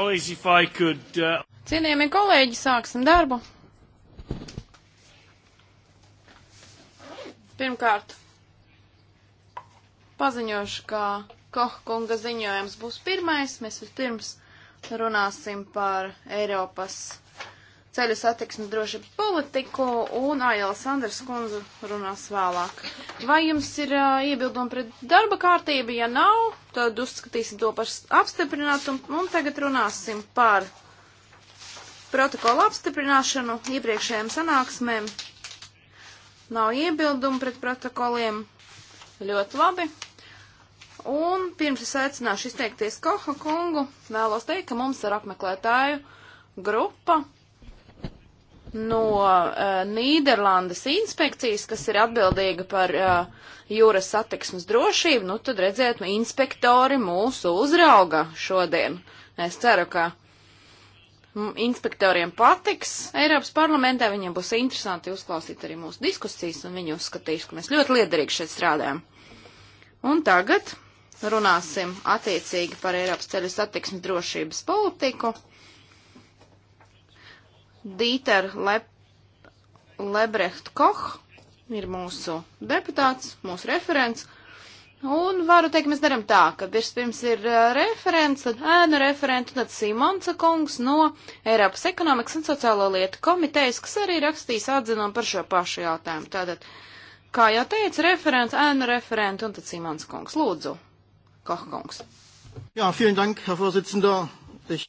Could, uh... Cienījamie kolēģi, sāksim darbu. Pirmkārt, paziņošu, ka Koha kunga ziņojums būs pirmais. Mēs vispirms runāsim par Eiropas ceļu satiksmes drošības politiku, un Aijala Sanders kundze runās vēlāk. Vai jums ir uh, iebildumi pret darba kārtību? Ja nav, tad uzskatīsim to par apstiprinātu, un, un tagad runāsim par protokolu apstiprināšanu iepriekšējām sanāksmēm. Nav iebildumu pret protokoliem. Ļoti labi. Un pirms es aicināšu izteikties Koha kungu, vēlos teikt, ka mums ir apmeklētāju grupa no uh, Nīderlandes inspekcijas, kas ir atbildīga par uh, jūras satiksmes drošību, nu tad redziet, nu, inspektori mūsu uzrauga šodien. Es ceru, ka mm, inspektoriem patiks Eiropas parlamentā, viņiem būs interesanti uzklausīt arī mūsu diskusijas, un viņi uzskatīs, ka mēs ļoti liederīgi šeit strādājam. Un tagad runāsim attiecīgi par Eiropas ceļu satiksmes drošības politiku. Dīter Le Lebrecht Koch ir mūsu deputāts, mūsu referents. Un varu teikt, mēs darām tā, ka vispirms ir uh, referents, tad ēnu referents, tad Simonsa kungs no Eiropas ekonomikas un sociālo lietu komitejas, kas arī rakstīs atzinumu par šo pašu jautājumu. Tātad, kā jau teicu, referents, ēnu referents un tad Simons kungs. Lūdzu, Koch kungs. Jā, vielen dank, Herr Vorsitzender.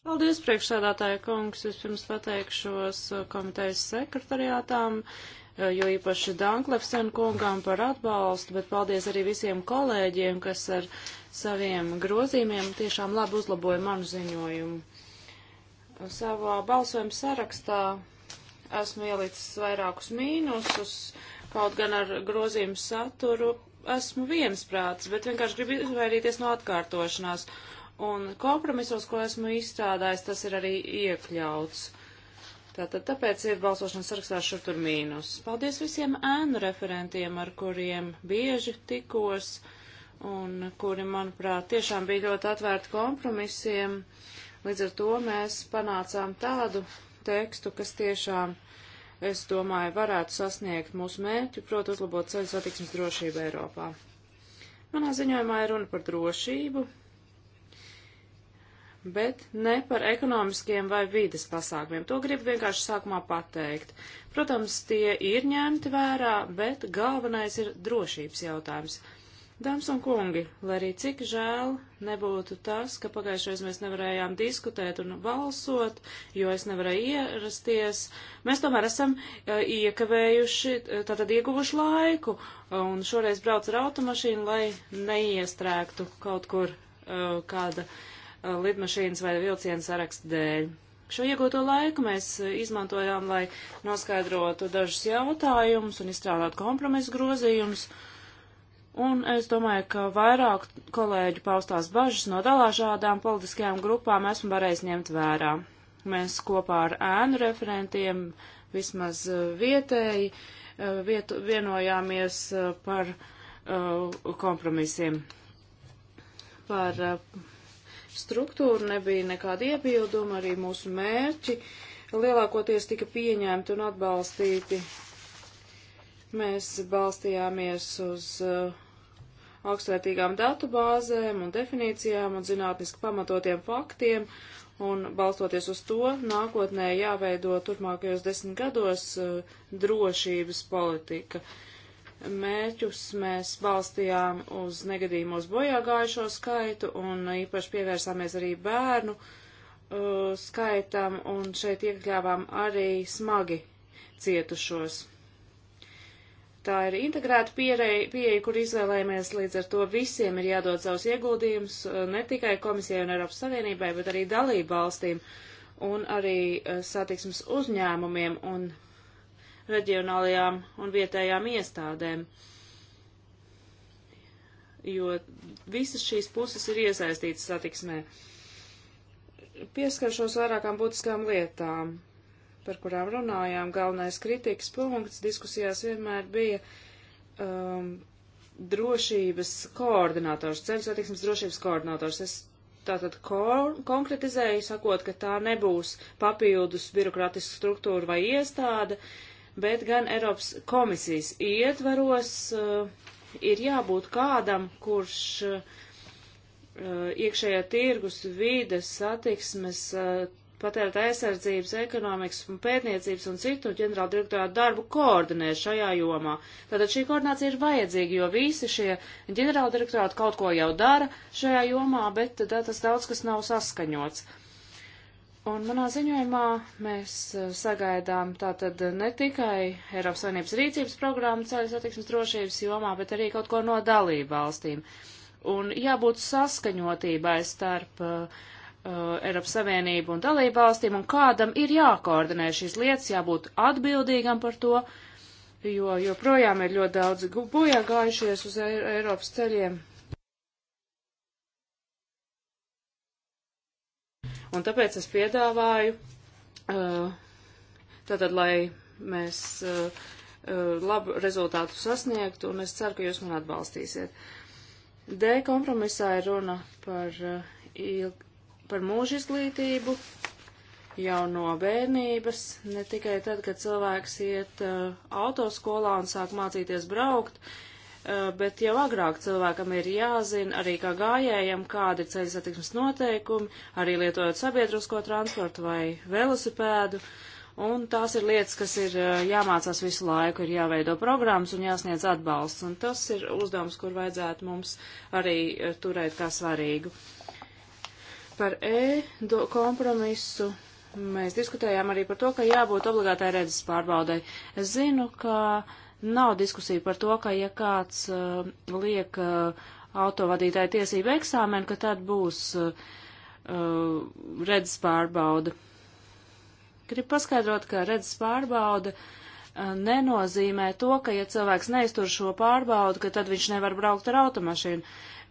Paldies, priekšsēdātāja kungs. Vispirms pateikšos uh, komitejas sekretariātām, uh, jo īpaši Danklefsen kungām par atbalstu, bet paldies arī visiem kolēģiem, kas ar saviem grozījumiem tiešām labi uzlaboja manu ziņojumu. Savā balsojuma sarakstā esmu ielicis vairākus mīnusus, kaut gan ar grozījumu saturu esmu viensprāts, bet vienkārši gribu izvairīties no atkārtošanās un kompromisos, ko esmu izstrādājis, tas ir arī iekļauts. Tātad tāpēc ir balsošanas sarakstā šur tur mīnus. Paldies visiem ēnu referentiem, ar kuriem bieži tikos un kuri, manuprāt, tiešām bija ļoti atvērti kompromisiem. Līdz ar to mēs panācām tādu tekstu, kas tiešām, es domāju, varētu sasniegt mūsu mērķi, proti uzlabot ceļu satiksmes drošību Eiropā. Manā ziņojumā ir runa par drošību, bet ne par ekonomiskiem vai vīdes pasākumiem. To gribu vienkārši sākumā pateikt. Protams, tie ir ņemti vērā, bet galvenais ir drošības jautājums. Dāmas un kungi, lai arī cik žēl nebūtu tas, ka pagājušais mēs nevarējām diskutēt un balsot, jo es nevarēju ierasties, mēs tomēr esam uh, iekavējuši, e, tātad ieguvuši laiku, un šoreiz brauc ar automašīnu, lai neiestrēgtu kaut kur uh, kāda uh, Uh, lidmašīnas vai vilcienu sarakstu dēļ. Šo iegūto laiku mēs uh, izmantojām, lai noskaidrotu dažus jautājumus un izstrādātu kompromisu grozījumus. Un es domāju, ka vairāk kolēģi paustās bažas no dalāžādām politiskajām grupām esmu varējis ņemt vērā. Mēs kopā ar ēnu referentiem vismaz uh, vietēji vietu, vienojāmies par kompromisiem. Par struktūru, nebija nekāda iebilduma, arī mūsu mērķi lielākoties tika pieņemti un atbalstīti. Mēs balstījāmies uz uh, augstvērtīgām datubāzēm un definīcijām un zinātniski pamatotiem faktiem, un balstoties uz to nākotnē jāveido turpmākajos desmit gados uh, drošības politika. Uh, mērķus mēs balstījām uz negadījumos bojāgājušo skaitu un īpaši pievērsāmies arī bērnu uh, skaitam un šeit iekļāvām arī smagi cietušos. Tā ir integrēta pieeja, kur izvēlējamies līdz ar to visiem ir jādod savus ieguldījumus uh, ne tikai komisijai un Eiropas Savienībai, bet arī dalību valstīm un arī uh, satiksmes uzņēmumiem un reģionālajām un vietējām iestādēm, jo visas šīs puses ir iesaistītas satiksmē. Pieskaršos vairākām būtiskām lietām, par kurām runājām. Galvenais kritikas punkts diskusijās vienmēr bija um, drošības koordinators, ceļu satiksmes drošības koordinators. Es tātad ko, konkretizēju, sakot, ka tā nebūs papildus birokratisku struktūru vai iestāde, uh, bet gan Eiropas komisijas ietvaros uh, ir jābūt kādam, kurš uh, iekšējā tirgus, vīdes, satiksmes, uh, eh, patērta aizsardzības, ekonomikas un pētniecības un citu ģenerāla direktorāta darbu koordinē šajā jomā. Tātad šī koordinācija ir vajadzīga, jo visi šie ģenerāla direktorāti kaut ko jau dara šajā jomā, bet tad tas daudz kas nav saskaņots. Un manā ziņojumā mēs eh, sagaidām tātad ne tikai Eiropas Savienības rīcības programmu ceļu satiksmes drošības jomā, bet arī kaut ko no dalību valstīm. Un jābūt saskaņotībai starp uh, Eiropas Savienību un dalību valstīm, un kādam ir jākoordinē šīs lietas, jābūt atbildīgam par to, jo joprojām ir ļoti daudz bojā gājušies uz Ei Eiropas ceļiem. Un tāpēc es piedāvāju, uh, tātad, lai mēs uh, uh, labu rezultātu sasniegtu, un es ceru, ka jūs man atbalstīsiet. D kompromisā ir runa par, ilg, par mūža izglītību jau no bērnības, ne tikai tad, kad cilvēks iet autoskolā un sāk mācīties braukt, uh, Eh, bet jau agrāk cilvēkam ir jāzina arī kā gājējam, kādi ir ceļu satiksmes noteikumi, arī lietojot sabiedrisko transportu vai velosipēdu. Un tās ir lietas, kas ir eh, jāmācās visu laiku, ir jāveido programmas un jāsniedz atbalsts. Un tas ir uzdevums, kur vajadzētu mums arī eh, turēt kā svarīgu. Par E kompromisu mēs diskutējām arī par to, ka jābūt obligātai redzes pārbaudai. Es zinu, ka uh, Nav diskusija par to, ka ja kāds uh, liek uh, autovadītāja tiesību eksāmenu, ka tad būs uh, uh redzes pārbauda. Gribu paskaidrot, ka redzes pārbauda uh, nenozīmē to, ka ja cilvēks neiztur šo pārbaudu, ka tad viņš nevar braukt ar automašīnu.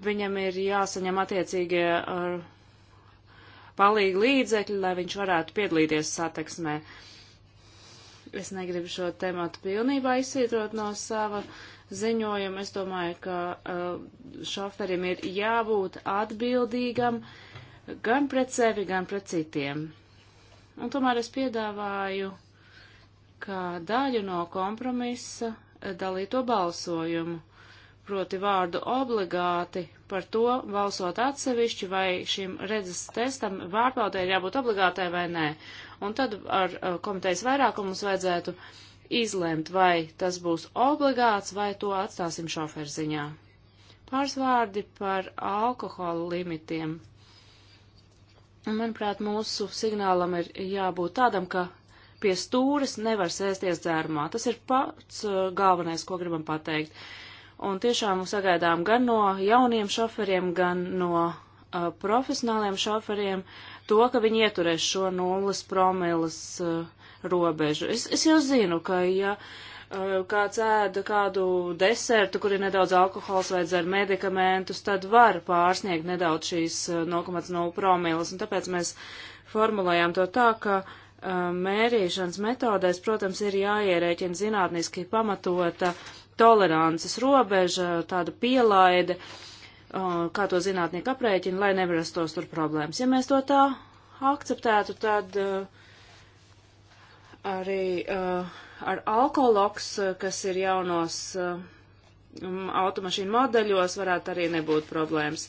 Viņam ir jāsaņem attiecīgie uh, palīgi līdzekļi, lai viņš varētu piedalīties sateksmē. Uh, Es negribu šo tematu pilnībā izsvītrot no sava ziņojuma. Es domāju, ka uh, šoferim ir jābūt atbildīgam gan pret sevi, gan pret citiem. Un tomēr es piedāvāju, kā daļu no kompromisa dalīto balsojumu, proti vārdu obligāti par to balsot atsevišķi, vai šim redzes testam vārpautē ir jābūt obligātai vai nē. Un tad ar uh, komitejas vairākumu mums vajadzētu izlemt, vai tas būs obligāts, vai to atstāsim šoferziņā. Pāris vārdi par alkohola limitiem. Manuprāt, mūsu signālam ir jābūt tādam, ka pie stūres nevar sēsties dzērumā. Tas ir pats uh, galvenais, ko gribam pateikt. Uh, Un tiešām sagaidām gan no jauniem šoferiem, gan no uh, profesionāliem šoferiem to, ka viņi ieturēs šo nulles promilas uh, robežu. Es, es jau zinu, ka ja uh, kāds ēda kādu desertu, kur ir nedaudz alkohols vai dzer medikamentus, tad var pārsniegt nedaudz šīs 0,0 uh, promilas. Un tāpēc mēs formulējām to tā, ka uh, mērīšanas metodēs, protams, ir jāierēķina zinātniski pamatota tolerances robeža, tāda pielaide, uh, kā to zinātnieki aprēķina, lai nevarastos tur problēmas. Ja mēs to tā akceptētu, tad uh, arī uh, ar alkoholoks, kas ir jaunos automašīnu modeļos, varētu arī nebūt problēmas.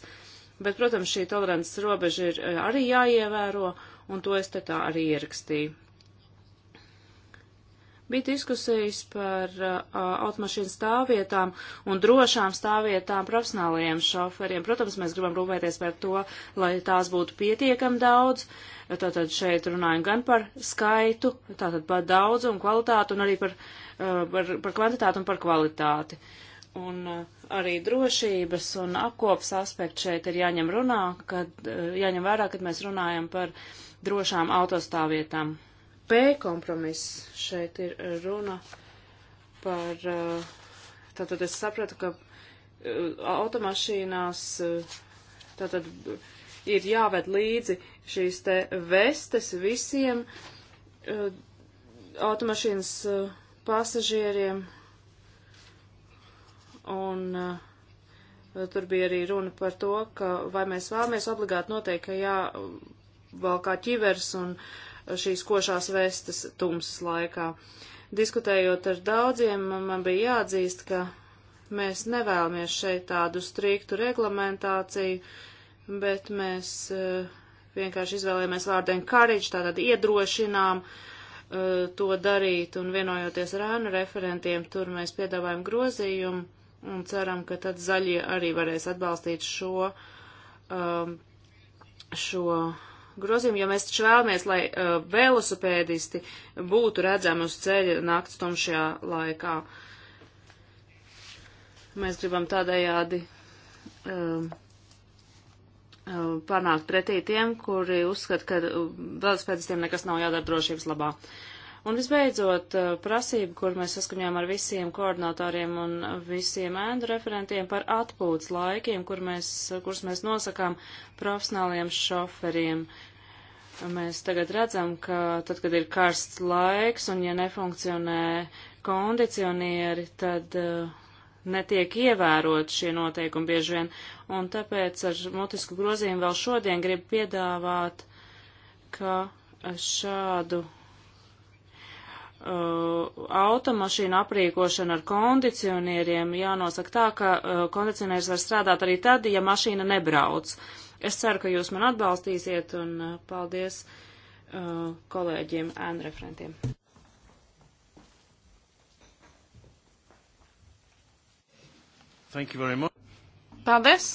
Bet, protams, šī tolerances robeža ir arī jāievēro, un to es te tā arī ierakstīju. Bija diskusijas par uh, automašīnu stāvvietām un drošām stāvvietām profesionālajiem šoferiem. Protams, mēs gribam rūpēties par to, lai tās būtu pietiekam daudz. Tātad šeit runājam gan par skaitu, tātad par daudz un kvalitātu, un arī par, uh, par, par kvantitātu un par kvalitāti. Un uh, arī drošības un apkopas aspekts šeit ir jāņem, runā, kad, uh, jāņem vērā, kad mēs runājam par drošām autostāvvietām. B kompromiss. Šeit ir runa par. Uh, tātad es sapratu, ka uh, automašīnās uh, tātad ir jāved līdzi šīs te vestes visiem automašīnas pasažieriem. Un uh, Tur bija arī runa par to, ka vai mēs vēlamies obligāti noteikti, ka jāvalkā ķivers un šīs košās vestas tumsas laikā. Diskutējot ar daudziem, man bija jāatzīst, ka mēs nevēlamies šeit tādu striktu reglamentāciju, bet mēs eh, vienkārši izvēlējāmies vārdu encourage, tātad iedrošinām eh, to darīt un vienojoties ar ēnu referentiem, tur mēs piedāvājam grozījumu un ceram, ka tad zaļie arī varēs atbalstīt šo, eh, šo grozījumu, jo mēs taču vēlamies, lai uh, velosipēdisti būtu redzami uz ceļa naktas tumšajā laikā. Mēs gribam tādējādi um, uh, panākt pretī tiem, kuri uzskata, ka uh, velosipēdistiem nekas nav jādara drošības labā. Un visbeidzot, uh, prasība, kur mēs saskaņojām ar visiem koordinatoriem un visiem ēndu referentiem par atpūtas laikiem, kur mēs, kurus mēs nosakām profesionāliem šoferiem, Mēs tagad redzam, ka tad, kad ir karsts laiks un ja nefunkcionē kondicionieri, tad uh, netiek ievērot šie noteikumi bieži vien. Un tāpēc ar mutisku grozījumu vēl šodien gribu piedāvāt, ka šādu uh, automašīnu aprīkošanu ar kondicionieriem jānosaka tā, ka uh, kondicionieris var strādāt arī tad, ja mašīna nebrauc. Uh, Es ceru, ka jūs man atbalstīsiet un uh, paldies uh, kolēģiem ēnu referentiem. Thank you very much. Paldies.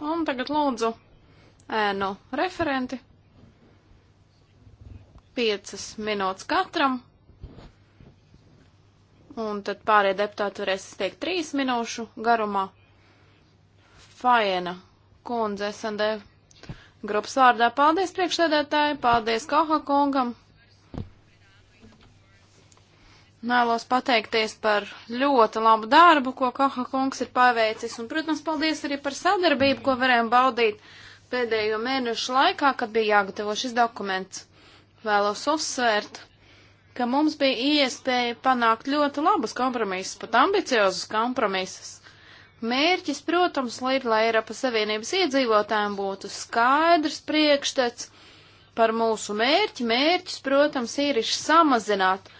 Un tagad lūdzu ēnu referenti. Piecas minūtes katram. Un tad pārējie deputāti varēs izteikt trīs minūšu garumā. Fajena kundze SND grupas vārdā. Paldies priekšsēdētāji, paldies Koha kungam. Nēlos pateikties par ļoti labu darbu, ko Koha kungs ir paveicis, un, protams, paldies arī par sadarbību, ko varējām baudīt pēdējo mēnešu laikā, kad bija jāgatavo šis dokuments. Vēlos uzsvērt, ka mums bija iespēja panākt ļoti labus kompromisus, pat ambiciozus kompromisus. Mērķis, protams, ir, lai Eiropas Savienības iedzīvotājiem būtu skaidrs priekšstats par mūsu mērķi. Mērķis, protams, ir, ir samazināt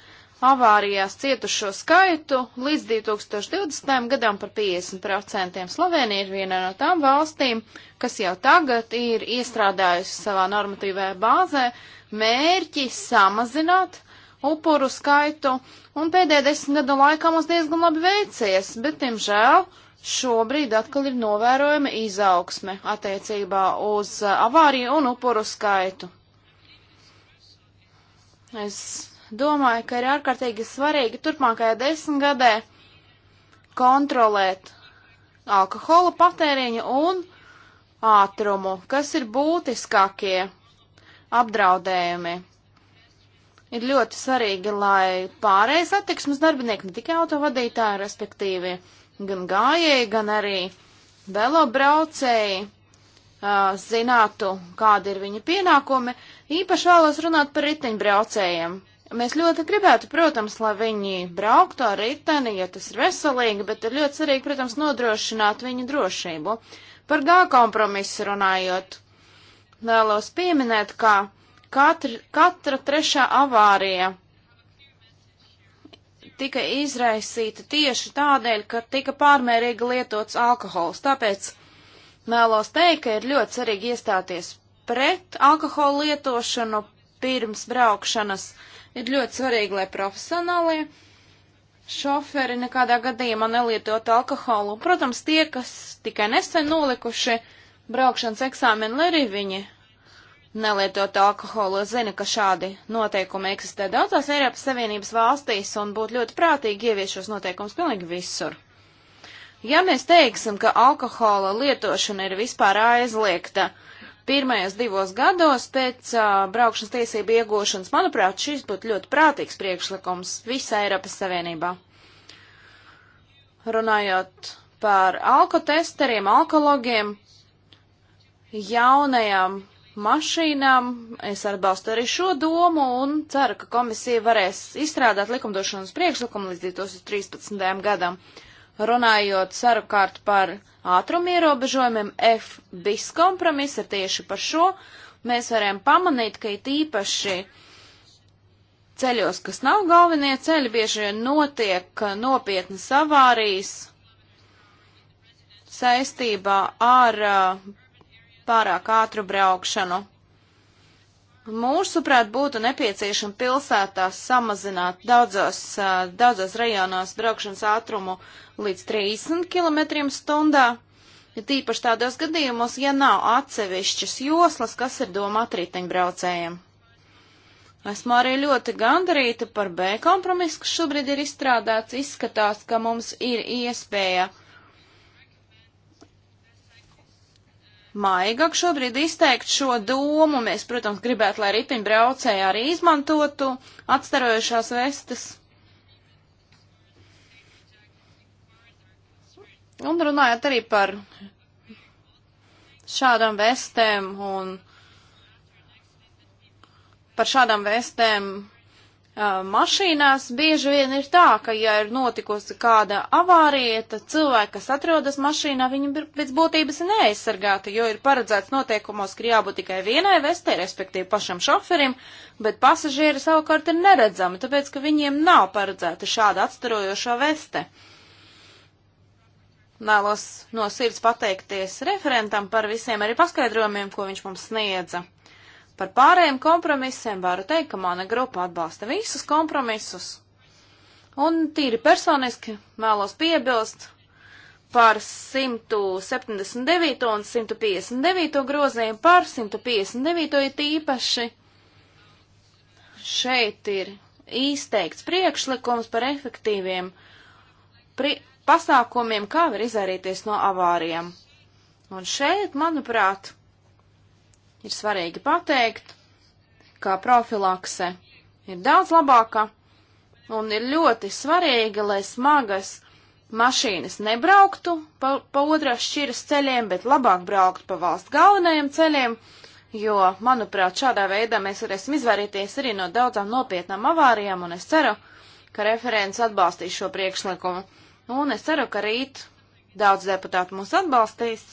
avārijās cietušo skaitu līdz 2020. gadam par 50%. Slovenija ir viena no tām valstīm, kas jau tagad ir iestrādājusi savā normatīvajā bāzē mērķi samazināt upuru skaitu, un pēdējā desmit gadu laikā mums diezgan labi veicies, bet, diemžēl, šobrīd atkal ir novērojama izaugsme attiecībā uz uh, avāriju un upuru skaitu. Es domāju, ka ir ārkārtīgi svarīgi turpmākajā desmitgadē kontrolēt alkohola patēriņu un ātrumu, kas ir būtiskākie apdraudējumi. Ir ļoti svarīgi, lai pārējais attiksmes darbinieki, ne tikai autovadītāji, respektīvi gan gājēji, gan arī velobraucēji uh, zinātu, kādi ir viņa pienākumi. Īpaši vēlos runāt par riteņbraucējiem. Mēs ļoti gribētu, protams, lai viņi brauktu ar riteni, ja tas ir veselīgi, bet ir ļoti svarīgi, protams, nodrošināt viņu drošību. Par G kompromisu runājot, vēlos pieminēt, ka katra, katra trešā avārija tika izraisīta tieši tādēļ, ka tika pārmērīgi lietots alkohols. Tāpēc vēlos teikt, ka ir ļoti svarīgi iestāties pret alkohola lietošanu pirms braukšanas. Ir ļoti svarīgi, lai profesionālie šoferi nekādā gadījumā nelietotu alkoholu. Protams, tie, kas tikai nesen nolikuši braukšanas eksāmenu, lai arī viņi nelietot alkoholu. Es zinu, ka šādi noteikumi eksistē daudzās Eiropas Savienības valstīs un būtu ļoti prātīgi ievies šos noteikumus pilnīgi visur. Ja mēs teiksim, ka alkohola lietošana ir vispār aizliegta pirmajos divos gados pēc uh, braukšanas tiesību iegūšanas, manuprāt, šis būtu ļoti prātīgs priekšlikums visā Eiropas Savienībā. Runājot par alkotesteriem, alkologiem, jaunajām mašīnām. Es atbalstu arī šo domu un ceru, ka komisija varēs izstrādāt likumdošanas priekšlikumu līdz 2013. gadam. Runājot savukārt par ātrumu ierobežojumiem, F bis kompromiss ir tieši par šo. Mēs varējām pamanīt, ka it īpaši ceļos, kas nav galvenie ceļi, bieži vien notiek nopietnas avārijas saistībā ar uh, pārāk ātru braukšanu. Mūsuprāt, būtu nepieciešama pilsētās samazināt daudzos, daudzos rajonos braukšanas ātrumu līdz 30 km stundā, ja tīpaši tādos gadījumos, ja nav atsevišķas joslas, kas ir domāta riteņbraucējiem. Esmu arī ļoti gandarīta par B kompromisu, kas šobrīd ir izstrādāts. Izskatās, ka mums ir iespēja uh, maigāk šobrīd izteikt šo domu. Mēs, protams, gribētu, lai ripinbraucēji arī izmantotu atstarojušās vestas. Un runājot arī par šādām vestēm un par šādām vestēm mašīnās bieži vien ir tā, ka, ja ir notikusi kāda avārija, tad cilvēki, kas atrodas mašīnā, viņi pēc būtības ir neaizsargāti, jo ir paredzēts noteikumos, ka jābūt tikai vienai vestē, respektīvi pašam šoferim, bet pasažieri savukārt ir neredzami, tāpēc, ka viņiem nav paredzēta šāda atstarojošā veste. Nālos no sirds pateikties referentam par visiem arī paskaidrojumiem, ko viņš mums sniedza. Par pārējiem kompromisiem varu teikt, ka mana grupa atbalsta visus kompromisus. Un tīri personiski vēlos piebilst par 179 un 159 grozījumu par 159 ir tīpaši. Šeit ir izteikts priekšlikums par efektīviem pri pasākumiem, kā var izvairīties no avārijām. Un šeit, manuprāt, ir svarīgi pateikt, ka profilakse ir daudz labāka un ir ļoti svarīgi, lai smagas mašīnas nebrauktu pa, pa otrās šķiras ceļiem, bet labāk braukt pa valsts galvenajiem ceļiem, jo, manuprāt, šādā veidā mēs varēsim izvairīties arī no daudzām nopietnām avārijām, un es ceru, ka referents atbalstīs šo priekšlikumu. Un es ceru, ka rīt daudz deputātu mūs atbalstīs.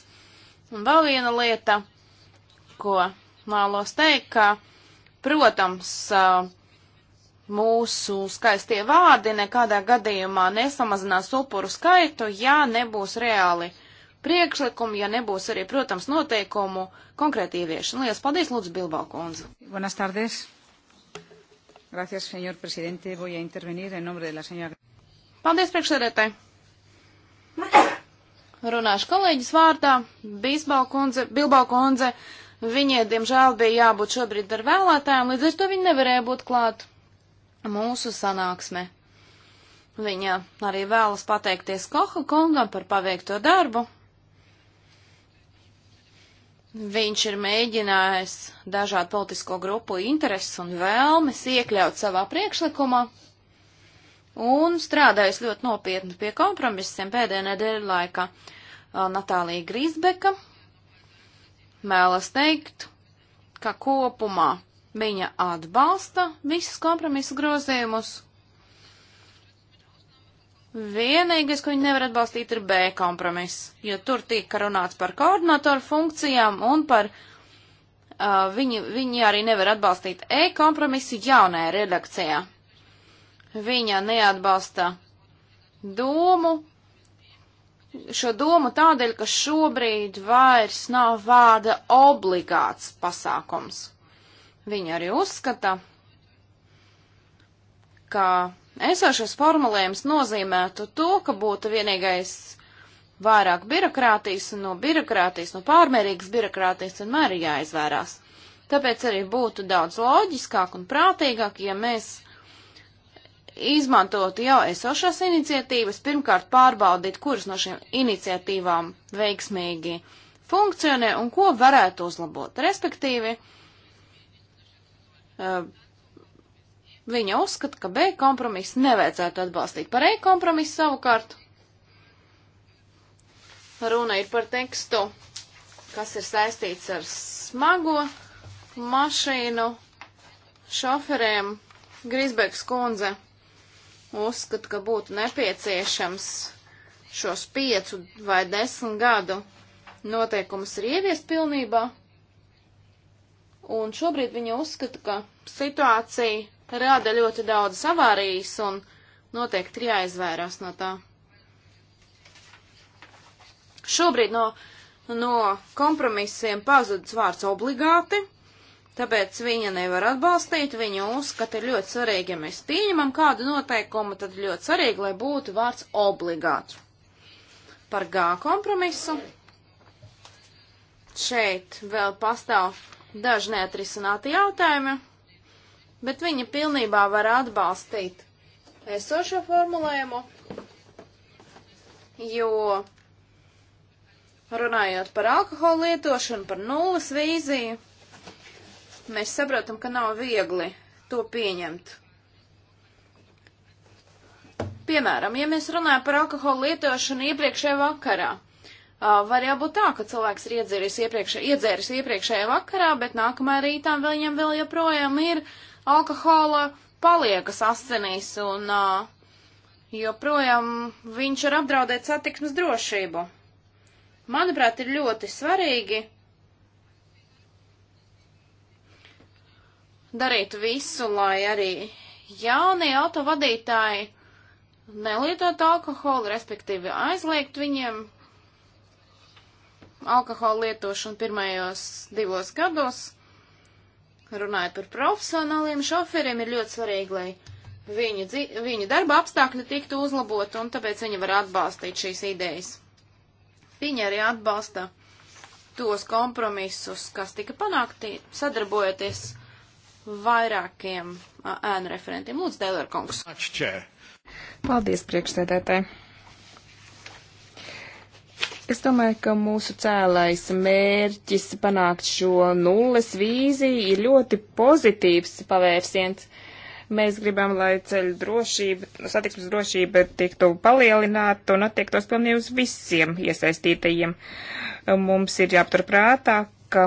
Un vēl viena lieta ko vēlos teikt, ka, protams, mūsu skaistie vārdi nekādā gadījumā nesamazinās upuru skaitu, ja nebūs reāli priekšlikumi, ja nebūs arī, protams, noteikumu konkrēti ieviešana. Lielas paldies, Lūdzu, Bilbao kundze. Buenas tardes. Gracias, señor presidente. Voy a intervenir en nombre de la señora. Paldies, priekšsēdētāji. Runāšu kolēģis vārdā. Bilbao kundze, Bilbao kundze Viņiem, diemžēl, bija jābūt šobrīd ar vēlētājiem, līdz ar to viņi nevarēja būt klāt mūsu sanāksmē. Viņa arī vēlas pateikties Koha kungam par paveikto darbu. Viņš ir mēģinājis dažādu politisko grupu intereses un vēlmes iekļaut savā priekšlikumā un strādājis ļoti nopietni pie kompromisiem pēdējā nedēļa laikā. Natālija Grīsbeka mēlas teikt, ka kopumā viņa atbalsta visus kompromisu grozījumus. Vienīgais, ko viņi nevar atbalstīt, ir B kompromiss, jo tur tika runāts par koordinatoru funkcijām un par uh, viņi, viņi arī nevar atbalstīt E kompromisu jaunajā redakcijā. Viņa neatbalsta domu šo domu tādēļ, ka šobrīd vairs nav vārda obligāts pasākums. Viņa arī uzskata, ka esošais formulējums nozīmētu to, ka būtu vienīgais vairāk birokrātijas un no birokrātijas, no pārmērīgas birokrātijas vienmēr ir jāizvērās. Tāpēc arī būtu daudz loģiskāk un prātīgāk, ja mēs izmantot jau esošās iniciatīvas, pirmkārt pārbaudīt, kuras no šīm iniciatīvām veiksmīgi funkcionē un ko varētu uzlabot. Respektīvi, viņa uzskata, ka B kompromisu nevajadzētu atbalstīt. Par E kompromisu savukārt runa ir par tekstu, kas ir saistīts ar smago mašīnu šoferiem. Grisbeks kundze Uzskatu, ka būtu nepieciešams šos piecu vai desmit gadu noteikumus ir ieviest pilnībā. Un šobrīd viņa uzskata, ka situācija rāda ļoti daudz avārijas un noteikti ir jāizvairās no tā. Šobrīd no, no kompromisiem pazudis vārds obligāti, Tāpēc viņa nevar atbalstīt, viņa uzskata ir ļoti svarīgi, ja mēs pieņemam kādu noteikumu, tad ļoti svarīgi, lai būtu vārds obligāts. Par G kompromisu šeit vēl pastāv daži neatrisināti jautājumi, bet viņa pilnībā var atbalstīt esošo formulējumu, jo runājot par alkoholu lietošanu, par nulles vīziju, Mēs saprotam, ka nav viegli to pieņemt. Piemēram, ja mēs runājam par alkoholu lietošanu iepriekšējā vakarā, var jau būt tā, ka cilvēks ir iedzēris, iepriekšē, iedzēris iepriekšējā vakarā, bet nākamā rītā viņam vēl joprojām ir alkohola paliekas asinīs un joprojām viņš var apdraudēt satiksmes drošību. Manuprāt, ir ļoti svarīgi darīt visu, lai arī jaunie autovadītāji nelietot alkoholu, respektīvi aizliegt viņiem alkoholu lietošanu pirmajos divos gados. Runājot par profesionāliem šoferiem, ir ļoti svarīgi, lai viņu, viņu darba apstākļi tiktu uzlaboti, un tāpēc viņi var atbalstīt šīs idejas. Viņi arī atbalsta tos kompromisus, kas tika panākti, sadarbojoties vairākiem ēnu referentiem. Lūdzu, Dēlēr kungs. Paldies, priekšsēdētāji. Es domāju, ka mūsu cēlais mērķis panākt šo nulles vīziju ir ļoti pozitīvs pavērsiens. Mēs gribam, lai ceļu drošība, satiksmes drošība tiktu palielināta un attiektos pilnīgi uz visiem iesaistītajiem. Mums ir jāpatur prātā, ka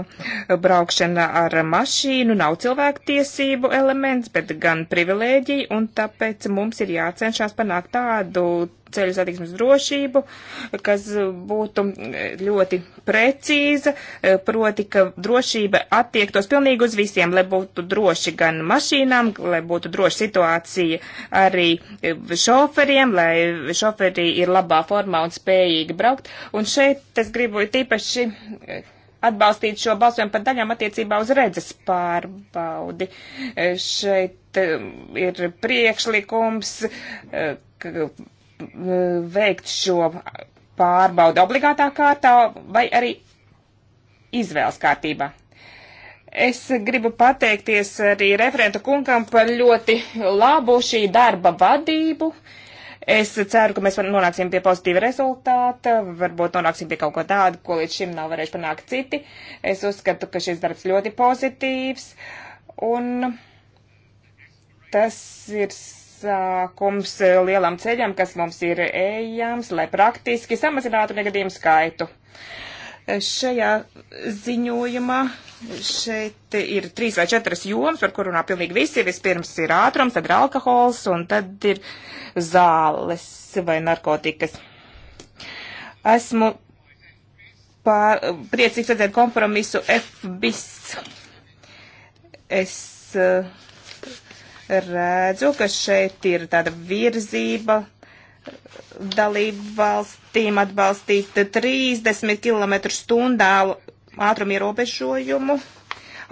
braukšana ar mašīnu nav cilvēktiesību elements, bet gan privilēģija, un tāpēc mums ir jācenšas panākt tādu ceļu satiksmes drošību, kas būtu ļoti precīza, proti, ka drošība attiektos pilnīgi uz visiem, lai būtu droši gan mašīnām, lai būtu droši situācija arī šoferiem, lai šoferi ir labā formā un spējīgi braukt. Un šeit es gribu tīpaši atbalstīt šo balsojumu par daļām attiecībā uz redzes pārbaudi. E, šeit e, ir priekšlikums e, veikt šo pārbaudu obligātā kārtā vai arī izvēles kārtībā. Es gribu pateikties arī referentu kungam par ļoti labu šī darba vadību. Uh, Es ceru, ka mēs nonāksim pie pozitīva rezultāta, varbūt nonāksim pie kaut ko tādu, ko līdz šim nav varējuši panākt citi. Es uzskatu, ka šis darbs ļoti pozitīvs, un tas ir pasākums lielam ceļam, kas mums ir ejams, lai praktiski samazinātu negadījumu skaitu. Šajā ziņojumā šeit ir trīs vai četras jomas, par kur runā pilnīgi visi. Vispirms ir ātrums, tad ir alkohols un tad ir zāles vai narkotikas. Esmu pār, priecīgs redzēt kompromisu FBIS. Es eh, redzu, ka šeit ir tāda virzība dalību valstīm atbalstīt 30 km stundā ātrumu ierobežojumu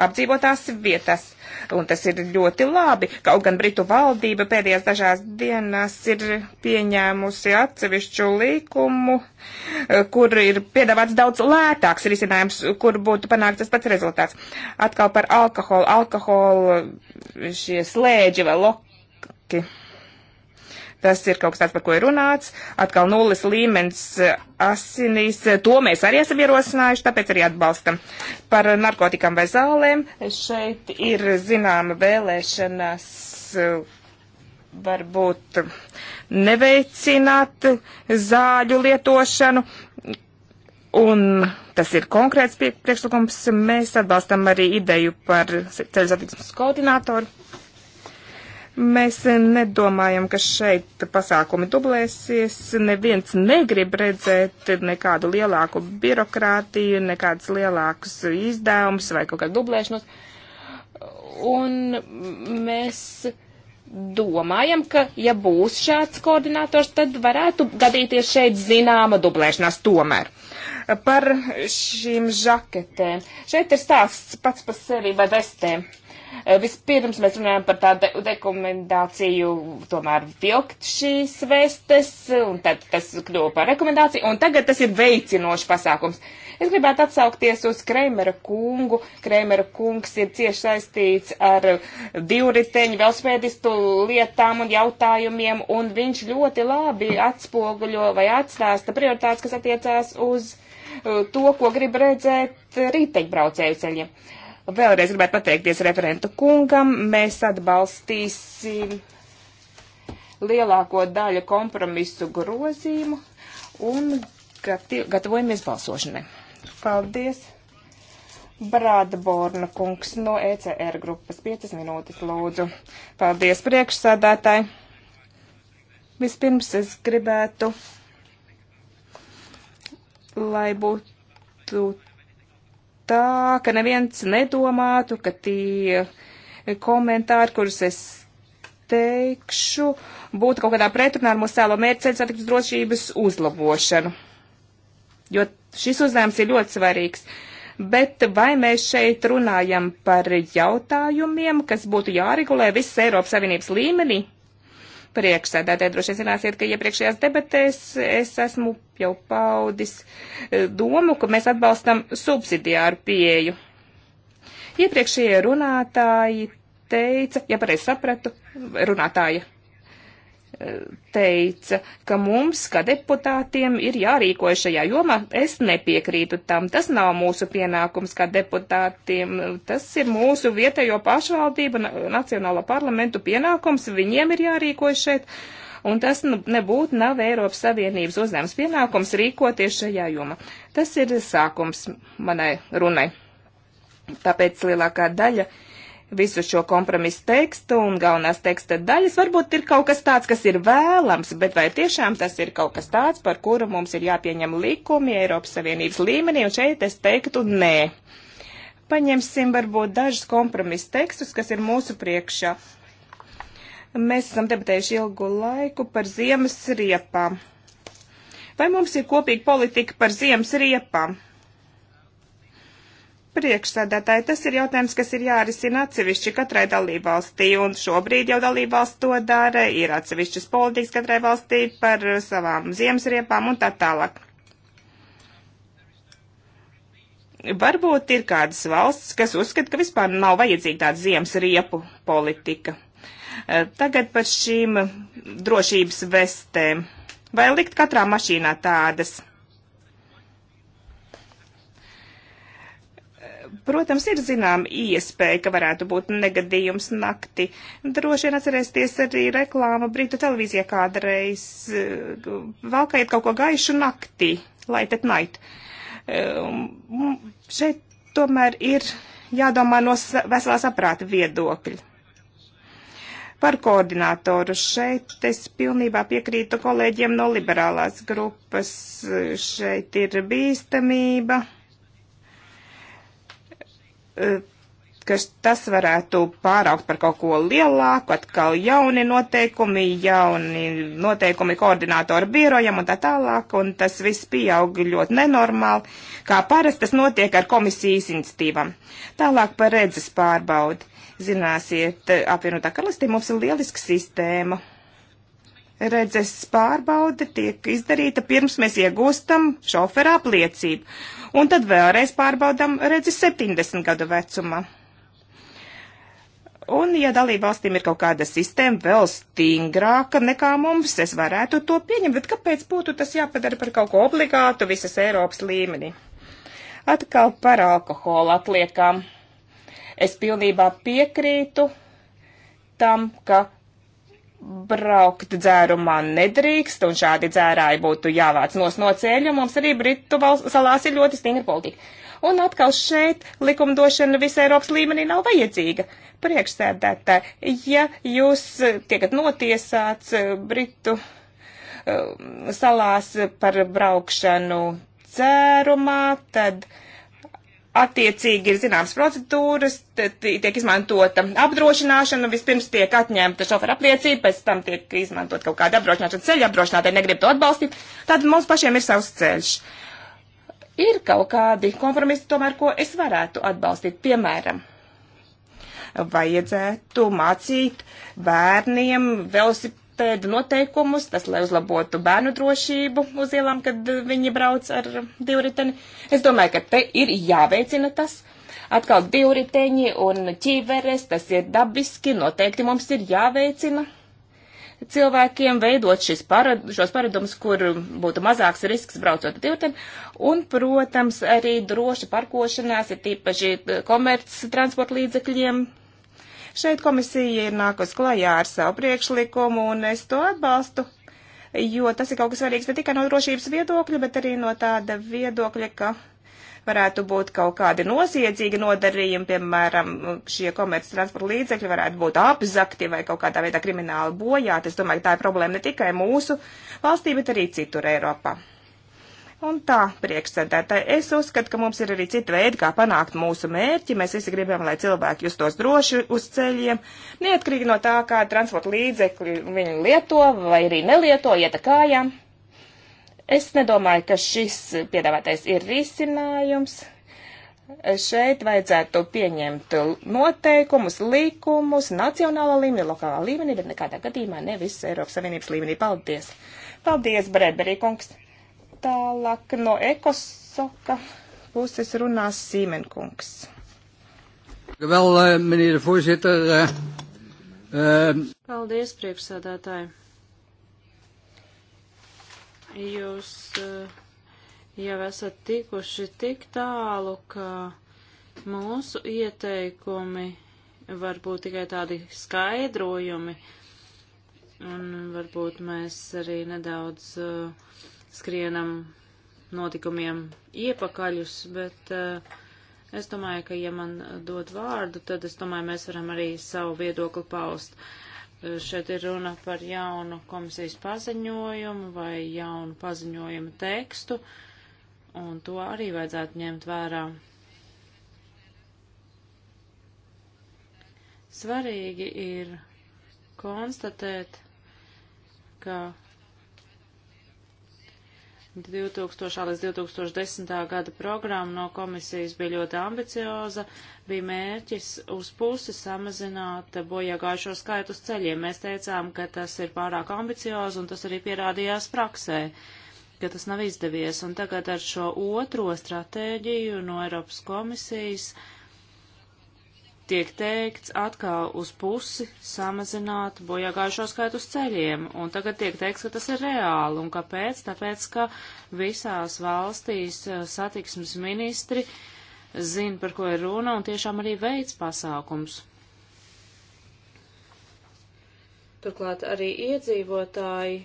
apdzīvotās vietas. Un tas ir ļoti labi. Kaut gan Britu valdība pēdējās dažās dienās ir pieņēmusi atsevišķu līkumu, eh, kur ir piedāvāts daudz lētāks risinājums, kur būtu panākts tas pats rezultāts. Atkal par alkoholu. Alkoholu eh, šie slēdži vai loki Tas ir kaut kas tāds, par ko ir runāts. Atkal nulles līmenis eh, asinīs. To mēs arī esam ierosinājuši, tāpēc arī atbalstam. Par narkotikām vai zālēm šeit ir zināma vēlēšanas eh, varbūt neveicināt zāļu lietošanu. Un tas ir konkrēts priekšlikums. Mēs atbalstam arī ideju par ceļu satiksmes koordinātoru Mēs nedomājam, ka šeit pasākumi dublēsies. Neviens negrib redzēt nekādu lielāku birokrātiju, nekādus lielākus izdevumus vai kaut kādu dublēšanos. Un mēs domājam, ka ja būs šāds koordinators, tad varētu gadīties šeit zināma dublēšanās tomēr. Par šīm žaketēm. Šeit ir stāsts pats par sevi vai vestēm. Uh, Eh, vispirms mēs runājam par tādu rekomendāciju, tomēr vilkt šīs vestes, un tad tas kļuva par rekomendāciju, un tagad tas ir veicinošs pasākums. Es gribētu atsaukties uz Kreimera kungu. Kreimera kungs ir cieši saistīts ar divriteņu velospēdistu lietām un jautājumiem, un viņš ļoti labi atspoguļo vai atstāsta prioritātes, kas attiecās uz eh, to, ko grib redzēt riteņbraucēju ceļiem. Uh, Vēlreiz gribētu pateikties referentu kungam. Mēs atbalstīsim lielāko daļu kompromisu grozīmu un gatavojamies balsošanai. Paldies! Brādborna kungs no ECR grupas 5 minūtes lūdzu. Paldies priekšsādātāji. Vispirms es gribētu, lai būtu tā, ka neviens nedomātu, ka tie komentāri, kurus es teikšu, būtu kaut kādā pretrunā ar mūsu cēlo mērķi ceļu satiksmes drošības uzlabošanu. Jo šis uzdevums ir ļoti svarīgs. Bet vai mēs šeit runājam par jautājumiem, kas būtu jāregulē visas Eiropas Savienības līmenī? priekšsēdētāji. Droši vien zināsiet, ka iepriekšējās debatēs es esmu jau paudis e, domu, ka mēs atbalstam subsidiāru pieju. Iepriekšējie runātāji teica, ja pareizi sapratu, runātāja teica, ka mums, kā deputātiem, ir jārīkojas šajā jomā. Es nepiekrītu tam. Tas nav mūsu pienākums kā deputātiem. Tas ir mūsu vietējo pašvaldību, Nacionālo parlamentu pienākums. Viņiem ir jārīkojas šeit. Un tas nu, nebūtu nav Eiropas Savienības uzņēmums pienākums rīkoties šajā jomā. Tas ir sākums manai runai. Tāpēc lielākā daļa uh, visu šo kompromisu tekstu un galvenās teksta daļas. Varbūt ir kaut kas tāds, kas ir vēlams, bet vai tiešām tas ir kaut kas tāds, par kuru mums ir jāpieņem likumi Eiropas Savienības līmenī, un šeit es teiktu nē. Paņemsim varbūt dažus kompromisu tekstus, kas ir mūsu priekšā. Mēs esam debatējuši ilgu laiku par ziemas riepām. Vai mums ir kopīga politika par ziemas riepām? priekšsēdētāji, tas ir jautājums, kas ir jārisina atsevišķi katrai dalībvalstī, un šobrīd jau dalībvalsts to dara, ir atsevišķas politikas katrai valstī par savām ziemesriepām un tā tālāk. Varbūt ir kādas valsts, kas uzskata, ka vispār nav vajadzīga tāda ziemesriepu politika. Eh, tagad par šīm drošības vestēm. Vai likt katrā mašīnā tādas? Protams, ir zinām iespēja, ka varētu būt negadījums nakti. Droši vien atcerēsties arī reklāma Britu televīzijā kādreiz. Eh, Valkājiet kaut ko gaišu naktī, light at night. Eh, šeit tomēr ir jādomā no veselā saprāta viedokļa. Par koordinātoru šeit es pilnībā piekrītu kolēģiem no liberālās grupas. Šeit ir bīstamība ka tas varētu pāraukt par kaut ko lielāku, atkal jauni noteikumi, jauni noteikumi koordinātoru birojam un tā tālāk, un tas viss pieaug ļoti nenormāli, kā parasti tas notiek ar komisijas institīvam. Tālāk par redzes pārbaudi. Zināsiet, apvienotā karalistī mums ir lieliska sistēma, redzes pārbaude tiek izdarīta pirms mēs iegūstam šoferā apliecību. Un tad vēlreiz pārbaudam redzes 70 gadu vecumā. Un, ja dalībvalstīm ir kaut kāda sistēma vēl stingrāka nekā mums, es varētu to pieņemt, bet kāpēc būtu tas jāpadara par kaut ko obligātu visas Eiropas līmenī? Atkal par alkoholu atliekām. Es pilnībā piekrītu tam, ka braukt dzērumā nedrīkst, un šādi dzērāji būtu jāvāc nos no ceļa, mums arī Britu salās ir ļoti stingra politika. Un atkal šeit likumdošana visā Eiropas līmenī nav vajadzīga. Priekšsēdētāji, ja jūs tiekat notiesāts eh, Britu eh, salās par braukšanu dzērumā, tad uh, attiecīgi ir zināmas procedūras, tiek izmantota apdrošināšana, vispirms tiek atņemta šofera apliecība, pēc tam tiek izmantot kaut kāda apdrošināšana ceļa, apdrošinātāji negrib to atbalstīt, tad mums pašiem ir savs ceļš. Ir kaut kādi kompromisi tomēr, ko es varētu atbalstīt, piemēram, vajadzētu mācīt bērniem velosipēdu pēda noteikumus, tas, lai uzlabotu bērnu drošību uz ielām, kad viņi brauc ar divriteni. Es domāju, ka te ir jāveicina tas. Atkal divriteņi un ķīveres, tas ir dabiski, noteikti mums ir jāveicina cilvēkiem veidot šis parad, šos paradumus, kur būtu mazāks risks braucot divriteni. Un, protams, arī droša parkošanās, ir tīpaši komerc transporta līdzekļiem Šeit komisija ir nākus klajā ar savu priekšlikumu, un es to atbalstu, jo tas ir kaut kas svarīgs ne tikai no drošības viedokļa, bet arī no tāda viedokļa, ka varētu būt kaut kādi noziedzīgi nodarījumi, piemēram, šie komerci transporta līdzekļi varētu būt apzakti vai kaut kādā veidā krimināli bojāti. Es domāju, ka tā ir problēma ne tikai mūsu valstī, bet arī citur Eiropā. Un tā, priekšsēdētāji, es uzskatu, ka mums ir arī cita veida, kā panākt mūsu mērķi. Mēs visi gribam, lai cilvēki justos droši uz ceļiem, neatkarīgi no tā, kā transporta līdzekļi viņi lieto vai arī nelieto, iet kājām. Es nedomāju, ka šis piedāvātais ir risinājums. Šeit vajadzētu pieņemt noteikumus, likumus nacionālā līmenī, lokālā līmenī, bet nekādā gadījumā nevis Eiropas Savienības līmenī. Paldies! Paldies, Bredberī kungs! Tālāk no ekosoka puses runās Sīmenkungs. Vēl, eh, minēta voorzitter. Eh, eh, Paldies, priekšsādātāji. Jūs jau esat tikuši tik tālu, ka mūsu ieteikumi var būt tikai tādi skaidrojumi, un varbūt mēs arī nedaudz uh, skrienam notikumiem iepakaļus, bet uh, es domāju, ka, ja man dod vārdu, tad es domāju, mēs varam arī savu viedokli paust. Uh, šeit ir runa par jaunu komisijas paziņojumu vai jaunu paziņojumu tekstu, un to arī vajadzētu ņemt vērā. Svarīgi ir konstatēt, ka 2000. līdz 2010. gada programma no komisijas bija ļoti ambicioza, bija mērķis uz pusi samazināt bojāgājušo skaitu uz ceļiem. Mēs teicām, ka tas ir pārāk ambiciozi, un tas arī pierādījās praksē, ka tas nav izdevies. Un tagad ar šo otro stratēģiju no Eiropas komisijas uh, tiek teikts atkal uz pusi samazināt bojāgājušo skaitu uz ceļiem, un tagad tiek teikts, ka tas ir reāli, un kāpēc? Tāpēc, ka visās valstīs eh, satiksmes ministri zina, par ko ir runa, un tiešām arī veids pasākums. Turklāt arī iedzīvotāji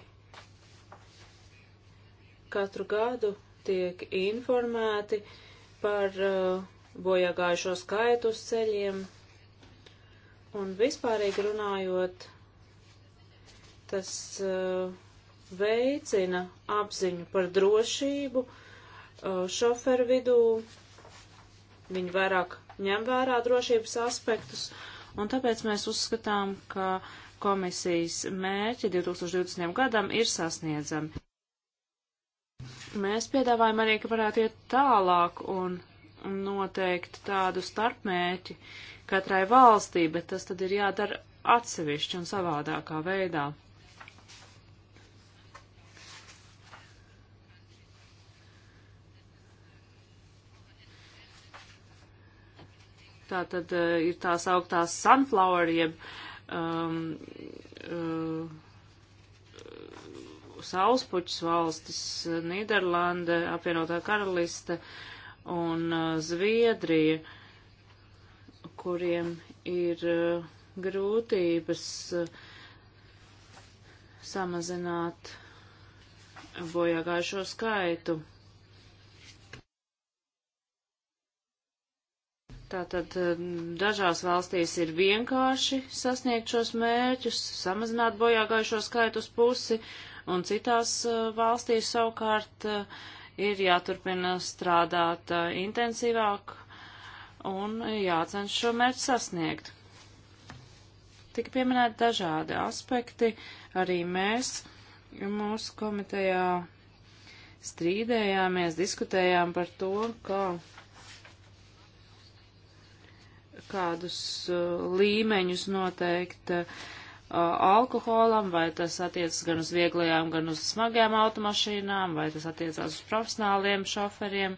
katru gadu tiek informēti par uh, bojāgājušo skaitu uz ceļiem. Un vispārīgi runājot, tas uh, veicina apziņu par drošību uh, šoferu vidū. Viņi vairāk ņem vērā drošības aspektus, un tāpēc mēs uzskatām, ka komisijas mērķi 2020. gadam ir sasniedzami. Mēs piedāvājam arī, ka varētu iet tālāk un noteikt tādu starpmēķi katrai valstī, bet tas tad ir jādara atsevišķi un savādākā veidā. Tā tad uh, eh, ir tās augtās sunflower, jeb um, uh, sauspuķis valstis, Nīderlande, apvienotā karaliste, uh, un uh, Zviedrija, kuriem ir uh, grūtības uh, samazināt bojāgājušo skaitu. Tātad um, dažās valstīs ir vienkārši sasniegt šos mērķus, samazināt bojāgājušo skaitu uz pusi, un citās valstīs savukārt uh, ir jāturpina strādāt uh, intensīvāk un jācenš šo mērķu sasniegt. Tik pieminēt dažādi aspekti, arī mēs mūsu komitejā strīdējāmies, diskutējām par to, kā kādus uh, līmeņus noteikt uh, Uh, alkoholam, vai tas attiecas gan uz vieglajām, gan uz smagajām automašīnām, vai tas attiecās uz profesionāliem šoferiem.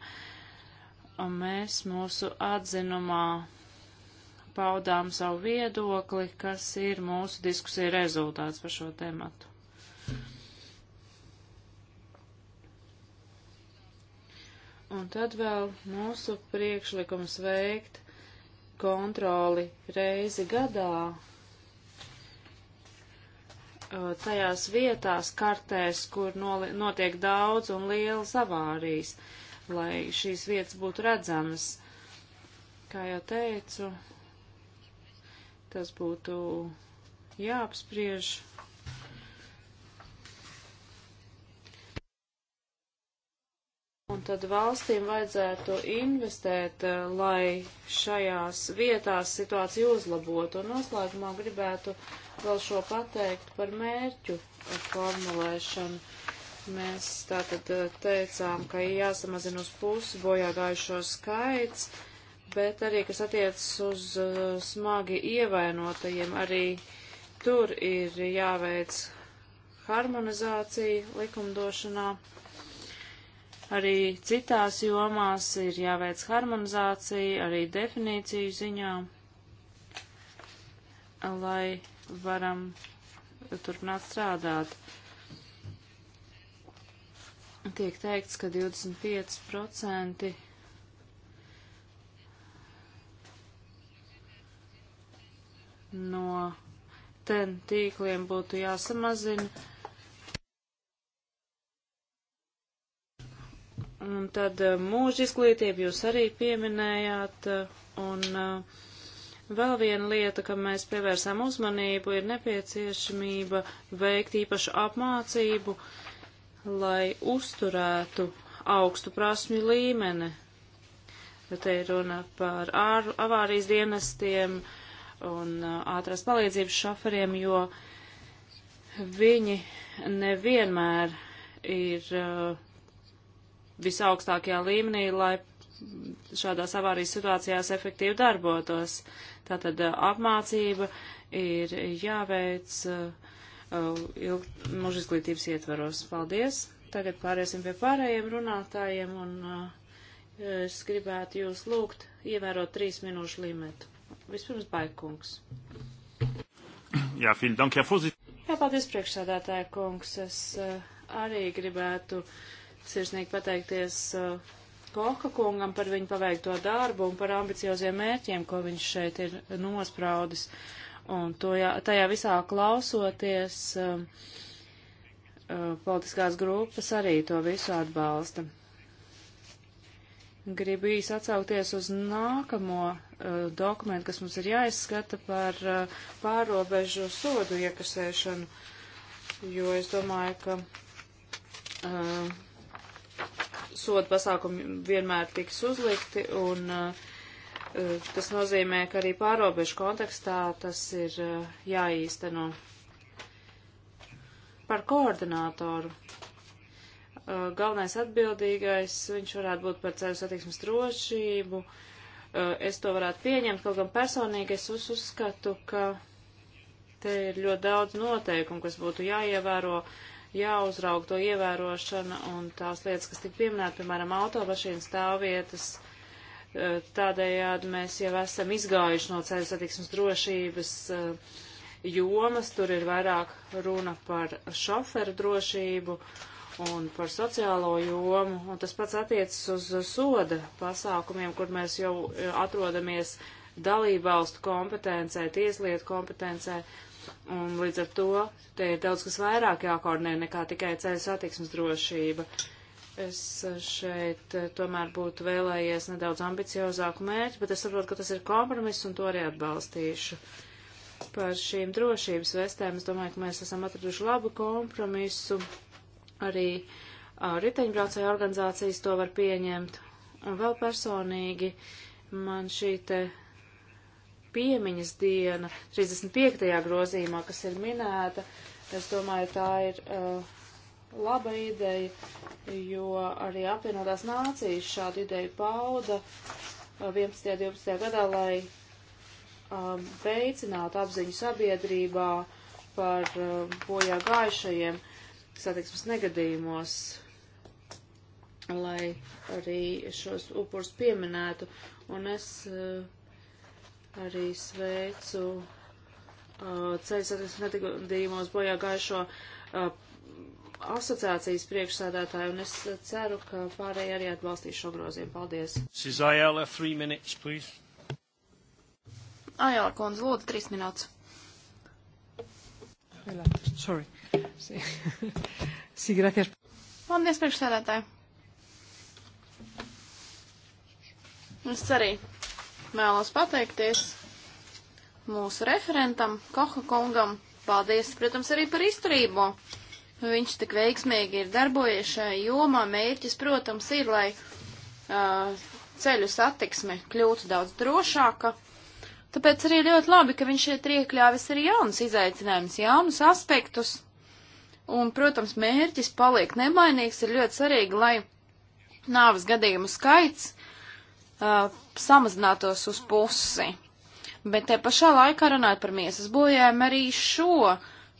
Un mēs mūsu atzinumā paudām savu viedokli, kas ir mūsu diskusija rezultāts par šo tēmatu. Un tad vēl mūsu priekšlikums veikt kontroli reizi gadā Uh, tajās vietās, kartēs, kur notiek daudz un lielas avārijas, lai šīs vietas būtu redzamas. Kā jau teicu, tas būtu jāapspriež. Un tad valstīm vajadzētu investēt, uh, lai šajās vietās situāciju uzlabotu. Un noslēgumā gribētu uh, vēl šo pateikt par mērķu formulēšanu. Mēs tātad eh, teicām, ka jāsamazina uz pusi bojā gājušo skaits, bet arī, kas attiecas uz eh, smagi ievainotajiem, arī tur ir jāveic harmonizācija likumdošanā. Arī citās jomās ir jāveic harmonizācija, arī definīciju ziņā, lai varam turpināt strādāt. Tiek teikts, ka 25% no ten tīkliem būtu jāsamazina. Un tad uh, mūža izglītību jūs arī pieminējāt, uh, un uh, Vēl viena lieta, kam mēs pievērsām uzmanību, ir nepieciešamība veikt īpašu apmācību, lai uzturētu augstu prasmju līmeni. Te ir runa par ār, avārijas dienestiem un uh, ātrās palīdzības šoferiem, jo viņi nevienmēr ir uh, visaugstākajā līmenī, lai šādās avārijas situācijās efektīvi darbotos. Tātad uh, apmācība ir jāveic uh, uh, mūža izglītības ietvaros. Paldies! Tagad pāriesim pie pārējiem runātājiem un es gribētu jūs lūgt ievērot trīs minūšu limitu. Vispirms Baikungs. Jā, vielen dank, Herr Fuzit. Jā, paldies priekšsādātāja kungs. Es arī gribētu sirsnīgi pateikties uh, Koka kungam par viņu paveikto darbu un par ambicioziem mērķiem, ko viņš šeit ir nospraudis. Un to, jā, tajā visā klausoties, um, uh, politiskās grupas arī to visu atbalsta. Gribu īsi atsaukties uz nākamo uh, dokumentu, kas mums ir jāizskata par uh, pārobežu sodu iekasēšanu, jo es domāju, ka uh, soda pasākumi vienmēr tiks uzlikti, un uh, tas nozīmē, ka arī pārobežu kontekstā tas ir uh, jāīsteno. Par koordinātoru. Uh, galvenais atbildīgais, viņš varētu būt par ceļu satiksmes drošību. Es to varētu pieņemt, kaut gan personīgi es uz, uzskatu, ka te ir ļoti daudz noteikumu, kas būtu jāievēro. Uh, jāuzraug to ievērošana un tās lietas, kas tik pieminēta, piemēram, automašīnas stāvvietas. E, tādējādi mēs jau esam izgājuši no ceļu satiksmes drošības e, jomas, tur ir vairāk runa par šoferu drošību un par sociālo jomu, un tas pats attiecas uz soda pasākumiem, kur mēs jau e, atrodamies dalībvalstu kompetencē, tieslietu kompetencē, Un līdz ar to te ir daudz kas vairāk jākoordinē nekā tikai ceļu satiksmes drošība. Es šeit eh, tomēr būtu vēlējies nedaudz ambiciozāku mērķi, bet es saprotu, ka tas ir kompromiss un to arī atbalstīšu. Par šīm drošības vestēm es domāju, ka mēs esam atraduši labu kompromisu. Arī riteņbraucēju organizācijas to var pieņemt. Un vēl personīgi man šī te piemiņas diena 35. grozījumā, kas ir minēta. Es domāju, tā ir uh, laba ideja, jo arī apvienotās nācijas šādu ideju pauda 11. un 12. gadā, lai um, veicinātu apziņu sabiedrībā par um, bojā gājušajiem satiksmes negadījumos, lai arī šos upurus pieminētu. Un es uh, Arī sveicu uh, ceļu satiksmes negadījumos bojā gājušo uh, asociācijas priekšsādātāju, un es ceru, ka pārējie arī atbalstīs šo grozījumu. Paldies! Ayala, minutes, Ajala kundze, lūdzu, trīs minūtes. Sorry. Sí. sí, gracias. Paldies, priekšsēdētāji. Es arī Vēlos pateikties mūsu referentam, Koha kungam. Paldies, protams, arī par izturību. Viņš tik veiksmīgi ir darbojies šajā jomā. Mērķis, protams, ir, lai uh, ceļu satiksme kļūtu daudz drošāka. Tāpēc arī ļoti labi, ka viņš šeit ir iekļāvis arī jaunus izaicinājumus, jaunus aspektus. Un, protams, mērķis paliek nemainīgs, ir ļoti svarīgi, lai nāves gadījumu skaits uh, samazinātos uz pusi. Bet te pašā laikā runājot par miesas bojājumu, arī šo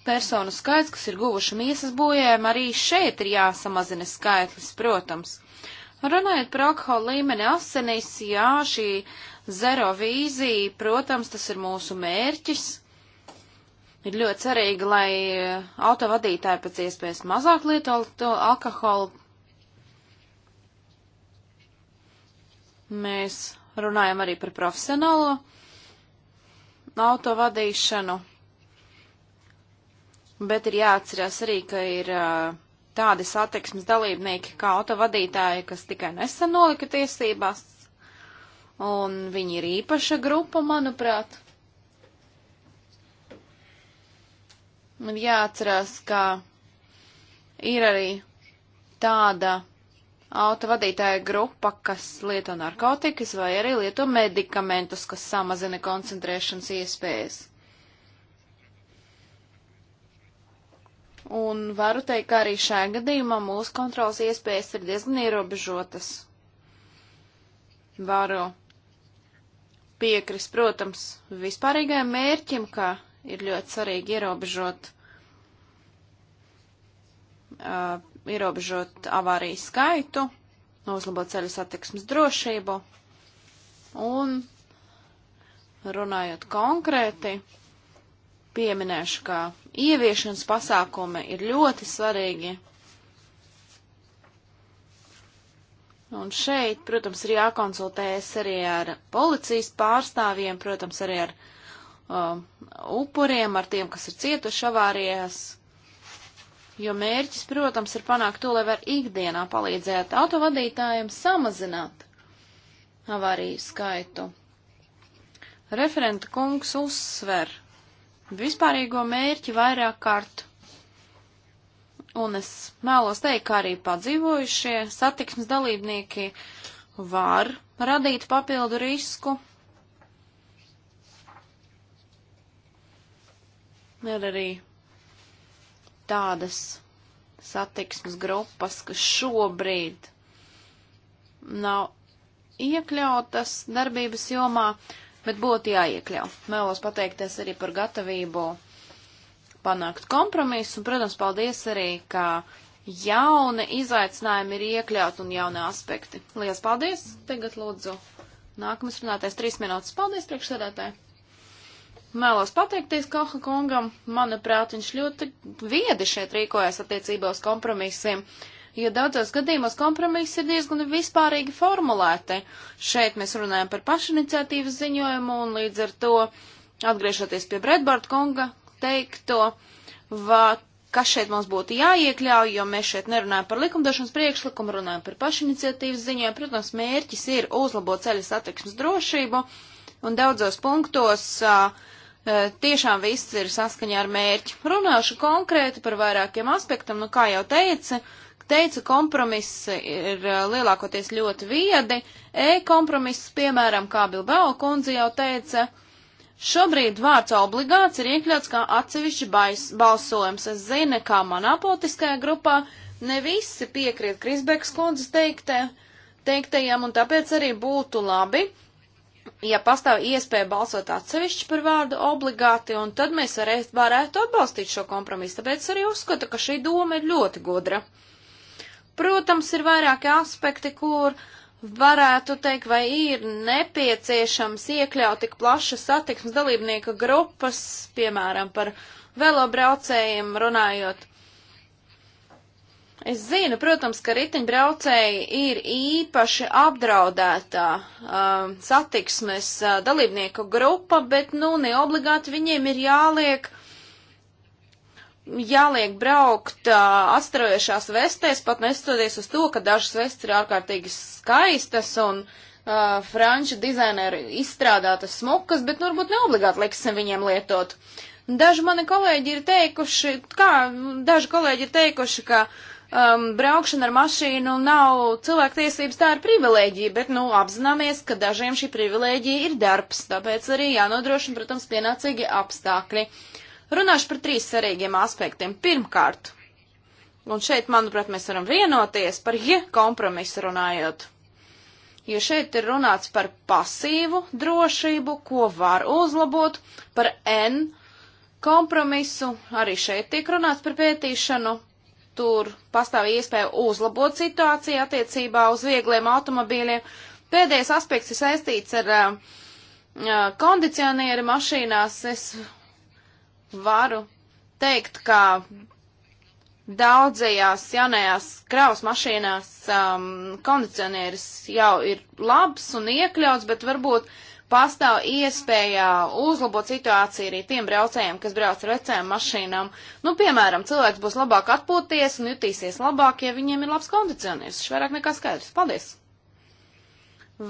personu skaits, kas ir guvuši miesas bojājumu, arī šeit ir jāsamazina skaitlis, protams. Runājot par alkohola līmeni asinīs, jā, šī zero vīzija, protams, tas ir mūsu mērķis. Ir ļoti cerīgi, lai autovadītāji pēc iespējas mazāk lieto alkoholu, Mēs runājam arī par profesionālo auto vadīšanu, bet ir jāatcerās arī, ka ir tādi satiksmes dalībnieki kā auto vadītāji, kas tikai nesen nolika tiesībās, un viņi ir īpaša grupa, manuprāt. Man jāatcerās, ka ir arī tāda autovadītāja grupa, kas lieto narkotikas vai arī lieto medikamentus, kas samazina koncentrēšanas iespējas. Un varu teikt, ka arī šajā gadījumā mūsu kontrolas iespējas ir diezgan ierobežotas. Varu piekrist, protams, vispārīgajam mērķim, ka ir ļoti svarīgi ierobežot uh, ierobežot avāriju skaitu, uzlabot ceļu satiksmes drošību un runājot konkrēti, pieminēšu, ka ieviešanas pasākumi ir ļoti svarīgi. Un šeit, protams, ir jākonsultējas arī ar policijas pārstāvjiem, protams, arī ar um, upuriem, ar tiem, kas ir cietuši avārijās, Jo mērķis, protams, ir panākt to, lai var ikdienā palīdzēt autovadītājiem samazināt avāriju skaitu. Referenta kungs uzsver vispārīgo mērķi vairāk kārt. Un es mēlos teikt, ka arī padzīvojušie satiksmes dalībnieki var radīt papildu risku. Ir arī tādas satiksmes grupas, kas šobrīd nav iekļautas darbības jomā, bet būtu jāiekļau. Mēlos pateikties arī par gatavību panākt kompromisu, un, protams, paldies arī, ka jauni izaicinājumi ir iekļaut un jauni aspekti. Lielas paldies! Tagad lūdzu nākamais runātais trīs minūtes. Paldies, priekšsēdētāji! Mēlos pateikties Koha kungam, manuprāt, viņš ļoti viedi šeit rīkojas attiecībā uz kompromisiem, jo daudzos gadījumos kompromisi ir diezgan vispārīgi formulēti. Šeit mēs runājam par pašiniciatīvas ziņojumu un līdz ar to, atgriežoties pie Bredbārta kunga teikto, va, kas šeit mums būtu jāiekļauj, jo mēs šeit nerunājam par likumdošanas priekšlikumu, runājam par pašiniciatīvas ziņojumu. Protams, mērķis ir uzlabot ceļa satiksmes drošību un daudzos punktos. Uh, E, tiešām viss ir saskaņā ar mērķi. Runāšu konkrēti par vairākiem aspektam, nu kā jau teica, teica kompromiss ir e, lielākoties ļoti viedi, e-kompromiss, piemēram, kā Bilbao kundze jau teica, šobrīd vārds obligāts ir iekļauts kā atsevišķi bais, balsojums. Es zinu, kā manā politiskajā grupā ne visi piekrīt Krisbekas kundzes teiktē, teiktajam, un tāpēc arī būtu labi, ja pastāv iespēja balsot atsevišķi par vārdu obligāti, un tad mēs varēs, varētu atbalstīt šo kompromisu. Tāpēc arī uzskatu, ka šī doma ir ļoti gudra. Protams, ir vairāki aspekti, kur varētu teikt, vai ir nepieciešams iekļaut tik plaša satiksmes dalībnieka grupas, piemēram, par velobraucējiem runājot. Es zinu, protams, ka riteņbraucēji ir īpaši apdraudētā uh, satiksmes uh, dalībnieku grupa, bet, nu, neobligāti viņiem ir jāliek, jāliek braukt uh, atstarojušās vestēs, pat nestoties uz to, ka dažas vestes ir ārkārtīgi skaistas un uh, franču dizaineru izstrādātas smukas, bet, nu, varbūt neobligāti lieksim viņiem lietot. Daži mani kolēģi ir teikuši, kā, daži kolēģi ir teikuši, ka uh, um, braukšana ar mašīnu nav cilvēktiesības, tā ir privilēģija, bet, nu, apzināmies, ka dažiem šī privilēģija ir darbs, tāpēc arī jānodrošina, protams, pienācīgi apstākļi. Runāšu par trīs svarīgiem aspektiem. Pirmkārt, un šeit, manuprāt, mēs varam vienoties par ja kompromisu runājot. Jo šeit ir runāts par pasīvu drošību, ko var uzlabot, par N kompromisu, arī šeit tiek runāts par pētīšanu, tur pastāv iespēja uzlabot situāciju attiecībā uz viegliem automobīļiem. Pēdējais aspekts ir saistīts ar uh, uh kondicionieri mašīnās. Es varu teikt, ka daudzajās jaunajās kravas mašīnās um, kondicionieris jau ir labs un iekļauts, bet varbūt uh, pastāv iespēja uzlabot situāciju arī tiem braucējiem, kas brauc ar vecajām mašīnām. Nu, piemēram, cilvēks būs labāk atpūties un jutīsies labāk, ja viņiem ir labs kondicionieris. Šis vairāk nekā skaidrs. Paldies!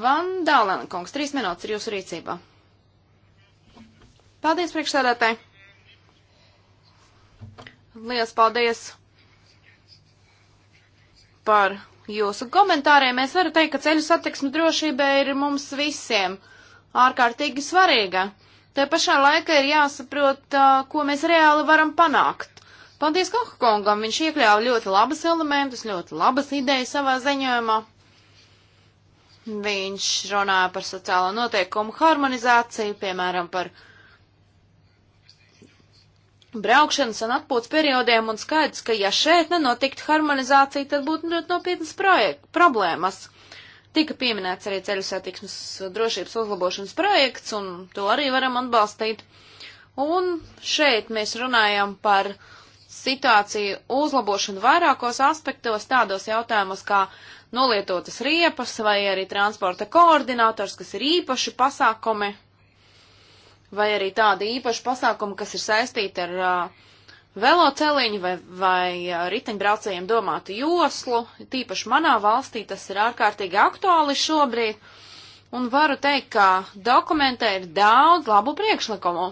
Van Dālēna kungs, trīs minūtes ir jūsu rīcībā. Paldies, priekšsēdētāji! Lielas paldies par jūsu komentāriem. Es varu teikt, ka ceļu satiksmu drošība ir mums visiem ārkārtīgi svarīga. Te pašā laikā ir jāsaprot, uh, ko mēs reāli varam panākt. Paldies Kohkongam, viņš iekļāva ļoti labas elementus, ļoti labas idejas savā ziņojumā. Viņš runāja par sociālo noteikumu harmonizāciju, piemēram, par braukšanas un atpūtas periodiem, un skaidrs, ka ja šeit nenotiktu harmonizācija, tad būtu ļoti nopietnas problēmas. Tika pieminēts arī ceļu satiksmes drošības uzlabošanas projekts, un to arī varam atbalstīt. Un šeit mēs runājam par situāciju uzlabošanu vairākos aspektos, tādos jautājumos kā nolietotas riepas vai arī transporta koordinators, kas ir īpaši pasākumi, vai arī tādi īpaši pasākumi, kas ir saistīti ar uh, veloceliņu vai, vai riteņbraucējiem domātu joslu. Tīpaši manā valstī tas ir ārkārtīgi aktuāli šobrīd. Un varu teikt, ka dokumentē ir daudz labu priekšlikumu.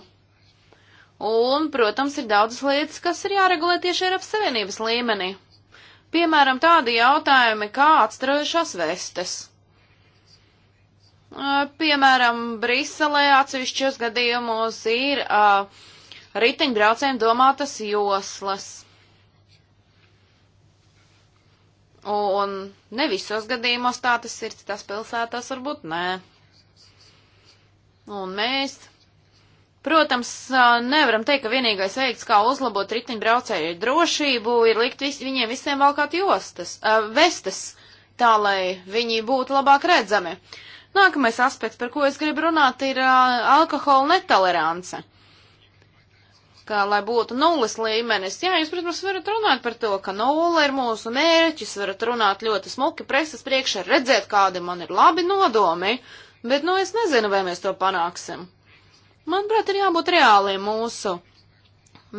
Un, protams, ir daudzas lietas, kas ir jāregulē tieši Eiropas Savienības līmenī. Piemēram, tādi jautājumi kā atstarojušās vestes. Piemēram, Briselē atsevišķos gadījumos ir uh, riteņbraucējiem domātas joslas. Un ne visos gadījumos tā tas ir, citās pilsētās varbūt nē. Un mēs, protams, nevaram teikt, ka vienīgais veids, kā uzlabot riteņbraucēju drošību, ir likt vis, viņiem visiem valkāt jostas, uh, vestas, tā lai viņi būtu labāk redzami. Nākamais aspekts, par ko es gribu runāt, ir uh, alkohola netolerance. Uh, ka, lai būtu nulles līmenis, jā, jūs, protams, varat runāt par to, ka nulle ir mūsu mērķis, varat runāt ļoti smuki preses priekšā, redzēt, kādi man ir labi nodomi, bet, nu, es nezinu, vai mēs to panāksim. Manuprāt, ir jābūt reāliem mūsu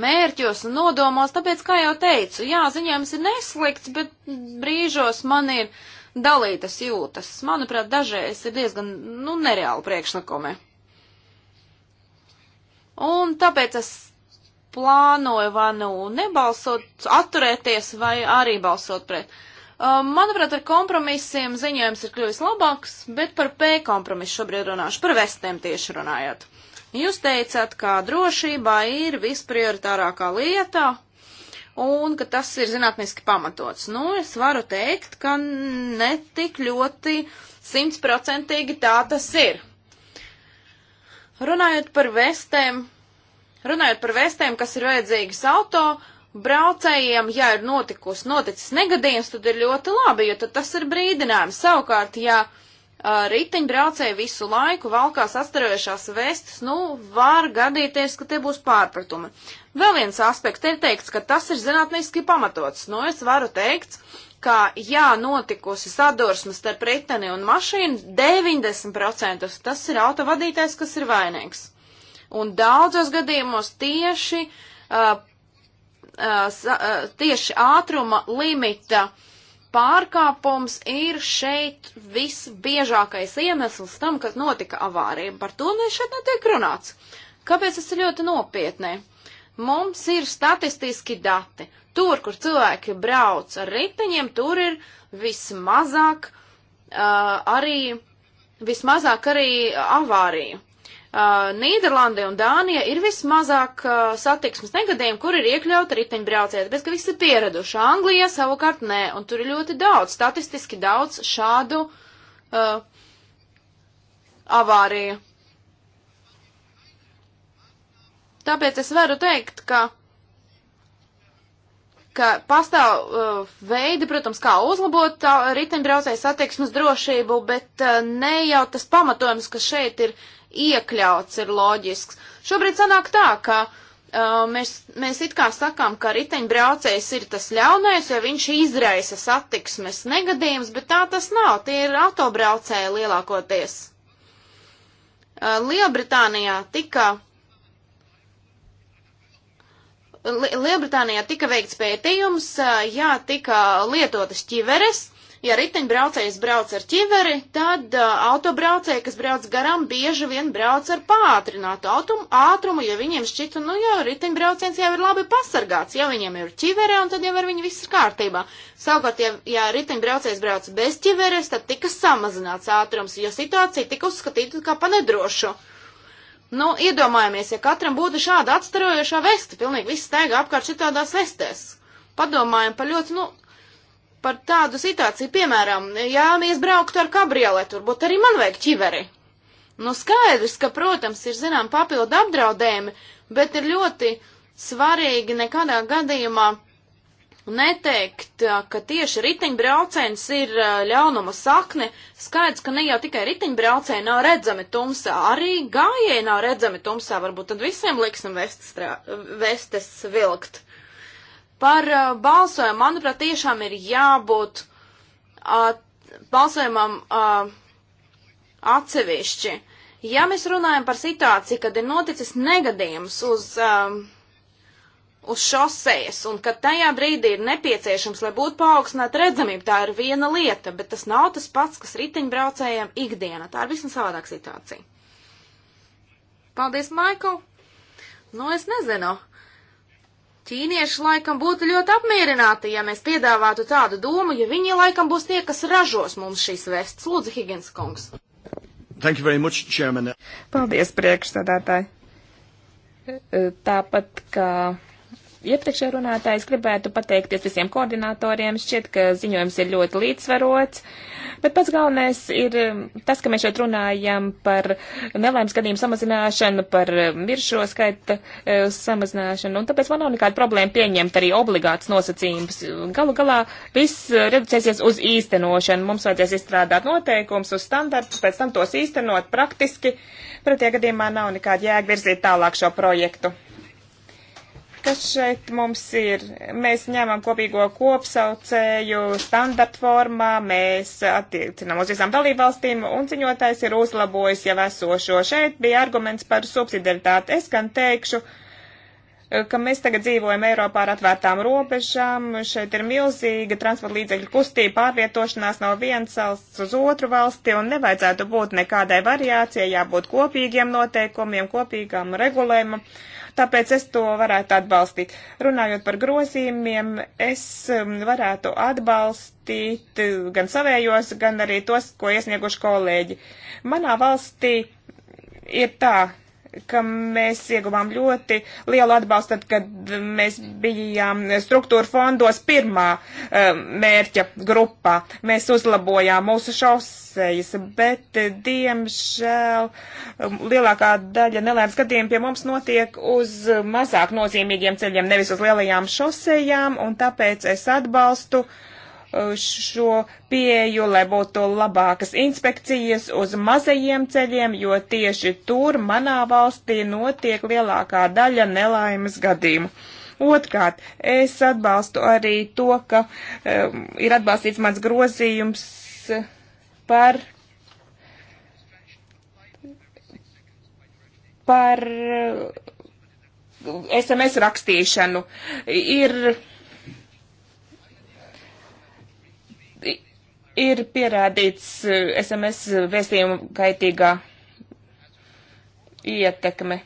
mērķos un nodomos, tāpēc, kā jau teicu, jā, ziņojums ir neslikts, bet brīžos man ir dalītas jūtas. Manuprāt, dažreiz ir diezgan, nu, nereāli priekšnakumi. Un tāpēc es plānoju vai nu nebalsot, atturēties vai arī balsot pret. Um, manuprāt, ar kompromisiem ziņojums ir kļuvis labāks, bet par P kompromisu šobrīd runāšu, par vestēm tieši runājot. Jūs teicāt, ka drošība ir visprioritārākā lieta un ka tas ir zinātniski pamatots. Nu, es varu teikt, ka netik ļoti simtprocentīgi tā tas ir. Runājot par vestēm, Runājot par vestēm, kas ir vajadzīgas auto, braucējiem, ja ir notikusi, noticis negadījums, tad ir ļoti labi, jo tad tas ir brīdinājums. Savukārt, ja uh, riteņbraucēji visu laiku valkās astarojušās vestas, nu, var gadīties, ka te būs pārpratumi. Vēl viens aspekts ir teikts, ka tas ir zinātniski pamatots. Nu, es varu teikt, ka, jā, notikusi sadursme starp riteni un mašīnu, 90% tas ir autovadītājs, kas ir vainīgs. Un daudzos gadījumos tieši, uh, uh, uh, tieši ātruma limita pārkāpums ir šeit visbiežākais iemesls tam, kas notika avārijiem. Par to šeit netiek runāts. Kāpēc tas ir ļoti nopietni? Mums ir statistiski dati. Tur, kur cilvēki brauc ar riteņiem, tur ir vismazāk uh, arī vismazāk arī avāriju. Uh, Nīderlandē un Dānija ir vismazāk uh, satiksmes negadījumi, kur ir iekļauta riteņbraucēji, bet ka visi ir pieraduši. Anglijā savukārt nē, un tur ir ļoti daudz, statistiski daudz šādu uh, avāriju. Tāpēc es varu teikt, ka, ka pastāv uh, veidi, protams, kā uzlabot uh, riteņbraucēju satiksmes drošību, bet uh, ne jau tas pamatojums, kas šeit ir uh, iekļauts ir loģisks. Šobrīd sanāk tā, ka uh, mēs, mēs it kā sakām, ka riteņbraucējs ir tas ļaunais, jo viņš izraisa satiksmes negadījumus, bet tā tas nav. Tie ir autobraucēji lielākoties. Uh, Lielbritānijā tika Lielbritānijā tika veikts pētījums, jā, tika lietotas ķiveres. Ja riteņbraucējs brauc ar ķiveri, tad uh, autobraucēji, kas brauc garām, bieži vien brauc ar pātrinātu autumu, ātrumu, jo viņiem šķita, nu jau riteņbrauciens jau ir labi pasargāts, jau viņiem ir ķivere, un tad jau ar viņu viss ir kārtībā. Savukārt, ja, ja riteņbraucējs brauc bez ķiveres, tad tika samazināts ātrums, jo situācija tika uzskatīta kā panedrošu. Uh, Nu, iedomājamies, ja katram būtu šāda atstarojošā vesta, pilnīgi viss staigā apkārt šitādās vestēs. Padomājam par ļoti, nu, par tādu situāciju, piemēram, ja mēs brauktu ar kabrioletu, varbūt arī man vajag ķiveri. Nu, skaidrs, ka, protams, ir, zinām, papildu apdraudējumi, bet ir ļoti svarīgi nekādā gadījumā neteikt, ka tieši riteņbrauciens ir ļaunuma sakne. Skaidrs, ka ne jau tikai riteņbraucēji nav redzami tumsā, arī gājēji nav redzami tumsā. Varbūt tad visiem liksim vestes vilkt. Par balsojumu, manuprāt, tiešām ir jābūt uh, balsojumam uh, atsevišķi. Ja mēs runājam par situāciju, kad ir noticis negadījums uz. Uh, uz šosejas, un ka tajā brīdī ir nepieciešams, lai būtu paaugstināta redzamība, tā ir viena lieta, bet tas nav tas pats, kas riteņbraucējiem ikdiena. Tā ir visam savādāka situācija. Paldies, Maikl! Nu, es nezinu. Ķīnieši laikam būtu ļoti apmierināti, ja mēs piedāvātu tādu domu, ja viņi laikam būs tie, kas ražos mums šīs vestes. Lūdzu, Higgins kungs. Thank you very much, Chairman. Paldies, priekšsēdētāji. Tāpat kā iepriekšējā runātāja. Es gribētu pateikties visiem koordinatoriem. Šķiet, ka ziņojums ir ļoti līdzsvarots. Bet pats galvenais ir um, tas, ka mēs šeit runājam par nelaimes gadījumu samazināšanu, par um, miršo skaita uh, samazināšanu. Un tāpēc man nav nekāda problēma pieņemt arī obligāts nosacījums. Galu galā viss uh, reducēsies uz īstenošanu. Mums vajadzēs izstrādāt noteikums uz standartus, pēc tam tos īstenot praktiski. Pretējā gadījumā nav nekāda jēga virzīt tālāk šo projektu kas šeit mums ir. Mēs ņemam kopīgo kopsaucēju standarta formā, mēs attiecinām uz visām dalībvalstīm, un ciņotājs ir uzlabojis jau esošo. Šeit bija arguments par subsidiaritāti. Es gan teikšu, ka mēs tagad dzīvojam Eiropā ar atvērtām robežām, šeit ir milzīga transporta līdzekļu kustība, pārvietošanās no vienas valsts uz otru valsti, un nevajadzētu būt nekādai variācijai, jābūt kopīgiem noteikumiem, kopīgām regulējumam tāpēc es to varētu atbalstīt. Runājot par grozījumiem, es um, varētu atbalstīt uh, gan savējos, gan arī tos, ko iesnieguši kolēģi. Manā valstī ir tā, ka mēs ieguvām ļoti lielu atbalstu, tad, kad mēs bijām struktūra fondos pirmā um, mērķa grupā. Mēs uzlabojām mūsu šausejas, bet, eh, diemžēl, um, lielākā daļa nelēmas gadījumu pie mums notiek uz mazāk nozīmīgiem ceļiem, nevis uz lielajām šausejām, un tāpēc es atbalstu uh, Uh, šo pieju, lai būtu labākas inspekcijas uz mazajiem ceļiem, jo tieši tur manā valstī notiek lielākā daļa nelaimes gadījumu. Otkārt, es atbalstu arī to, ka um, ir atbalstīts mans grozījums par, par SMS uh, rakstīšanu. Ir ir pierādīts SMS eh, vēstījumu kaitīgā ietekme.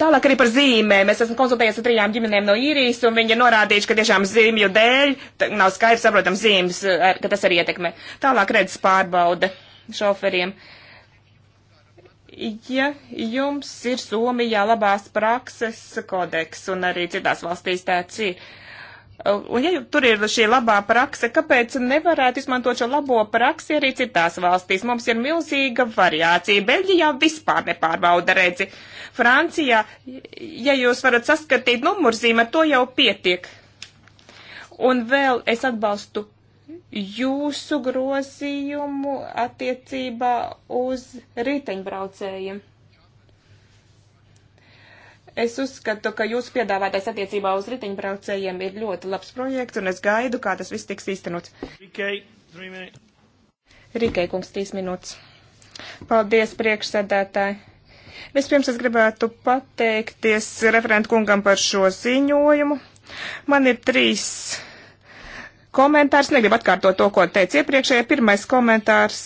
Tālāk arī par zīmēm. Es esmu konsultējies ar trijām ģimenēm no īrijas, un viņi ir norādījuši, ka tiešām zīmju dēļ nav skaidrs, saprotams, zīmes, eh, ka tas arī ietekmē. Tālāk redzes pārbaude šoferiem. Ja jums ir Somijā labās prakses kodeks, un arī citās valstīs tāds ir, uh, Uh, un ja tur ir šī labā prakse, kāpēc nevarētu izmantot šo labo praksi arī citās valstīs? Mums ir milzīga variācija. Beļģijā vispār nepārbauda redzi. Francijā, ja jūs varat saskatīt numurzīmi, ar to jau pietiek. Un vēl es atbalstu jūsu grozījumu attiecībā uz riteņbraucējiem. Es uzskatu, ka jūsu piedāvātais attiecībā uz riteņbraucējiem ir ļoti labs projekts, un es gaidu, kā tas viss tiks īstenots. Rīkai kungs, trīs minūtes. Paldies, priekšsēdētāji. Vispirms es gribētu pateikties referentu kungam par šo ziņojumu. Man ir trīs komentārs, negribu atkārtot to, ko teicu iepriekšējā. Pirmais komentārs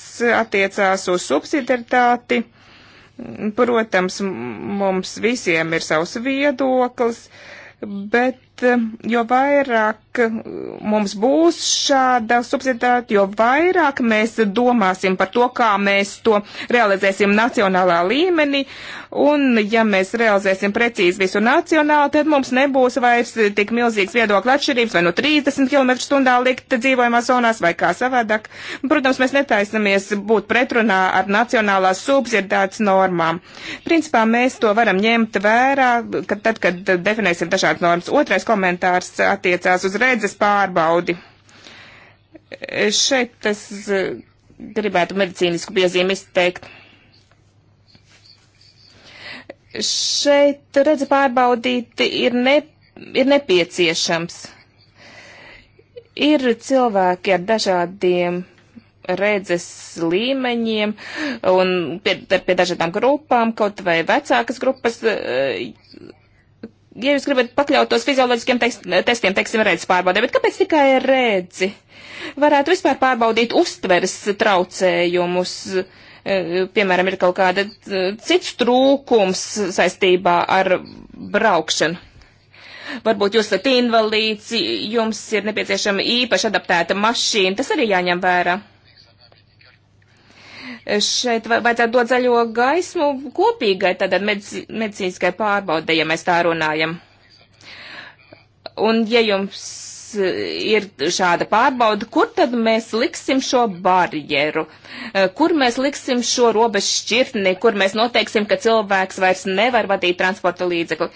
attiecās uz subsidiaritāti Protams, mums visiem ir savs viedoklis, bet Eh, jo vairāk eh, mums būs šāda subsidēta, jo vairāk mēs domāsim par to, kā mēs to realizēsim nacionālā līmenī. Un, ja mēs realizēsim precīzi visu nacionāli, tad mums nebūs vairs tik milzīgs viedokļa atšķirības, vai no 30 km stundā likt dzīvojamās zonās, vai kā savādāk. Protams, mēs netaisamies būt pretrunā ar nacionālās subsidētas normām. Principā mēs to varam ņemt vērā, kad, tad, kad definēsim dažādas normas. Otrais komentārs attiecās uz redzes pārbaudi. Šeit es eh, gribētu medicīnisku piezīmi izteikt. Šeit redze pārbaudīt ir, ne, ir nepieciešams. Ir cilvēki ar dažādiem redzes līmeņiem un pie, pie dažādām grupām, kaut vai vecākas grupas eh, ja jūs gribat pakļaut tos fizioloģiskiem tekst, testiem, teiksim, redzes pārbaudē, bet kāpēc tikai redzi? Varētu vispār pārbaudīt uztveres traucējumus, e, piemēram, ir kaut kāda e, cits trūkums saistībā ar braukšanu. Varbūt jūs esat invalīds, jums ir nepieciešama īpaši adaptēta mašīna, tas arī jāņem vērā šeit vajadzētu dot zaļo gaismu kopīgai tātad medicīniskai pārbaudē, ja mēs tā runājam. Un ja jums e, ir šāda pārbauda, kur tad mēs liksim šo barjeru, e, kur mēs liksim šo robežu šķirtni, kur mēs noteiksim, ka cilvēks vairs nevar vadīt transporta līdzekli. E,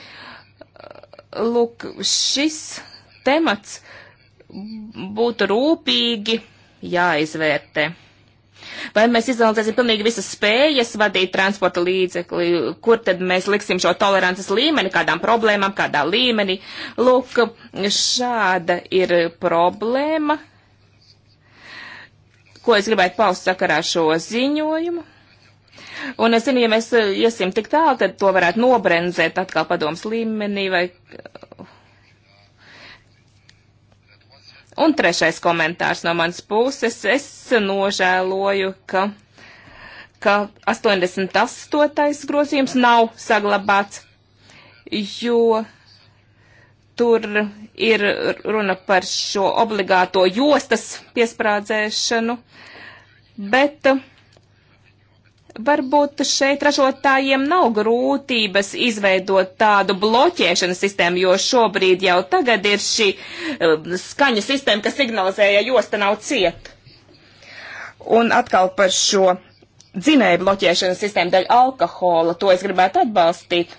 lūk, šis temats būtu rūpīgi jāizvērtē. Vai mēs izanalizēsim pilnīgi visas spējas vadīt transporta līdzekli, kur tad mēs liksim šo tolerances līmeni, kādām problēmām, kādā līmenī. Lūk, šāda ir problēma, ko es gribētu paust sakarā šo ziņojumu. Un es zinu, ja mēs iesim tik tālu, tad to varētu nobrenzēt atkal padoms līmenī vai. Un trešais komentārs no manas puses. Es nožēloju, ka, ka 88. grozījums nav saglabāts, jo tur ir runa par šo obligāto jostas piesprādzēšanu, bet varbūt šeit ražotājiem nav grūtības izveidot tādu bloķēšanas sistēmu, jo šobrīd jau tagad ir šī eh, skaņu sistēma, kas signalizēja, josta nav cieta. Un atkal par šo dzinēju bloķēšanas sistēmu dēļ alkohola, to es gribētu atbalstīt.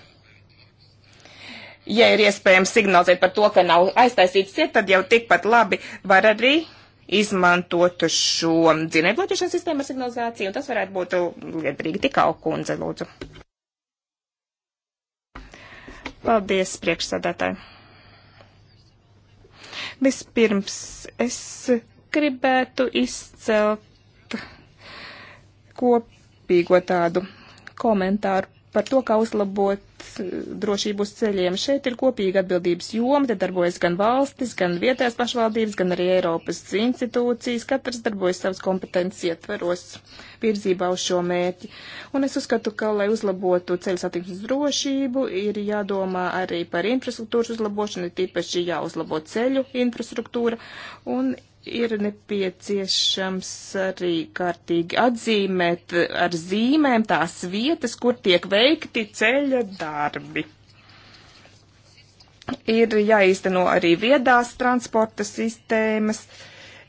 Ja ir iespējams signalizēt par to, ka nav aiztaisīts ciet, tad jau tikpat labi var arī izmantot šo dzinēju bloķēšanas sistēmu ar signalizāciju, un tas varētu būt liederīgi tik alkundze, lūdzu. Paldies, priekšsādātāji. Vispirms es gribētu izcelt kopīgo tādu komentāru par to, kā uzlabot eh, drošību uz ceļiem. Šeit ir kopīga atbildības joma, te darbojas gan valstis, gan vietējās pašvaldības, gan arī Eiropas institūcijas. Katrs darbojas savas kompetences ietveros virzībā uz šo mērķi. Un es uzskatu, ka, lai uzlabotu ceļu satiksmes drošību, ir jādomā arī par infrastruktūras uzlabošanu, ir tīpaši jāuzlabo ceļu infrastruktūra. Un ir nepieciešams arī kārtīgi atzīmēt ar zīmēm tās vietas, kur tiek veikti ceļa darbi. Ir jāīsteno arī viedās transporta sistēmas,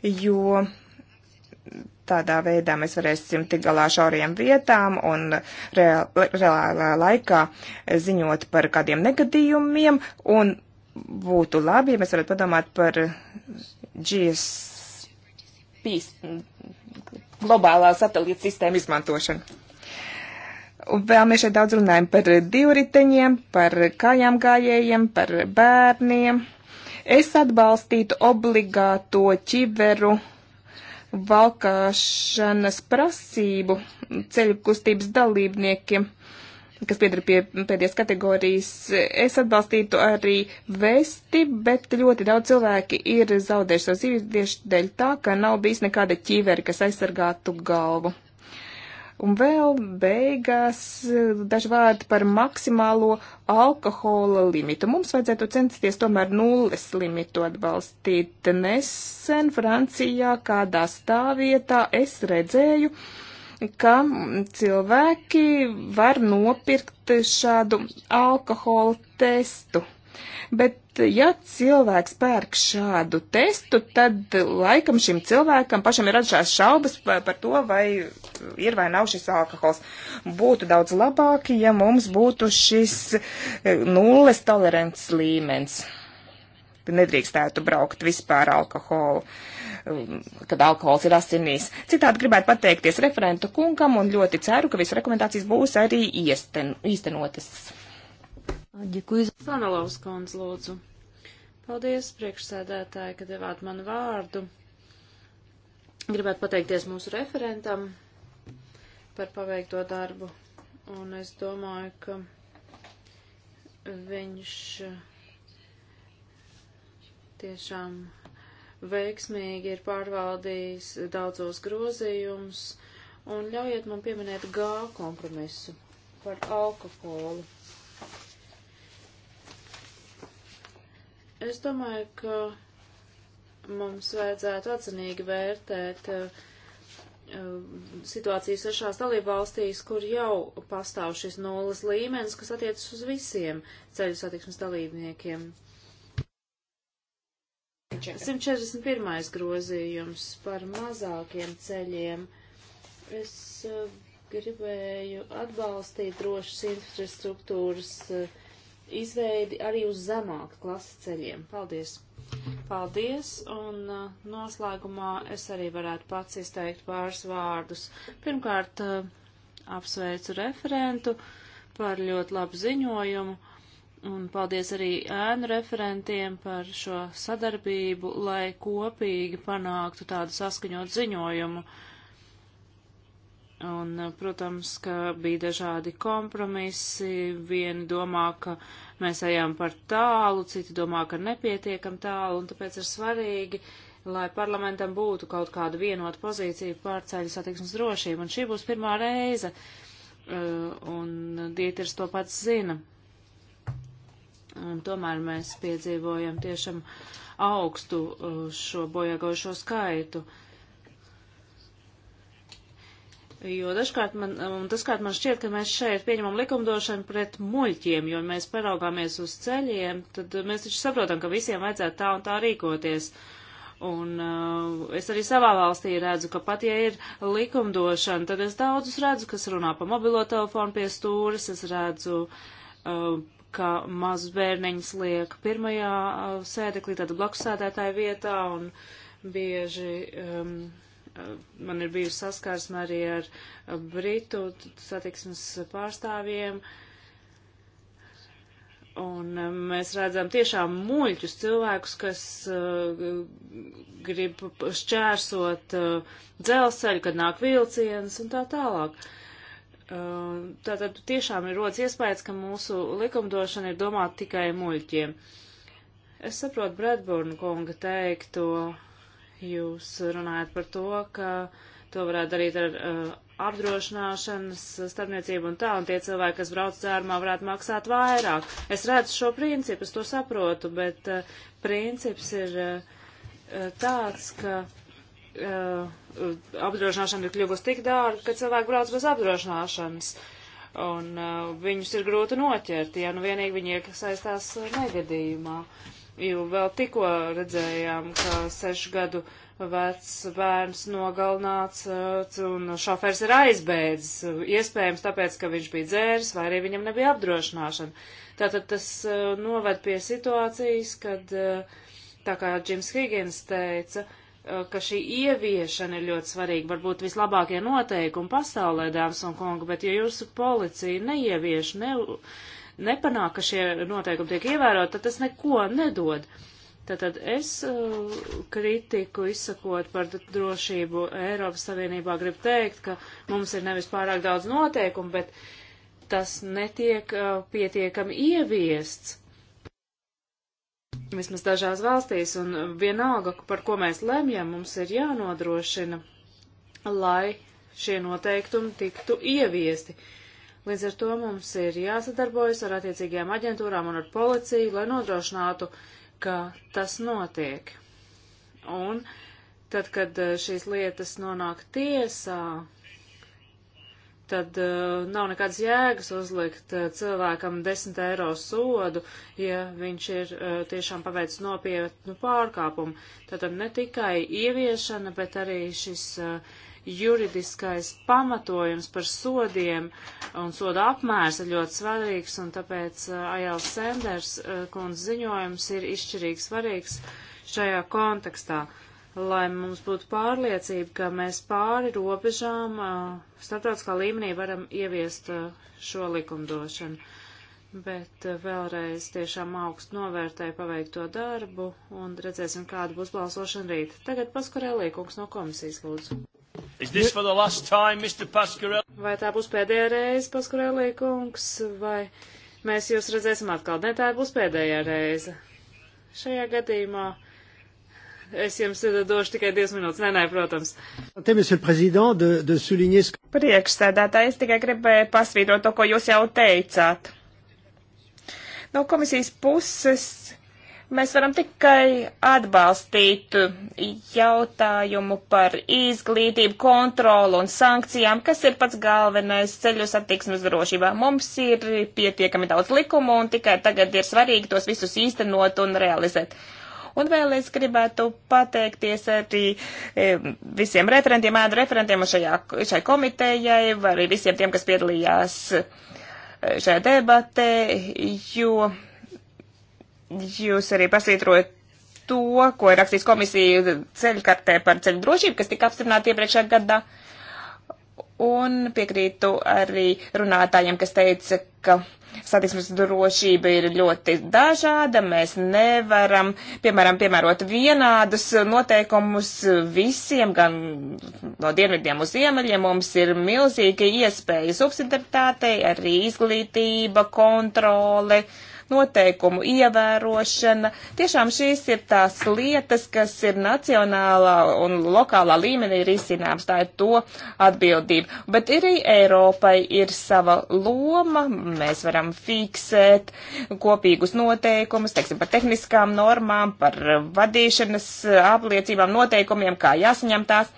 jo tādā veidā mēs varēsim tik galā šauriem vietām un reālā laikā ziņot par kādiem negadījumiem, un būtu labi, ja mēs varētu padomāt par GSP globālā satelīta sistēma izmantošanu. Un vēl mēs šeit daudz runājam par divriteņiem, par kājām gājējiem, par bērniem. Es atbalstītu obligāto ķiveru valkāšanas prasību ceļu kustības dalībniekiem. Uh, kas piedara pie pēdējās kategorijas, es atbalstītu arī vesti, bet ļoti daudz cilvēki ir zaudējuši savu dzīvi tieši dēļ tā, ka nav bijis nekāda ķīveri, kas aizsargātu galvu. Un vēl beigās daži vārdi par maksimālo alkohola limitu. Mums vajadzētu censties tomēr nulles limitu atbalstīt. Nesen Francijā kādā stāvvietā es redzēju, uh, ka cilvēki var nopirkt šādu alkohola testu. Bet, ja cilvēks pērk šādu testu, tad laikam šim cilvēkam pašam ir atšķirās šaubas par to, vai ir vai nav šis alkohols. Būtu daudz labāk, ja mums būtu šis e, nulles tolerants līmenis. Nedrīkstētu braukt vispār alkoholu. Uh, kad alkohols ir asinīs. Citādi gribētu pateikties referentu kungam un ļoti ceru, ka visu rekomendācijas būs arī iesten, īstenotas. Ģekuiz. Sanalovs kundz, lūdzu. Paldies, priekšsēdētāji, ka devāt man vārdu. Gribētu pateikties mūsu referentam par paveikto darbu. Un es domāju, ka viņš eh, tiešām veiksmīgi ir pārvaldījis daudzos grozījumus, un ļaujiet man pieminēt G kompromisu par alkoholu. Es domāju, ka mums vajadzētu atzinīgi vērtēt uh, uh situāciju sešās dalībvalstīs, kur jau pastāv šis nulles līmenis, kas attiecas uz visiem ceļu satiksmes dalībniekiem. Uh, 141. grozījums par mazākiem ceļiem. Es uh, gribēju atbalstīt drošas infrastruktūras uh, izveidi arī uz zemāku klases ceļiem. Paldies! Paldies! Un uh, noslēgumā es arī varētu pats izteikt pāris vārdus. Pirmkārt, uh, apsveicu referentu par ļoti labu ziņojumu Un paldies arī ēnu referentiem par šo sadarbību, lai kopīgi panāktu tādu saskaņot ziņojumu. Un, eh, protams, ka bija dažādi kompromisi. Vieni domā, ka mēs ejam par tālu, citi domā, ka nepietiekam tālu, un tāpēc ir svarīgi, lai parlamentam būtu kaut kāda vienota pozīcija par ceļu satiksmes drošību. Un šī būs pirmā reize, eh, un Dieters to pats zina Un tomēr mēs piedzīvojam tiešām augstu uh, šo bojāgojušo skaitu. Jo dažkārt man, un dažkārt man šķiet, ka mēs šeit pieņemam likumdošanu pret muļķiem, jo mēs paraugāmies uz ceļiem, tad mēs taču saprotam, ka visiem vajadzētu tā un tā rīkoties. Un uh, es arī savā valstī redzu, ka pat ja ir likumdošana, tad es daudzus redzu, kas runā pa mobilo telefonu pie stūres, es redzu uh, ka mazus bērniņus liek pirmajā uh, sēdeklī, tad blakus sēdētāja vietā, un bieži um, uh, man ir bijusi saskarsme arī ar uh, Britu satiksmes pārstāvjiem, un um, mēs redzam tiešām muļķus cilvēkus, kas uh, grib šķērsot uh, dzelzceļu, kad nāk vilciens un tā tālāk. Uh, Uh, tātad tiešām ir rodas iespējas, ka mūsu likumdošana ir domāta tikai muļķiem. Es saprotu Bredburnu kunga teikto, jūs runājat par to, ka to varētu darīt ar uh, apdrošināšanas starpniecību un tā, un tie cilvēki, kas brauc dzērumā, varētu maksāt vairāk. Es redzu šo principu, es to saprotu, bet uh, princips ir uh, uh tāds, ka. Uh, Eh, apdrošināšana ir kļuvusi tik dārga, ka cilvēki brauc bez apdrošināšanas. Un uh, viņus ir grūti noķert, ja nu vienīgi viņi iesaistās eh, negadījumā. Jo vēl tikko redzējām, ka sešu gadu vecs bērns nogalnāts uh, un šofērs ir aizbēdzis. Uh, iespējams tāpēc, ka viņš bija dzēris vai arī viņam nebija apdrošināšana. Tātad tas uh, noved pie situācijas, kad, uh, tā kā Džims Higgins teica, uh, Eh, ka šī ieviešana ir ļoti svarīga. Varbūt vislabākie noteikumi pasaulē, dāmas un kungi, bet ja jūsu policija neievieš, ne, nepanāk, ka šie noteikumi tiek ievērot, tad tas neko nedod. Tātad es eh, kritiku izsakot par drošību Eiropas Savienībā gribu teikt, ka mums ir nevis pārāk daudz noteikumu, bet tas netiek eh, pietiekami ieviests vismaz dažās valstīs, un vienalga, par ko mēs lemjam, mums ir jānodrošina, lai šie noteikumi tiktu ieviesti. Līdz ar to mums ir jāsadarbojas ar attiecīgajām aģentūrām un ar policiju, lai nodrošinātu, ka tas notiek. Un tad, kad eh, šīs lietas nonāk tiesā, tad uh, nav nekādas jēgas uzlikt uh, cilvēkam 10 eiro sodu, ja viņš ir uh, tiešām paveicis nopietnu pārkāpumu. Tātad ne tikai ieviešana, bet arī šis uh, juridiskais pamatojums par sodiem un soda apmērs ir ļoti svarīgs, un tāpēc uh, Ajāls Sanders uh, kundz ziņojums ir izšķirīgi svarīgs šajā kontekstā. Uh, lai mums būtu pārliecība, ka mēs pāri robežām starptautiskā līmenī varam ieviest šo likumdošanu. Bet vēlreiz tiešām augstu novērtēju paveikto darbu un redzēsim, kāda būs balsošana rīt. Tagad Paskarelī, kungs no komisijas, lūdzu. Time, vai tā būs pēdējā reize, Paskarelī, kungs, vai mēs jūs redzēsim atkal? Nē, tā būs pēdējā reize. Šajā gadījumā Es jums došu tikai 10 minūtes. Nē, nē, protams. Priekšsēdētāji, es tikai gribēju pasvītrot to, ko jūs jau teicāt. No komisijas puses mēs varam tikai atbalstīt jautājumu par izglītību, kontrolu un sankcijām, kas ir pats galvenais ceļu satiksmes drošībā. Mums ir pietiekami daudz likumu un tikai tagad ir svarīgi tos visus īstenot un realizēt. Un vēl es gribētu pateikties arī e, visiem referentiem, ēdu referentiem un šajā, šai komitejai, vai arī visiem tiem, kas piedalījās e, šajā debatē, jo jūs arī pasvītrojat to, ko ir rakstījis komisija ceļkartē par ceļu drošību, kas tika apstiprināta iepriekšējā gadā. Uh, Un piekrītu arī runātājiem, kas teica, ka satiksmes drošība ir ļoti dažāda. Mēs nevaram, piemēram, piemērot vienādus noteikumus visiem, gan no dienvidiem uz ziemeļiem. Mums ir milzīga iespēja subsidaritātei, arī izglītība, kontrole. Uh, noteikumu ievērošana. Tiešām šīs ir tās lietas, kas ir nacionālā un lokālā līmenī risināms. Tā ir to atbildība. Bet arī Eiropai ir sava loma. Mēs varam fiksēt kopīgus noteikumus, teiksim, par tehniskām normām, par vadīšanas apliecībām, noteikumiem, kā jāsaņem tās.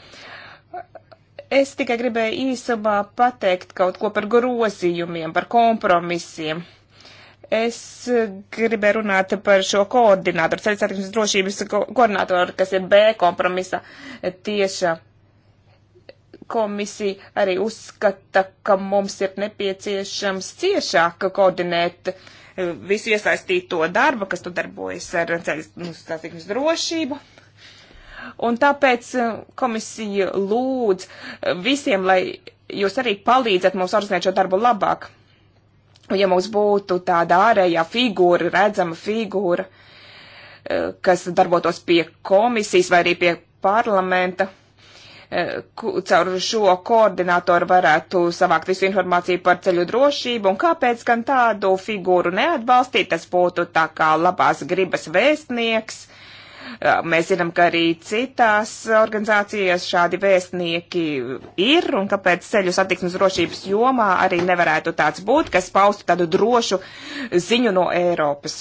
Es tikai gribēju īsumā pateikt kaut ko par grozījumiem, par kompromisiem. Es gribēju runāt par šo koordinātoru, ceļu satiksmes drošības ko koordinātoru, kas ir B kompromisa tieša komisija arī uzskata, ka mums ir nepieciešams ciešāk koordinēt e, visu iesaistīto darbu, kas tu darbojas ar ceļu satiksmes drošību. Un tāpēc e, komisija lūdz e, visiem, lai jūs arī palīdzat mums organizēt šo darbu labāk ja mums būtu tāda ārējā figūra, redzama figūra, eh, kas darbotos pie komisijas vai arī pie parlamenta, eh, caur šo koordinātoru varētu savākt visu informāciju par ceļu drošību, un kāpēc gan tādu figūru neatbalstīt, tas būtu tā kā labās gribas vēstnieks, uh, Eh, mēs zinām, ka arī citās organizācijās šādi vēstnieki ir, un kāpēc ceļu satiksmes drošības jomā arī nevarētu tāds būt, kas paustu tādu drošu ziņu no Eiropas.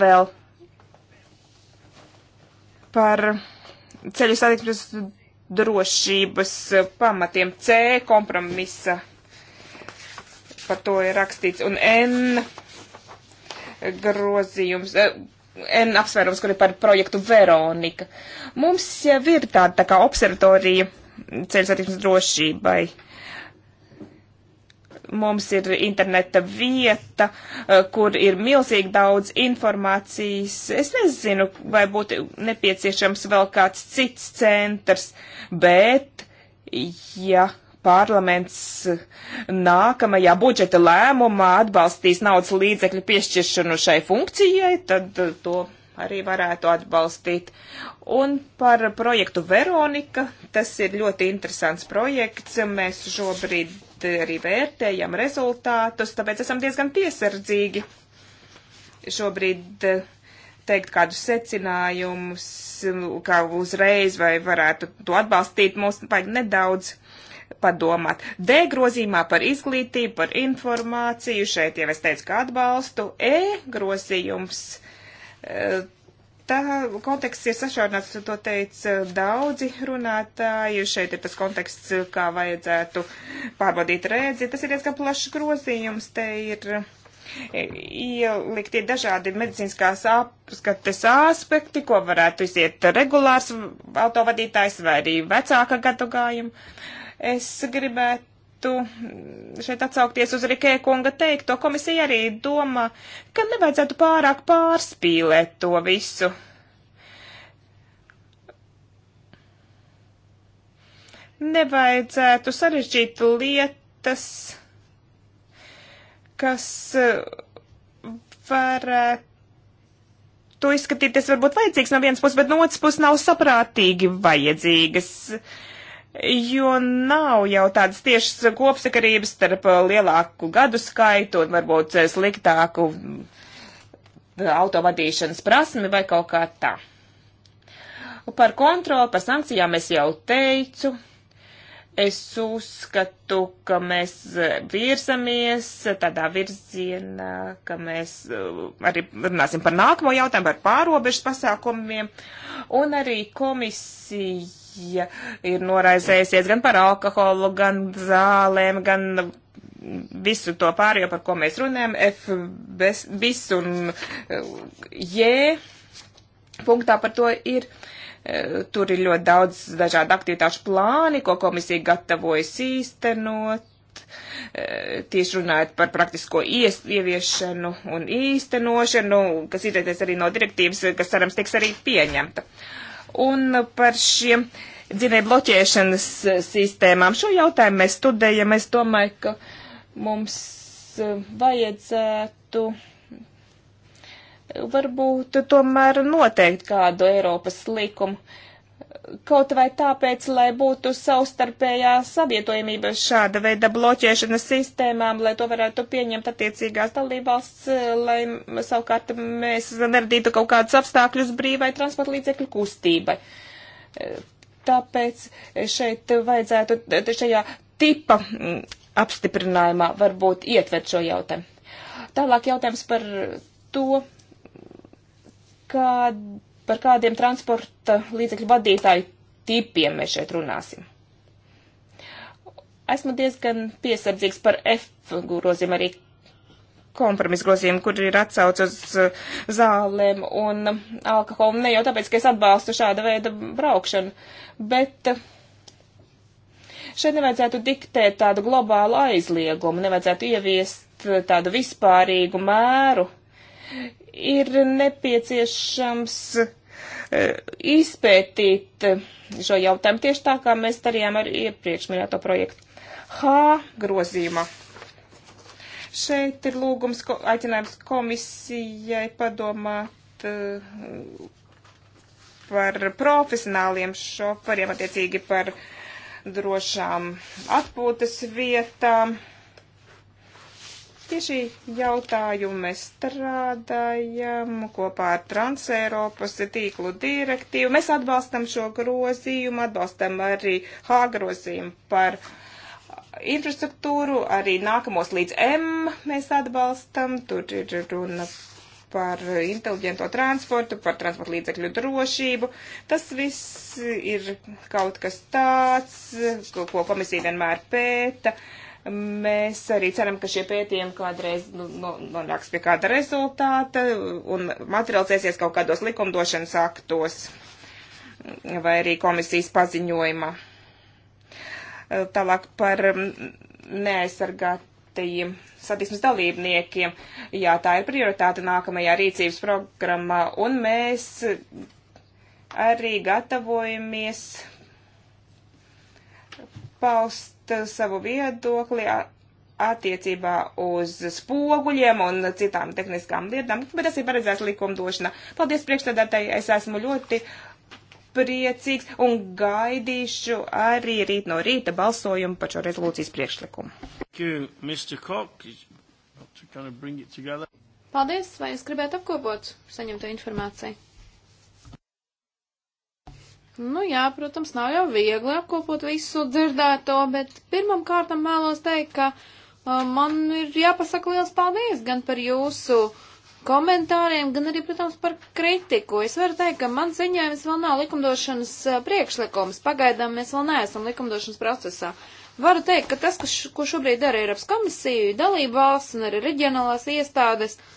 Vēl par ceļu satiksmes drošības pamatiem C kompromisa. Par to ir rakstīts. Un N grozījums, eh, N apsvērums, kur ir par projektu Veronika. Mums jau ir tāda tā kā observatorija ceļu satiksmes drošībai. Mums ir interneta vieta, eh, kur ir milzīgi daudz informācijas. Es nezinu, vai būtu nepieciešams vēl kāds cits centrs, bet, ja parlaments nākamajā budžeta lēmumā atbalstīs naudas līdzekļu piešķiršanu šai funkcijai, tad eh, to arī varētu atbalstīt. Un par projektu Veronika, tas ir ļoti interesants projekts, mēs šobrīd arī vērtējam rezultātus, tāpēc esam diezgan piesardzīgi šobrīd eh, teikt kādus secinājumus, kā uzreiz vai varētu to atbalstīt, mums vajag nedaudz padomāt. D grozīmā par izglītību, par informāciju, šeit jau es teicu, ka atbalstu. E grozījums. Eh, tā konteksts ir sašaurināts, to teica daudzi runātāji. Šeit ir tas konteksts, kā vajadzētu pārbaudīt rēdzi. Tas ir diezgan plašs grozījums. Te ir eh, ielikti dažādi medicīniskās apskates aspekti, ko varētu iziet regulārs autovadītājs vai arī vecāka gadagājuma Es gribētu gribētu šeit atsaukties uz Rikē kunga teikto. Komisija arī domā, ka nevajadzētu pārāk pārspīlēt to visu. Nevajadzētu sarežģīt lietas, kas uh, varētu izskatīties varbūt vajadzīgs no vienas puses, bet no otras puses nav saprātīgi vajadzīgas. Uh, jo nav jau tādas tiešas kopsakarības starp uh, lielāku gadu skaitu un varbūt uh, sliktāku mm, autovadīšanas prasmi vai kaut kā tā. Par kontroli, par sankcijām es jau teicu. Es uzskatu, ka mēs uh, virzamies tādā virzienā, ka mēs arī runāsim par nākamo jautājumu, par pārobežu pasākumiem, un arī komisija ja ir noraizējusies gan par alkoholu, gan zālēm, gan visu to pārējo, par ko mēs runājam, F, bis un J punktā par to ir. E, tur ir ļoti daudz dažādu aktivitāšu plāni, ko komisija gatavojas īstenot e, tieši runājot par praktisko ies, ieviešanu un īstenošanu, kas izrietēs arī no direktīvas, kas cerams tiks arī pieņemta. Uh, un par šiem dzinēju bloķēšanas e, sistēmām. Šo jautājumu mēs studējam. Es domāju, ka mums e, vajadzētu varbūt tomēr noteikt kādu Eiropas likumu kaut vai tāpēc, lai būtu savstarpējā savietojamība šāda veida bloķēšanas sistēmām, lai to varētu pieņemt attiecīgās dalībvalsts, lai savukārt mēs neradītu kaut kādus apstākļus brīvai transporta līdzekļu kustībai. Tāpēc šeit vajadzētu šajā tipa apstiprinājumā varbūt ietvert šo jautājumu. Tālāk jautājums par to, kāda Par kādiem transporta līdzekļu vadītāju tipiem mēs šeit runāsim? Esmu diezgan piesardzīgs par F grozīm arī kompromisu grozījumu, kur ir atsauc uz eh, zālēm un alkoholu. Ne jau tāpēc, ka es atbalstu šāda veida braukšanu, bet eh, šeit nevajadzētu diktēt tādu globālu aizliegumu, nevajadzētu ieviest eh, tādu vispārīgu mēru, ir nepieciešams e, izpētīt e, šo jautājumu tieši tā, kā mēs darījām ar iepriekš minēto projektu. H grozījumā. Šeit ir lūgums, ko, aicinājums komisijai padomāt e, par profesionāliem šoferiem, attiecīgi par drošām atpūtas vietām. Pie šī jautājuma mēs strādājam kopā ar Transeiropas tīklu direktīvu. Mēs atbalstam šo grozījumu, atbalstam arī H grozījumu par infrastruktūru, arī nākamos līdz M mēs atbalstam. Tur ir runa par inteliģento transportu, par transporta līdzekļu drošību. Tas viss ir kaut kas tāds, ko komisija vienmēr pēta. Uh, Mēs arī ceram, ka šie pētījumi kādreiz nu, nu nonāks pie kāda rezultāta un materializēsies kaut kādos likumdošanas aktos vai arī komisijas paziņojumā. Tālāk par neaizsargātajiem satismas dalībniekiem. Jā, tā ir prioritāte nākamajā rīcības programmā, un mēs arī gatavojamies paust Eh, savu viedokli attiecībā uz spoguļiem un citām tehniskām lietām, bet tas ir paredzēts likumdošanā. Paldies priekšstādātāji, es esmu ļoti priecīgs un gaidīšu arī rīt no rīta balsojumu par šo rezolūcijas priekšlikumu. Paldies, vai jūs gribētu apkopot saņemto informāciju? Nu jā, protams, nav jau viegli apkopot visu dzirdēto, bet pirmam kārtam vēlos teikt, ka uh, man ir jāpasaka liels paldies gan par jūsu komentāriem, gan arī, protams, par kritiku. Es varu teikt, ka man ziņojums vēl nav likumdošanas uh, priekšlikums. Pagaidām mēs vēl neesam likumdošanas procesā. Varu teikt, ka tas, kas, ko šobrīd dara Eiropas komisija, dalība valsts un arī reģionālās iestādes, uh,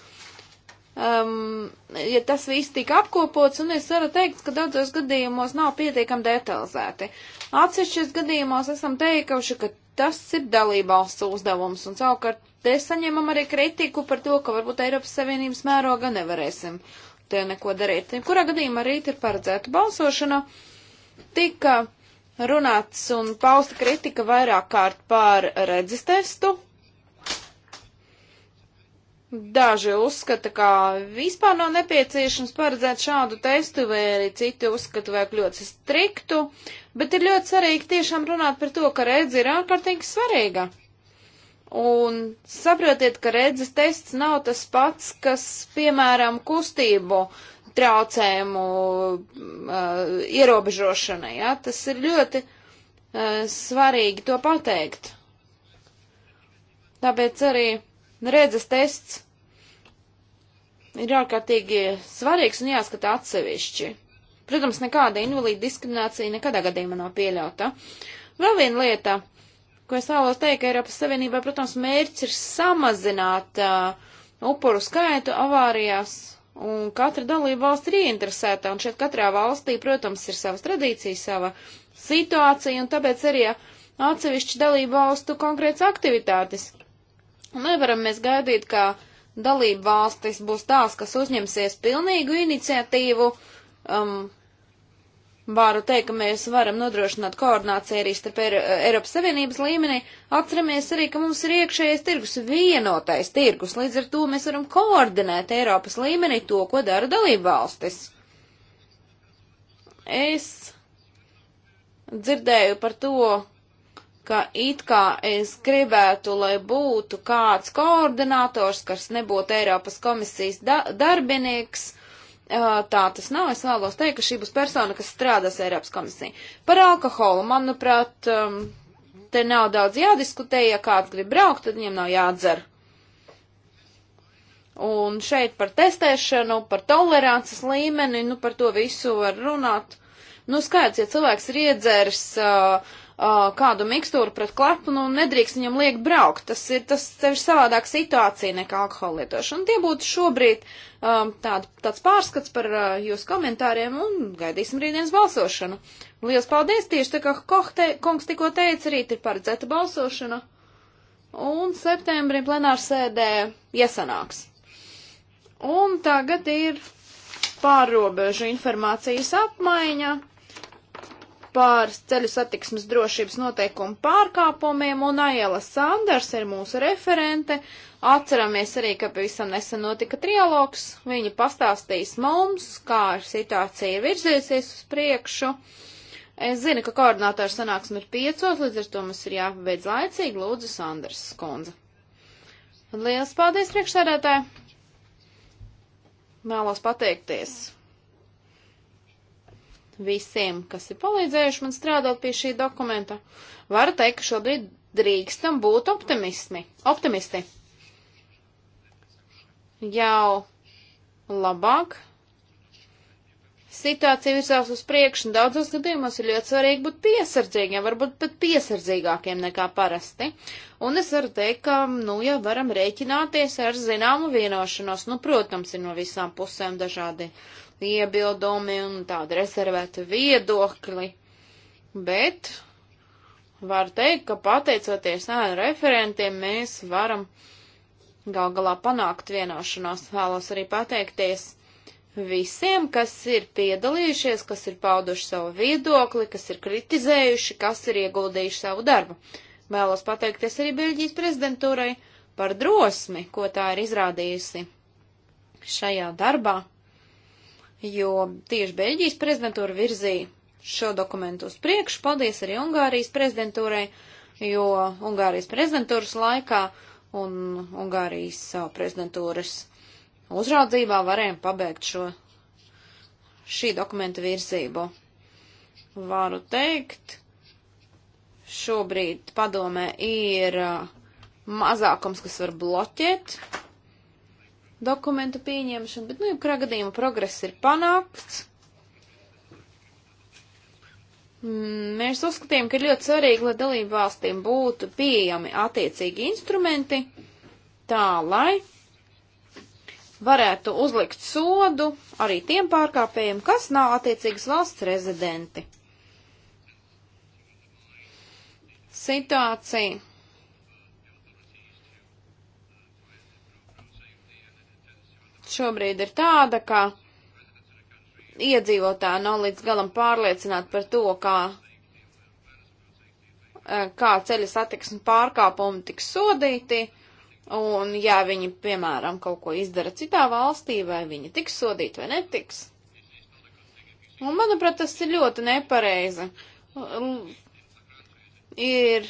um, ja tas viss tika apkopots, un es varu teikt, ka daudzos gadījumos nav pietiekami detalizēti. Atsevišķos gadījumos esam teikuši, ka tas ir dalībvalsts uzdevums, un savukārt te saņemam arī kritiku par to, ka varbūt Eiropas Savienības mēroga nevarēsim te neko darīt. Kurā gadījumā rīt ir paredzēta balsošana, tika runāts un pausta kritika vairāk kārt par redzes testu, Daži uzskata, ka vispār nav nepieciešams paredzēt šādu testu, vai arī citi uzskata vajag ļoti striktu, bet ir ļoti svarīgi tiešām runāt par to, ka redze ir ārkārtīgi svarīga. Un saprotiet, ka redzes tests nav tas pats, kas, piemēram, kustību traucējumu uh, ierobežošanai. Ja? Tas ir ļoti uh, svarīgi to pateikt. Tāpēc arī Nu, Redzes tests ir ārkārtīgi svarīgs un jāskata atsevišķi. Protams, nekāda invalīda diskriminācija nekadā gadījumā nav pieļauta. Vēl viena lieta, ko es vēlos teikt, ka Eiropas Savienībā, protams, mērķis ir samazināt uh, upuru skaitu avārijās, un katra dalība valsts ir ieinteresēta, un šeit katrā valstī, protams, ir savas tradīcijas, sava situācija, un tāpēc arī atsevišķi dalību valstu konkrēts aktivitātes. Nevaram mēs gaidīt, ka dalību valstis būs tās, kas uzņemsies pilnīgu iniciatīvu. Um, Vāru teikt, ka mēs varam nodrošināt koordināciju arī starp Eiropas Savienības līmenī. Atceramies arī, ka mums ir iekšējais tirgus, vienotais tirgus, līdz ar to mēs varam koordinēt Eiropas līmenī to, ko dara dalību valstis. Es dzirdēju par to, ka it kā es gribētu, lai būtu kāds koordinators, kas nebūtu Eiropas komisijas da darbinieks. Tā tas nav. Es vēlos teikt, ka šī būs persona, kas strādās Eiropas komisijā. Par alkoholu, manuprāt, um, te nav daudz jādiskutē. Ja kāds grib braukt, tad viņam nav jādzer. Un šeit par testēšanu, par tolerances līmeni, nu par to visu var runāt. Nu, skaidrs, ja cilvēks ir iedzēris uh, uh, kādu mikstūru pret klepu, nu nedrīkst viņam liek braukt. Tas ir, tas tev ir savādāk situācija nekā alkohola lietošana. Tie būtu šobrīd um, tād, tāds pārskats par uh, jūsu komentāriem un gaidīsim rītdienas balsošanu. Lielas paldies! Tieši tā kā Kohte, kungs tikko teica, rīt ir paredzēta balsošana un septembrī plenārsēdē iesanāks. Un tagad ir pārrobežu informācijas apmaiņa par ceļu satiksmes drošības noteikumu pārkāpumiem, un Aiela Sanders ir mūsu referente. Atceramies arī, ka pavisam nesen notika trialogs. Viņa pastāstīs mums, kā situācija ir virzījusies uz priekšu. Es zinu, ka koordinātors sanāksme ir piecos, līdz ar to mums ir jāpabeidz laicīgi. Lūdzu, Sanders Skundze. Lielas paldies priekšsēdētāji! Vēlos pateikties visiem, kas ir palīdzējuši man strādāt pie šī dokumenta. Varu teikt, ka šobrīd drīkstam būt optimismi. optimisti. Jau labāk situācija virzās uz priekšu, un daudzos gadījumos ir ļoti svarīgi būt piesardzīgiem, varbūt pat piesardzīgākiem nekā parasti. Un es varu teikt, ka, nu, jau varam rēķināties ar zināmu vienošanos, nu, protams, ir no visām pusēm dažādi iebildumi un tādi reservēti viedokļi, bet var teikt, ka pateicoties ēnu referentiem, mēs varam gal galā panākt vienošanos. Vēlos arī pateikties visiem, kas ir piedalījušies, kas ir pauduši savu viedokli, kas ir kritizējuši, kas ir ieguldījuši savu darbu. Vēlos pateikties arī Beļģijas prezidentūrai par drosmi, ko tā ir izrādījusi šajā darbā jo tieši Beļģijas prezidentūra virzīja šo dokumentu uz priekšu. Paldies arī Ungārijas prezidentūrai, jo Ungārijas prezidentūras laikā un Ungārijas prezidentūras uzraudzībā varējām pabeigt šo šī dokumenta virzību. Varu teikt, šobrīd padomē ir mazākums, kas var bloķēt dokumentu pieņemšanu, bet, nu, jebkurā gadījumā progress ir panākts. Mēs uzskatījām, ka ir ļoti svarīgi, lai dalību valstīm būtu pieejami attiecīgi instrumenti, tā lai varētu uzlikt sodu arī tiem pārkāpējiem, kas nav attiecīgas valsts rezidenti. Situācija šobrīd ir tāda, ka iedzīvotāji nav līdz galam pārliecināti par to, kā, e, kā ceļa satiksmes pārkāpumi tiks sodīti. Un, ja viņi, piemēram, kaut ko izdara citā valstī, vai viņi tiks sodīti vai netiks. Un, manuprāt, tas ir ļoti nepareizi. Ir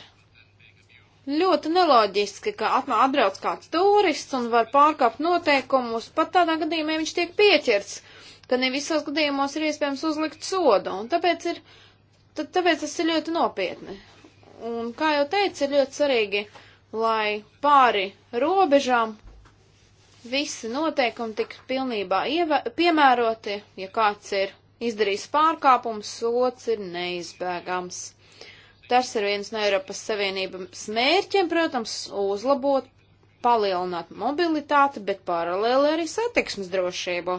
Ļoti neloģiski, ka atbrauc kāds turists un var pārkāpt noteikumus, pat tādā gadījumā viņš tiek pieķerts, ka ne visos gadījumos ir iespējams uzlikt sodu, un tāpēc, ir, tāpēc tas ir ļoti nopietni. Un, kā jau teicu, ir ļoti svarīgi, lai pāri robežām visi noteikumi tiks pilnībā piemēroti, ja kāds ir izdarījis pārkāpumu, sots ir neizbēgams. Tas ir viens no Eiropas Savienības mērķiem, protams, uzlabot, palielināt mobilitāti, bet paralēli arī satiksmes drošību.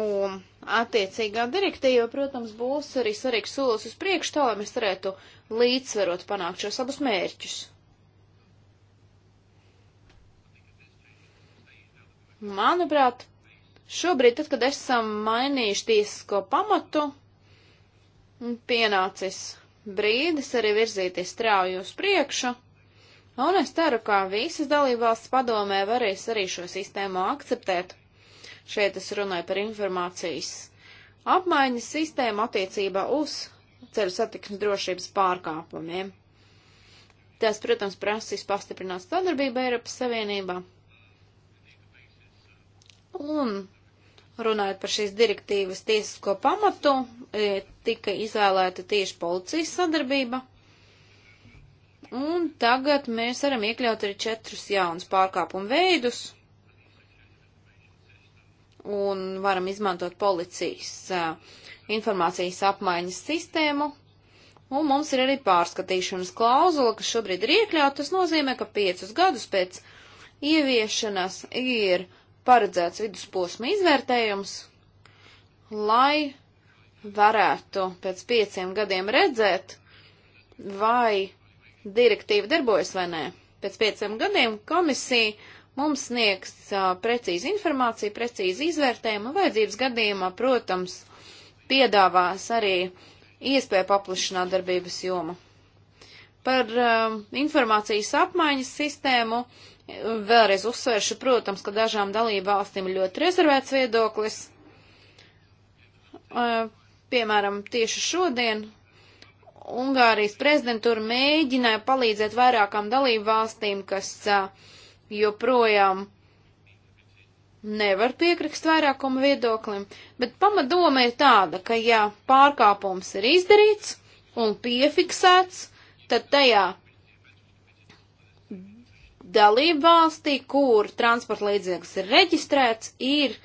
Un attiecīgā direktīva, protams, būs arī svarīgs solis uz priekšu, tā lai mēs varētu līdzsverot panākt šos abus mērķus. Manuprāt, šobrīd, tad, kad esam mainījuši tiesisko pamatu, pienācis brīdis arī virzīties strauji uz priekšu, un es ceru, ka visas dalībvalsts padomē varēs arī šo sistēmu akceptēt. Šeit es runāju par informācijas apmaiņas sistēmu attiecībā uz ceļu satiksmes drošības pārkāpumiem. Tas, protams, prasīs pastiprināt sadarbību Eiropas Savienībā. Un runājot par šīs direktīvas tiesisko pamatu, e, tika izvēlēta tieši policijas sadarbība. Un tagad mēs varam iekļaut arī četrus jaunus pārkāpumu veidus un varam izmantot policijas uh, informācijas apmaiņas sistēmu. Un mums ir arī pārskatīšanas klauzula, kas šobrīd ir iekļauta. Tas nozīmē, ka piecus gadus pēc ieviešanas ir uh, paredzēts vidusposma izvērtējums, lai varētu pēc pieciem gadiem redzēt, vai direktīva darbojas vai nē. Pēc pieciem gadiem komisija mums sniegs uh, precīzi informāciju, precīzi izvērtējumu, vajadzības gadījumā, protams, piedāvās arī iespēju paplašināt darbības jomu. Par uh, informācijas apmaiņas sistēmu uh, Vēlreiz uzsvēršu, protams, ka dažām dalību valstīm ir ļoti rezervēts viedoklis. Piemēram, tieši šodien Ungārijas prezidentūra mēģināja palīdzēt vairākām dalību valstīm, kas joprojām nevar piekrist vairākuma viedoklim, bet pamatdoma ir tāda, ka ja pārkāpums ir izdarīts un piefiksēts, tad tajā dalību valstī, kur transporta līdzeklis ir reģistrēts, ir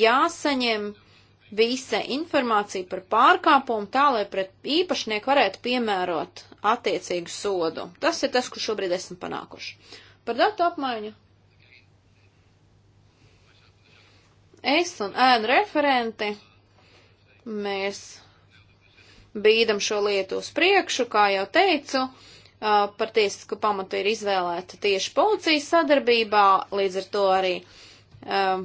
jāsaņem visa informācija par pārkāpumu tā, lai pret īpašnieku varētu piemērot attiecīgu sodu. Tas ir tas, kur šobrīd esam panākuši. Par datu apmaiņu. Es un ēnu referenti, mēs bīdam šo lietu uz priekšu, kā jau teicu, uh, par tiesisku pamatu ir izvēlēta tieši policijas sadarbībā, līdz ar to arī um,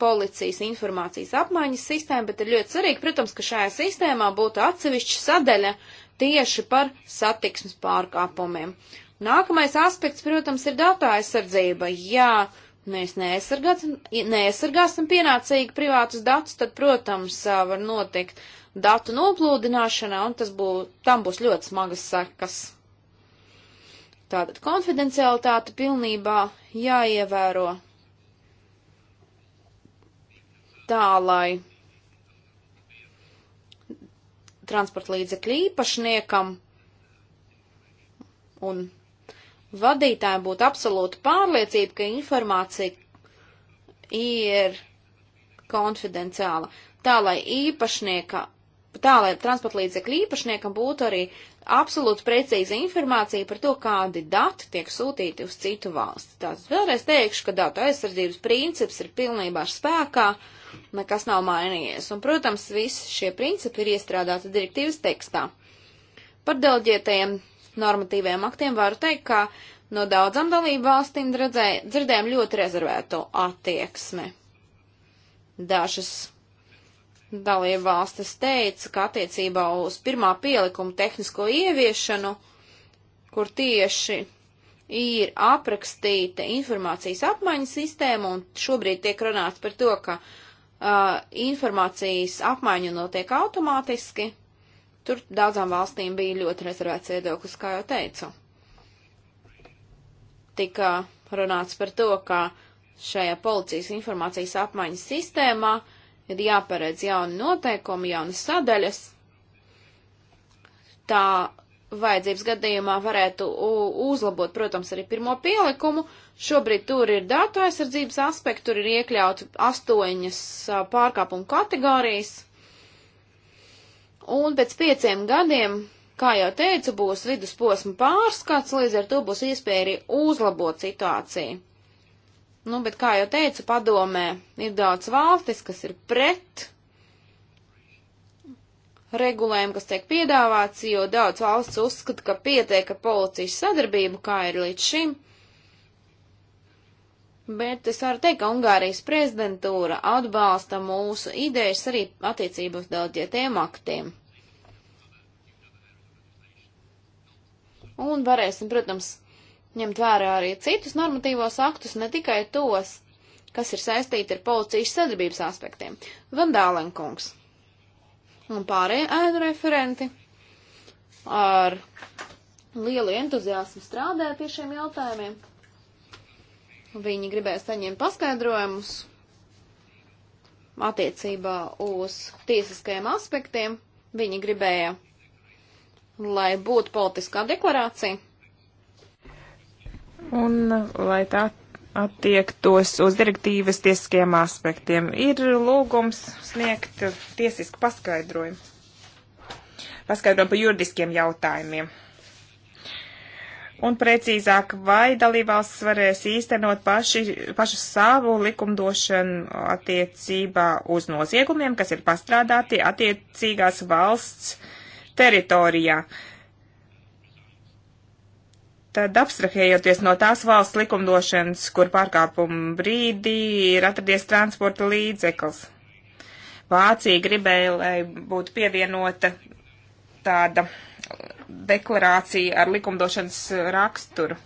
policijas informācijas apmaiņas sistēma, bet ir ļoti svarīgi, protams, ka šajā sistēmā būtu atsevišķa sadaļa tieši par satiksmes pārkāpumiem. Nākamais aspekts, protams, ir datu aizsardzība. Ja mēs neaizsargāsim pienācīgi privātus datus, tad, protams, var notikt uh, datu noplūdināšanā, un tas bū, tam būs ļoti smagas sekas. Tātad konfidencialitāte pilnībā jāievēro tā, lai transporta līdzekļu īpašniekam un vadītājiem būtu absolūta pārliecība, ka informācija ir konfidenciāla. Tā, lai īpašnieka tā, lai transporta līdzekļu īpašniekam būtu arī absolūti precīza informācija par to, kādi dati tiek sūtīti uz citu valsti. Tātad vēlreiz teikšu, ka datu aizsardzības princips ir pilnībā spēkā, nekas nav mainījies. Un, protams, visi šie principi ir iestrādāti direktīvas tekstā. Par delģietajiem normatīviem aktiem varu teikt, ka no daudzām dalību valstīm dzirdējām ļoti rezervēto attieksmi. Dažas dalībvalstis teica, ka attiecībā uz pirmā pielikuma tehnisko ieviešanu, kur tieši ir aprakstīta informācijas apmaiņas sistēma, un šobrīd tiek runāts par to, ka uh, informācijas apmaiņa notiek automātiski, tur daudzām valstīm bija ļoti rezervēts viedoklis, kā jau teicu. Tika runāts par to, ka šajā policijas informācijas apmaiņas sistēmā uh, ir jāparedz jauni noteikumi, jaunas sadaļas. Tā vajadzības gadījumā varētu uzlabot, protams, arī pirmo pielikumu. Šobrīd tur ir datu aizsardzības aspekti, tur ir iekļauts astoņas pārkāpumu kategorijas. Un pēc pieciem gadiem, kā jau teicu, būs vidusposma pārskats, līdz ar to būs iespēja arī uzlabot situāciju. Nu, bet kā jau teicu, padomē ir daudz valstis, kas ir pret regulējumu, kas tiek piedāvāts, jo daudz valsts uzskata, ka pietiek ar policijas sadarbību, kā ir līdz šim. Bet es varu teikt, ka Ungārijas prezidentūra atbalsta mūsu idejas arī attiecībā uz daudzietiem aktiem. Un varēsim, protams, ņemt vērā arī citus normatīvos aktus, ne tikai tos, kas ir saistīti ar policijas sadarbības aspektiem. Vandālenkungs un pārējie ēnu referenti ar lielu entuziasmu strādāja pie šiem jautājumiem. Viņi gribēja saņemt paskaidrojumus attiecībā uz tiesiskajiem aspektiem. Viņi gribēja, lai būtu politiskā deklarācija un lai tā attiektos uz direktīvas tiesiskajiem aspektiem. Ir lūgums sniegt tiesisku paskaidrojumu. Paskaidrojumu par juridiskiem jautājumiem. Un precīzāk, vai dalībvalsts varēs īstenot paši, pašu savu likumdošanu attiecībā uz noziegumiem, kas ir pastrādāti attiecīgās valsts teritorijā. Uh, Tad abstrahējoties no tās valsts likumdošanas, kur pārkāpuma brīdī ir atradies transporta līdzeklis. Vācija gribēja, lai būtu pievienota tāda deklarācija ar likumdošanas raksturu,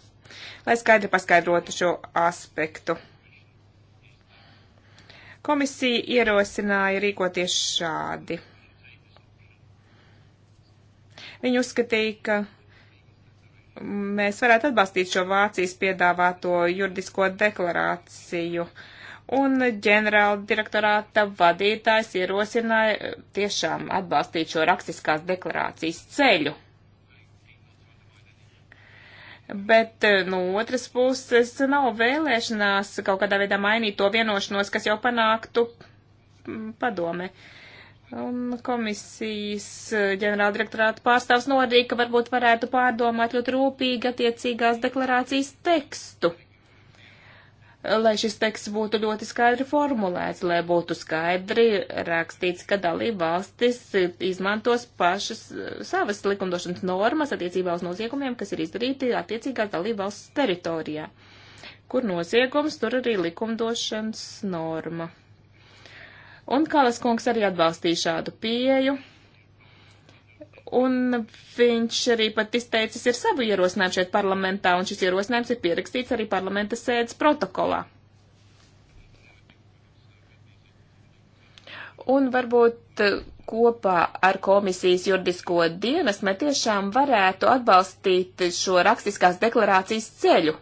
lai skaidri paskaidrotu šo aspektu. Komisija ierosināja rīkoties šādi. Viņa uzskatīja, ka mēs varētu atbalstīt šo Vācijas piedāvāto juridisko deklarāciju. Un ģenerāla direktorāta vadītājs ierosināja eh, tiešām atbalstīt šo rakstiskās deklarācijas ceļu. Bet eh, no otras puses nav vēlēšanās kaut kādā veidā mainīt to vienošanos, kas jau panāktu mm, padome. Uh, Un komisijas eh, ģenerāldirektorāta pārstāvs norīja, ka varbūt varētu pārdomāt ļoti rūpīgi attiecīgās deklarācijas tekstu, lai šis teksts būtu ļoti skaidri formulēts, lai būtu skaidri rakstīts, ka dalība valstis izmantos pašas eh, savas likumdošanas normas attiecībā uz noziegumiem, kas ir izdarīti attiecīgās dalība valsts teritorijā. Kur noziegums, tur arī likumdošanas norma. Un Kalas kungs arī atbalstīja šādu pieju. Un viņš arī pat izteicis ir savu ierosinājumu šeit parlamentā, un šis ierosinājums ir pierakstīts arī parlamenta sēdes protokolā. Un varbūt eh, kopā ar komisijas juridisko dienas mēs tiešām varētu atbalstīt šo rakstiskās deklarācijas ceļu.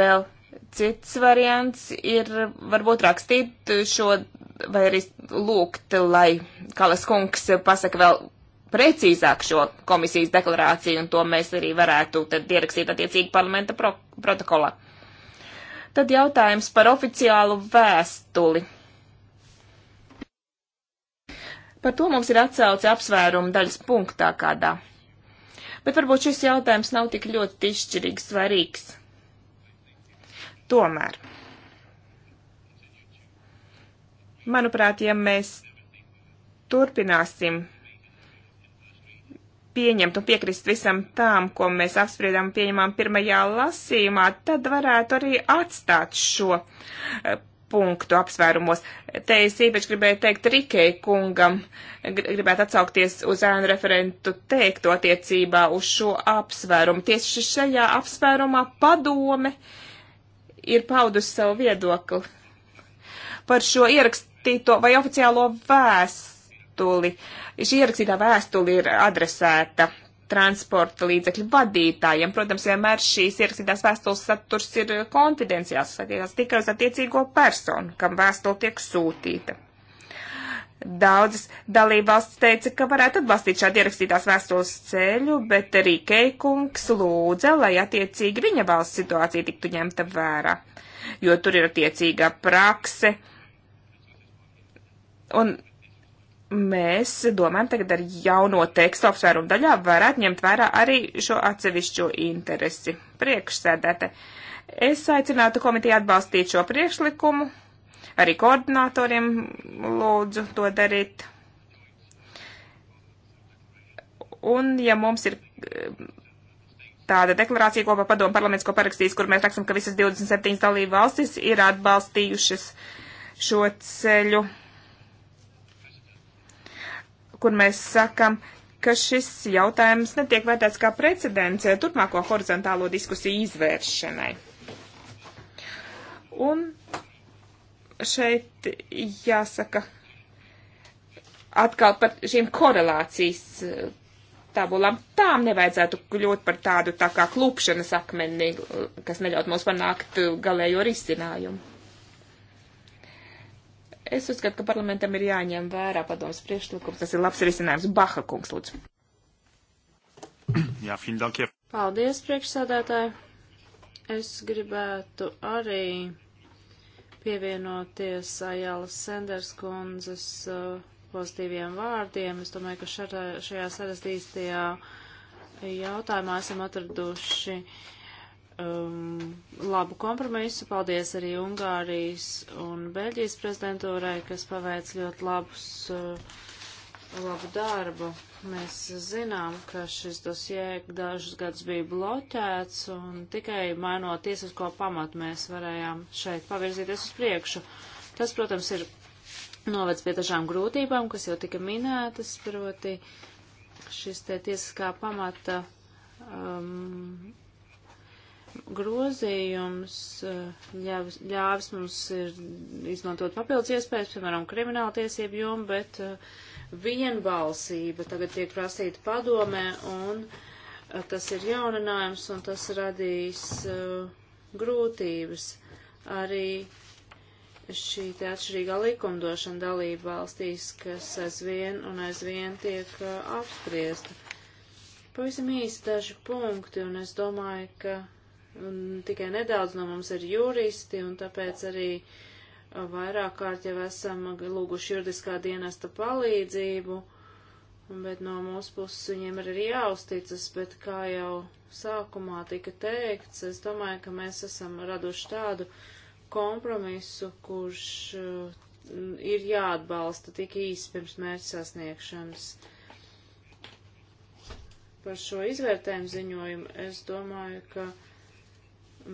Vēl Cits variants ir varbūt rakstīt šo vai arī lūgt, lai Kalas kungs pasaka vēl precīzāk šo komisijas deklarāciju, un to mēs arī varētu tad ierakstīt attiecīgi parlamenta pro protokolā. Tad jautājums par oficiālu vēstuli. Par to mums ir atsauce apsvērumu daļas punktā kādā. Bet varbūt šis jautājums nav tik ļoti izšķirīgs svarīgs. Tomēr, manuprāt, ja mēs turpināsim pieņemt un piekrist visam tām, ko mēs apspriedām un pieņemām pirmajā lasījumā, tad varētu arī atstāt šo eh, punktu apsvērumos. Te es īpaši gribēju teikt Rikei kungam, gribētu atsaukties uz ēnu referentu teikto attiecībā uz šo apsvērumu. Tieši šajā apsvērumā padome uh, ir paudusi savu viedokli par šo ierakstīto vai oficiālo vēstuli. Šī ierakstītā vēstuli ir adresēta transporta līdzekļu vadītājiem. Protams, vienmēr šīs ierakstītās vēstules saturs ir konfidenciāls, attiecās tikai uz attiecīgo personu, kam vēstule tiek sūtīta. Daudzas dalībvalstis teica, ka varētu atbalstīt šādu ierakstītās vēstules ceļu, bet arī Keikungs lūdza, lai attiecīgi viņa valsts situācija tiktu ņemta vērā, jo tur ir attiecīgā prakse. Un mēs domājam tagad ar jauno tekstu apsvērumu daļā varētu ņemt vērā arī šo atsevišķo interesi priekšsēdētē. Es aicinātu komiteju atbalstīt šo priekšlikumu Arī koordinatoriem lūdzu to darīt. Un, ja mums ir eh, tāda deklarācija kopā padomu parlaments, ko parakstīs, kur mēs rakstam, ka visas 27 dalība valstis ir atbalstījušas šo ceļu, kur mēs sakam, ka šis jautājums netiek vērtēts kā precedents turpmāko horizontālo diskusiju izvēršanai. Un šeit jāsaka atkal par šīm korelācijas eh, tabulām. Tām nevajadzētu kļūt par tādu tā kā klūpšanas akmeni, kas neļaut mums panākt galējo risinājumu. Es uzskatu, ka parlamentam ir jāņem vērā padoms priekšlikums. Tas ir labs risinājums. Baha kungs, lūdzu. Jā, Paldies, priekšsādātāji. Es gribētu arī pievienoties Ajālas Senders kundzes uh, pozitīviem vārdiem. Es domāju, ka šara, šajā sarežģītajā jautājumā esam atraduši um, labu kompromisu. Paldies arī Ungārijas un Beļģijas prezidentūrai, kas paveic ļoti labus, uh, labu darbu. Mēs zinām, ka šis dosie dažus gadus bija bloķēts, un tikai mainot tiesisko pamatu mēs varējām šeit pavirzīties uz priekšu. Tas, protams, ir novec pie dažām grūtībām, kas jau tika minētas, proti šis te tiesiskā pamata um, grozījums uh, ļāvis, ļāvis mums ir izmantot papildus iespējas, piemēram, krimināla tiesību jomu, bet uh, vienbalsība tagad tiek prasīta padomē, un tas ir jauninājums, un tas radīs uh, grūtības. Arī šī te atšķirīgā likumdošana dalība valstīs, kas aizvien un aizvien tiek uh, apspriesta. Pavisam īsti daži punkti, un es domāju, ka un, tikai nedaudz no mums ir juristi, un tāpēc arī uh, vairāk kārt jau esam lūguši juridiskā dienesta palīdzību, bet no mūsu puses viņiem ir arī jāuzticas, bet kā jau sākumā tika teikts, es domāju, ka mēs esam raduši tādu kompromisu, kurš uh, ir jāatbalsta tik īsi pirms mērķa sasniegšanas. Par šo izvērtējumu ziņojumu es domāju, ka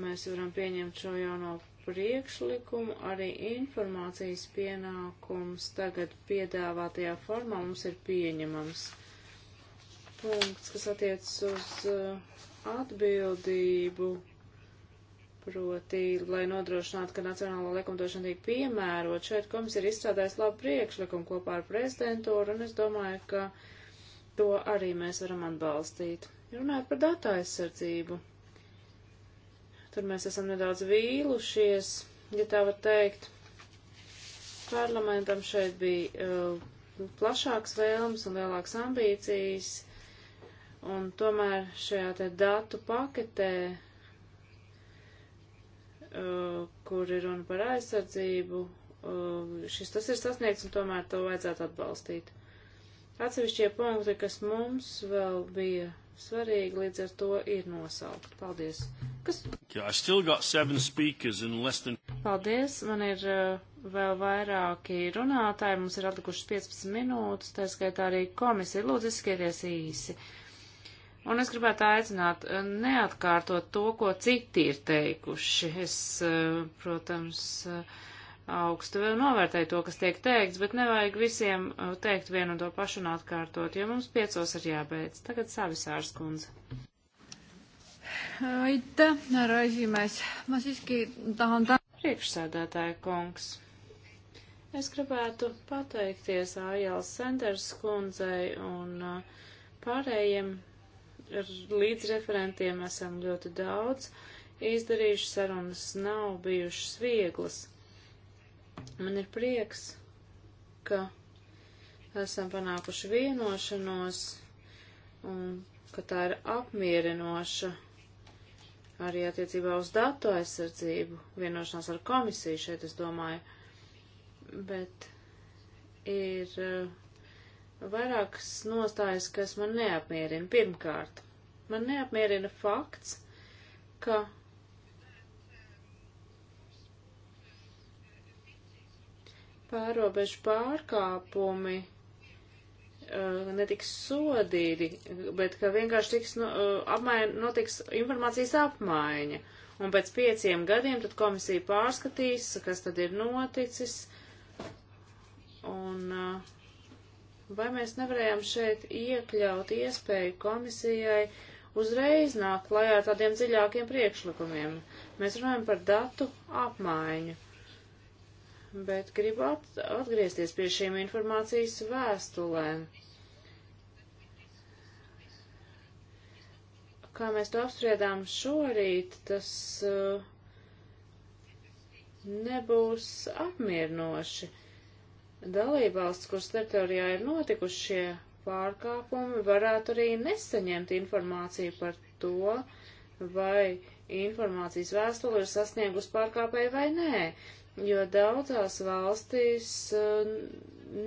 mēs varam pieņemt šo jauno priekšlikumu, arī informācijas pienākums tagad piedāvātajā formā mums ir pieņemams. Punkts, kas attiecas uz uh, atbildību, proti, lai nodrošinātu, ka nacionāla likumdošana tiek piemērot, šeit komisija ir izstrādājis labu priekšlikumu kopā ar prezidentūru, un es domāju, ka to arī mēs varam atbalstīt. Runājot par datu aizsardzību. Tur mēs esam nedaudz vīlušies, ja tā var teikt. Parlamentam šeit bija uh, plašāks vēlms un lielāks ambīcijas, un tomēr šajā te datu paketē, uh, kur ir runa par aizsardzību, uh, šis tas ir sasniegts, un tomēr to vajadzētu atbalstīt. Atsevišķie punkti, kas mums vēl bija svarīgi, līdz ar to ir nosaukt. Paldies! Kas? Yeah, than... Paldies, man ir uh, vēl vairāki runātāji, mums ir atlikušas 15 minūtes, tā skaitā arī komisija, lūdzu, izskaties īsi. Un es gribētu aicināt uh, neatkārtot to, ko citi ir teikuši. Es, uh, protams, uh, augstu novērtēju to, kas tiek teikts, bet nevajag visiem uh, teikt vienu un to pašu un atkārtot, jo mums piecos ir jābeidz. Tagad savisārs kundze aitäh, härra esimees, ma siiski tahan tä-. priekšsēdētāja kungs. Es gribētu pateikties Ājāls Sanders kundzei un uh, pārējiem līdzreferentiem esam ļoti daudz izdarījuši, sarunas nav bijušas vieglas. Man ir prieks, ka esam panākuši vienošanos un ka tā ir apmierinoša arī attiecībā uz datu aizsardzību, vienošanās ar komisiju šeit, es domāju, bet ir uh, vairākas nostājas, kas man neapmierina. Pirmkārt, man neapmierina fakts, ka pārobežu pārkāpumi uh, netiks sodīti, bet ka vienkārši tiks, nu, uh, apmaiņa, notiks informācijas apmaiņa. Un pēc pieciem gadiem tad komisija pārskatīs, kas tad ir noticis. Un uh, vai mēs nevarējām šeit iekļaut iespēju komisijai uzreiz nāk klajā ar tādiem dziļākiem priekšlikumiem. Mēs runājam par datu apmaiņu, bet gribu atgriezties pie šīm informācijas vēstulēm. kā mēs to apspriedām šorīt, tas uh, nebūs apmierinoši. Dalībvalsts, kuras teritorijā ir notikuši šie pārkāpumi, varētu arī nesaņemt informāciju par to, vai informācijas vēstule ir sasniegusi pārkāpēju vai nē, jo daudzās valstīs uh,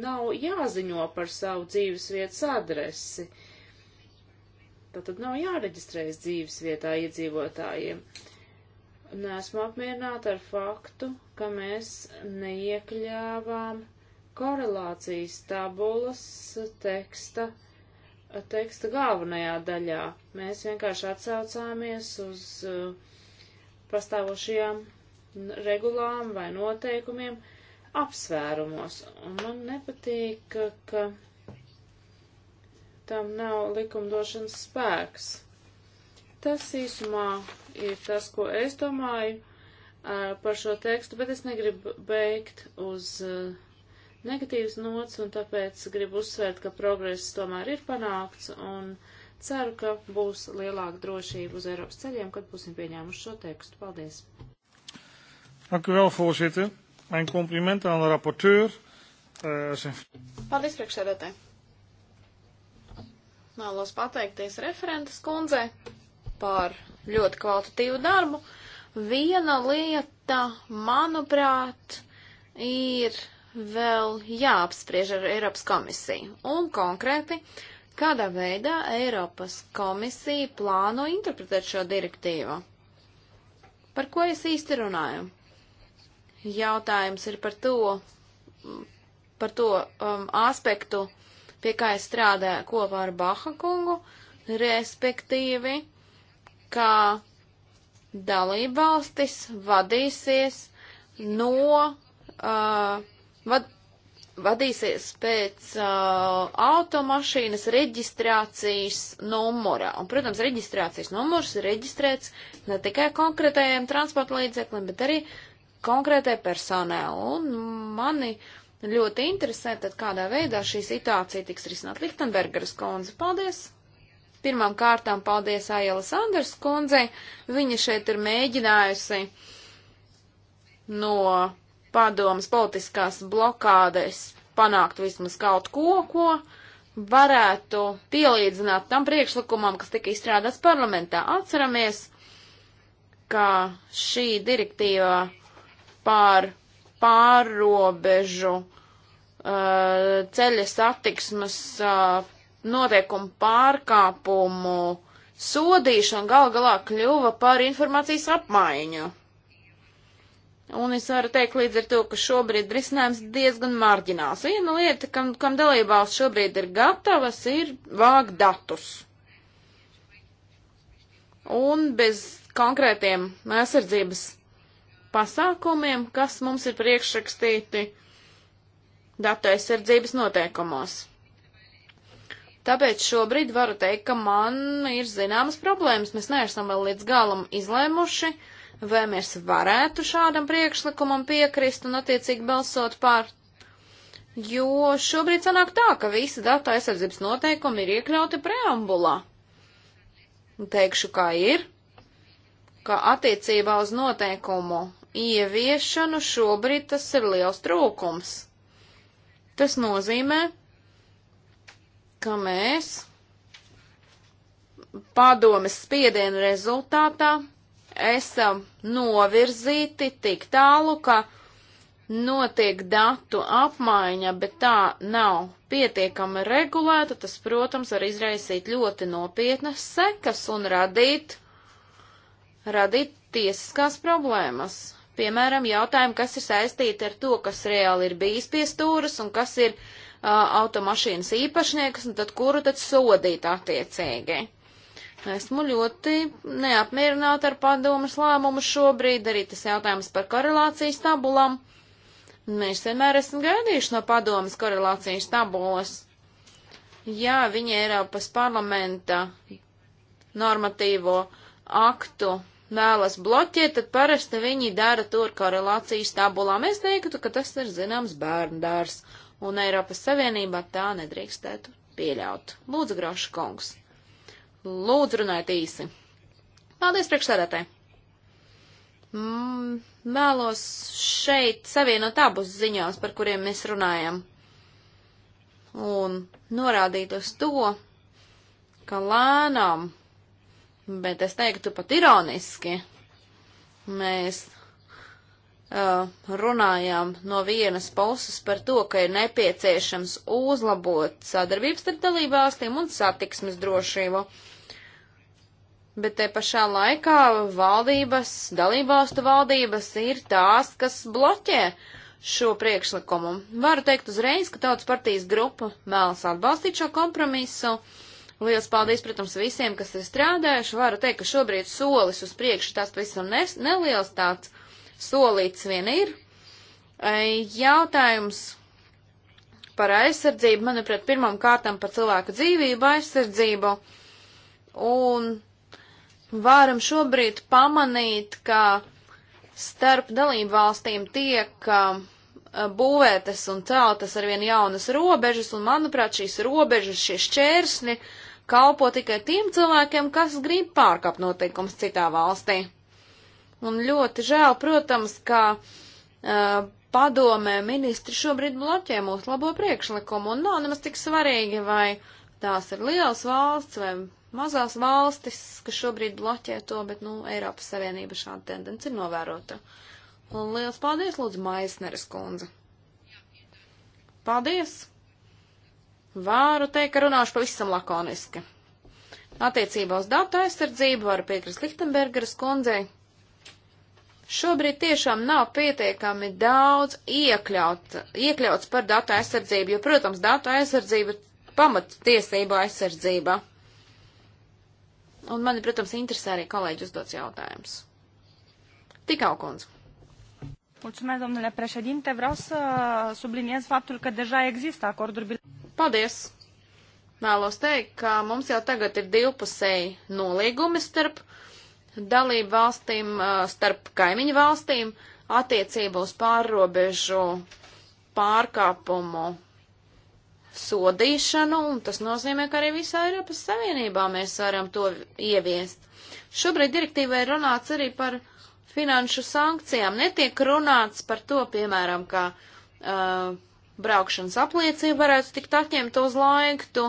nav jāziņo par savu dzīves vietas adresi. Uh, Tātad nav jāreģistrējas dzīves vietā iedzīvotājiem. Nesmu apmierināta ar faktu, ka mēs neiekļāvām korelācijas tabulas teksta, teksta galvenajā daļā. Mēs vienkārši atsaucāmies uz uh, pastāvošajām regulām vai noteikumiem apsvērumos. Un man nepatīk, ka. ka tam nav likumdošanas spēks. Tas īsumā ir tas, ko es domāju eh, par šo tekstu, bet es negribu beigt uz eh, negatīvas nots, un tāpēc gribu uzsvērt, ka progress tomēr ir panākts, un ceru, ka būs lielāka drošība uz Eiropas ceļiem, kad būsim pieņēmuši šo tekstu. Paldies! Dank u wel, voorzitter. Mijn complimenten aan de rapporteur. Uh, zijn... Paldies, priekšsēdētāji. Vēlos pateikties referentes kundzei par ļoti kvalitatīvu darbu. Viena lieta, manuprāt, ir vēl jāapspriež ar Eiropas komisiju. Un konkrēti, kādā veidā Eiropas komisija plāno interpretēt šo direktīvu. Par ko es īsti runāju? Jautājums ir par to, par to um, aspektu, uh, pie kā es strādāju kopā ar Baha kungu, respektīvi, kā dalībvalstis vadīsies no, uh, vad, vadīsies pēc uh, automašīnas reģistrācijas numurā. Un, protams, reģistrācijas numurs ir reģistrēts ne tikai konkrētajiem transporta līdzeklim, bet arī konkrētai personai. Un mani uh, ļoti interesē, tad kādā veidā šī situācija tiks risināt Lichtenbergeras kundze. Paldies! Pirmām kārtām paldies Aiela Sanders kundzei. Viņa šeit ir mēģinājusi no padomas politiskās blokādes panākt vismaz kaut ko, ko varētu pielīdzināt tam priekšlikumam, kas tika izstrādāts parlamentā. Atceramies, ka šī direktīva pār pārrobežu eh, ceļa satiksmes eh, noteikumu pārkāpumu sodīšana gal galā kļuva par informācijas apmaiņu. Un es varu teikt līdz ar to, ka šobrīd risinājums diezgan marģināls. Viena lieta, kam, kam dalībās šobrīd ir gatavas, ir vākt datus. Un bez konkrētiem aizsardzības pasākumiem, kas mums ir priekšrakstīti datu aizsardzības noteikumos. Tāpēc šobrīd varu teikt, ka man ir zināmas problēmas. Mēs neesam vēl līdz galam izlēmuši, vai mēs varētu šādam priekšlikumam piekrist un attiecīgi balsot par. Jo šobrīd sanāk tā, ka visi datu aizsardzības noteikumi ir iekļauti preambulā. Teikšu, kā ir, ka attiecībā uz noteikumu ieviešanu šobrīd tas ir liels trūkums. Tas nozīmē, ka mēs padomes spiedienu rezultātā esam novirzīti tik tālu, ka notiek datu apmaiņa, bet tā nav pietiekami regulēta, tas, protams, var izraisīt ļoti nopietnas sekas un radīt, radīt tiesiskās problēmas piemēram, jautājumi, kas ir saistīti ar to, kas reāli ir bijis pie stūras un kas ir uh, automašīnas īpašnieks, un tad kuru tad sodīt attiecīgi. Esmu ļoti neapmierināta ar padomas lēmumu šobrīd, arī tas jautājums par korelācijas tabulām. Mēs vienmēr esam gaidījuši no padomas korelācijas tabulas. Jā, viņa Eiropas parlamenta normatīvo aktu vēlas bloķēt, tad parasti viņi dara tur korelācijas tabulā. Mēs teiktu, ka tas ir zināms bērndārs, un Eiropas Savienībā tā nedrīkstētu pieļaut. Lūdzu, Groša kungs. Lūdzu, runājiet īsi. Paldies priekšsēdētāji. Mm, vēlos šeit savienot abus ziņos, par kuriem mēs runājam, un norādīt uz to, ka lēnām bet es teiktu pat ironiski, mēs uh, runājām no vienas puses par to, ka ir nepieciešams uzlabot sadarbības starp dalībvalstīm un satiksmes drošību. Bet te pašā laikā valdības, dalībvalstu valdības ir tās, kas bloķē šo priekšlikumu. Varu teikt uzreiz, ka tautas partijas grupa vēlas atbalstīt šo kompromisu. Uh, Lielas paldies, protams, visiem, kas ir strādājuši. Varu teikt, ka šobrīd solis uz priekšu tas pavisam neliels tāds solīts vien ir. E, jautājums par aizsardzību, manuprāt, pirmam kārtam par cilvēku dzīvību aizsardzību. Un varam šobrīd pamanīt, ka starp dalību valstīm tiek e, būvētas un celtas arvien jaunas robežas, un manuprāt, šīs robežas, šie šķērsni, uh, kalpo tikai tiem cilvēkiem, kas grib pārkāpt noteikums citā valstī. Un ļoti žēl, protams, ka uh, padomē ministri šobrīd bloķē mūsu labo priekšlikumu, un nav nemaz tik svarīgi, vai tās ir liels valsts vai mazās valstis, kas šobrīd bloķē to, bet, nu, Eiropas Savienība šāda tendence ir novērota. Un liels paldies, lūdzu, Maisneres kundze. Paldies! Vāru teikt, ka runāšu pavisam lakoniski. Attiecībā uz datu aizsardzību varu piekrist Lichtenbergeras kundzei. Šobrīd tiešām nav pietiekami daudz iekļaut, iekļauts par datu aizsardzību, jo, protams, datu aizsardzība ir pamattiesība aizsardzība. Un mani, protams, interesē arī kolēģi uzdots jautājums. Tikau, kundze. Mulțumesc, domnule președinte. Vreau să subliniez faptul că deja există acorduri bilaterale. Paldies! Vēlos teikt, ka mums jau tagad ir divpusēji nolīgumi starp dalību valstīm, starp kaimiņu valstīm attiecību uz pārrobežu pārkāpumu sodīšanu, un tas nozīmē, ka arī visā Eiropas Savienībā mēs varam to ieviest. Šobrīd direktīvai runāts arī par finanšu sankcijām. Netiek runāts par to, piemēram, ka uh, braukšanas apliecība varētu tikt atņemta uz laiku,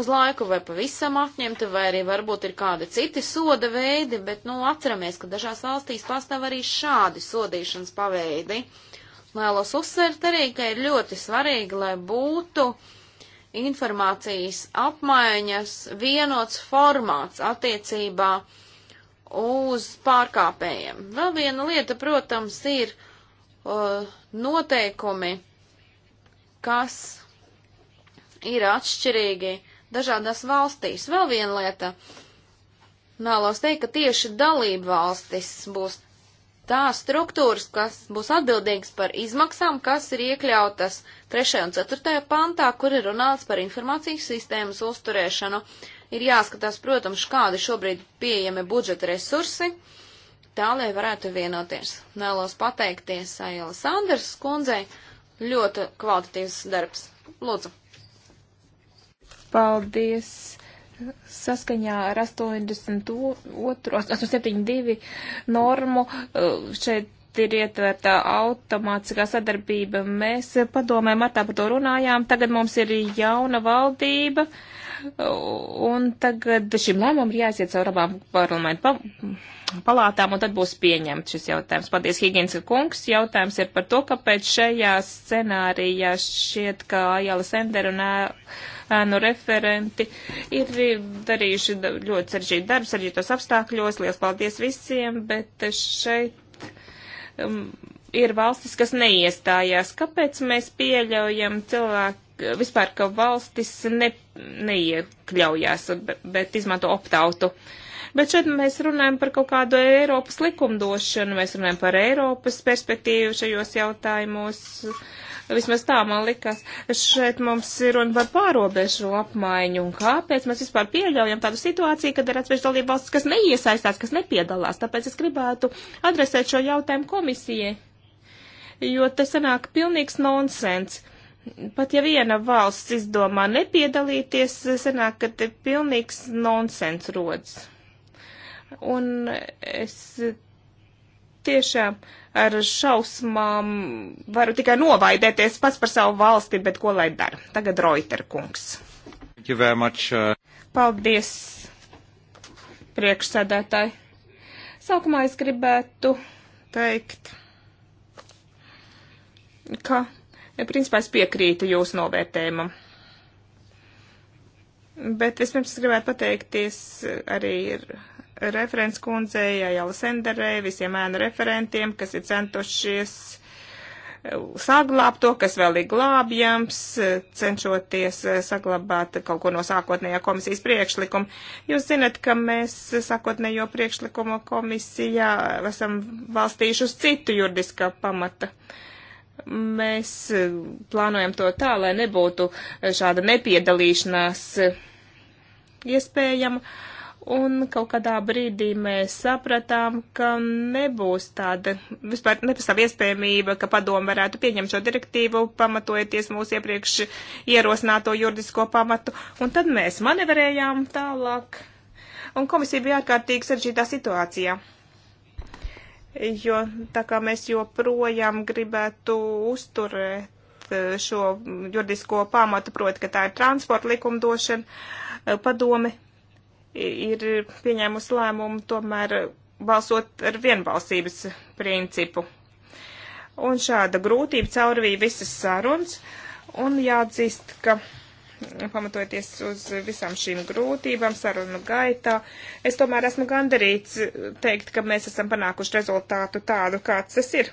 uz laiku vai pavisam atņemta, vai arī varbūt ir kādi citi soda veidi, bet, nu, atceramies, ka dažās valstīs pastāv arī šādi sodīšanas paveidi. Vēlos uzsvērt arī, ka ir ļoti svarīgi, lai būtu informācijas apmaiņas vienots formāts attiecībā uz pārkāpējiem. Vēl viena lieta, protams, ir uh, noteikumi kas ir atšķirīgi dažādās valstīs. Vēl viena lieta. Nālos teikt, ka tieši dalību valstis būs tās struktūras, kas būs atbildīgas par izmaksām, kas ir iekļautas 3. un 4. pantā, kur ir runāts par informācijas sistēmas uzturēšanu. Ir jāskatās, protams, kādi šobrīd pieejami budžeta resursi, tā lai varētu vienoties. Nālos pateikties Aila Sanders kundzei ļoti kvalitatīvs darbs. Lūdzu. Paldies. Saskaņā ar 82, 872 normu uh, šeit ir ietverta automātiskā sadarbība. Mēs padomē martā par to runājām. Tagad mums ir jauna valdība. Uh, Un tagad šim lēmumam ir jāiziet caur abām parlamentu palātām, un tad būs pieņemts šis jautājums. Paldies, Higinska kungs. Jautājums ir par to, kāpēc šajā scenārijā šķiet, ka Jāla Sender un ēnu referenti ir darījuši ļoti saržģītu darbu, saržģītos apstākļos. Lielas paldies visiem, bet šeit. Um, ir valstis, kas neiestājās. Kāpēc mēs pieļaujam cilvēku? vispār, ka valstis ne, neiekļaujās, bet, bet izmanto optautu. Bet šeit mēs runājam par kaut kādu Eiropas likumdošanu, mēs runājam par Eiropas perspektīvu šajos jautājumos. Vismaz tā man likas, šeit mums ir runa par pārobežu apmaiņu un kāpēc mēs vispār pieļaujam tādu situāciju, kad ir atsevišķi dalība valsts, kas neiesaistās, kas nepiedalās. Tāpēc es gribētu adresēt šo jautājumu komisijai, jo te sanāk pilnīgs nonsens Pat ja viena valsts izdomā nepiedalīties, sanāk, ka te pilnīgs nonsens rodas. Un es tiešām ar šausmām varu tikai novaidēties pats par savu valsti, bet ko lai dara. Tagad Reuter kungs. Much, uh... Paldies, priekšsēdētāji. Sākumā es gribētu teikt, ka Principā es piekrītu jūsu novērtējumam. Bet vispirms es gribētu pateikties arī referents kundzei, Jāla Senderei, visiem ēnu referentiem, kas ir centušies eh, saglābt to, kas vēl ir glābjams, cenšoties eh, saglabāt kaut ko no sākotnējā komisijas priekšlikuma. Jūs zinat, ka mēs sākotnējo priekšlikumu komisijā esam valstījuši uz citu juridiskā pamata. Uh, Mēs eh, plānojam to tā, lai nebūtu eh, šāda nepiedalīšanās eh, iespējama. Un kaut kādā brīdī mēs sapratām, ka nebūs tāda, vispār nepastāv iespējamība, ka padomu varētu pieņemt šo direktīvu, pamatojoties mūsu iepriekš ierosināto juridisko pamatu. Un tad mēs manevrējām tālāk. Un komisija bija ārkārtīgi saržītā situācijā jo tā kā mēs joprojām gribētu uzturēt eh, šo juridisko pamatu, proti, ka tā ir transporta likumdošana, eh, padome ir pieņēmusi lēmumu tomēr balsot ar vienbalsības principu. Un šāda grūtība caurvīja visas sarunas, un jāatzīst, ka pamatojoties uz visām šīm grūtībām sarunu gaitā. Es tomēr esmu gandarīts teikt, ka mēs esam panākuši rezultātu tādu, kāds tas ir.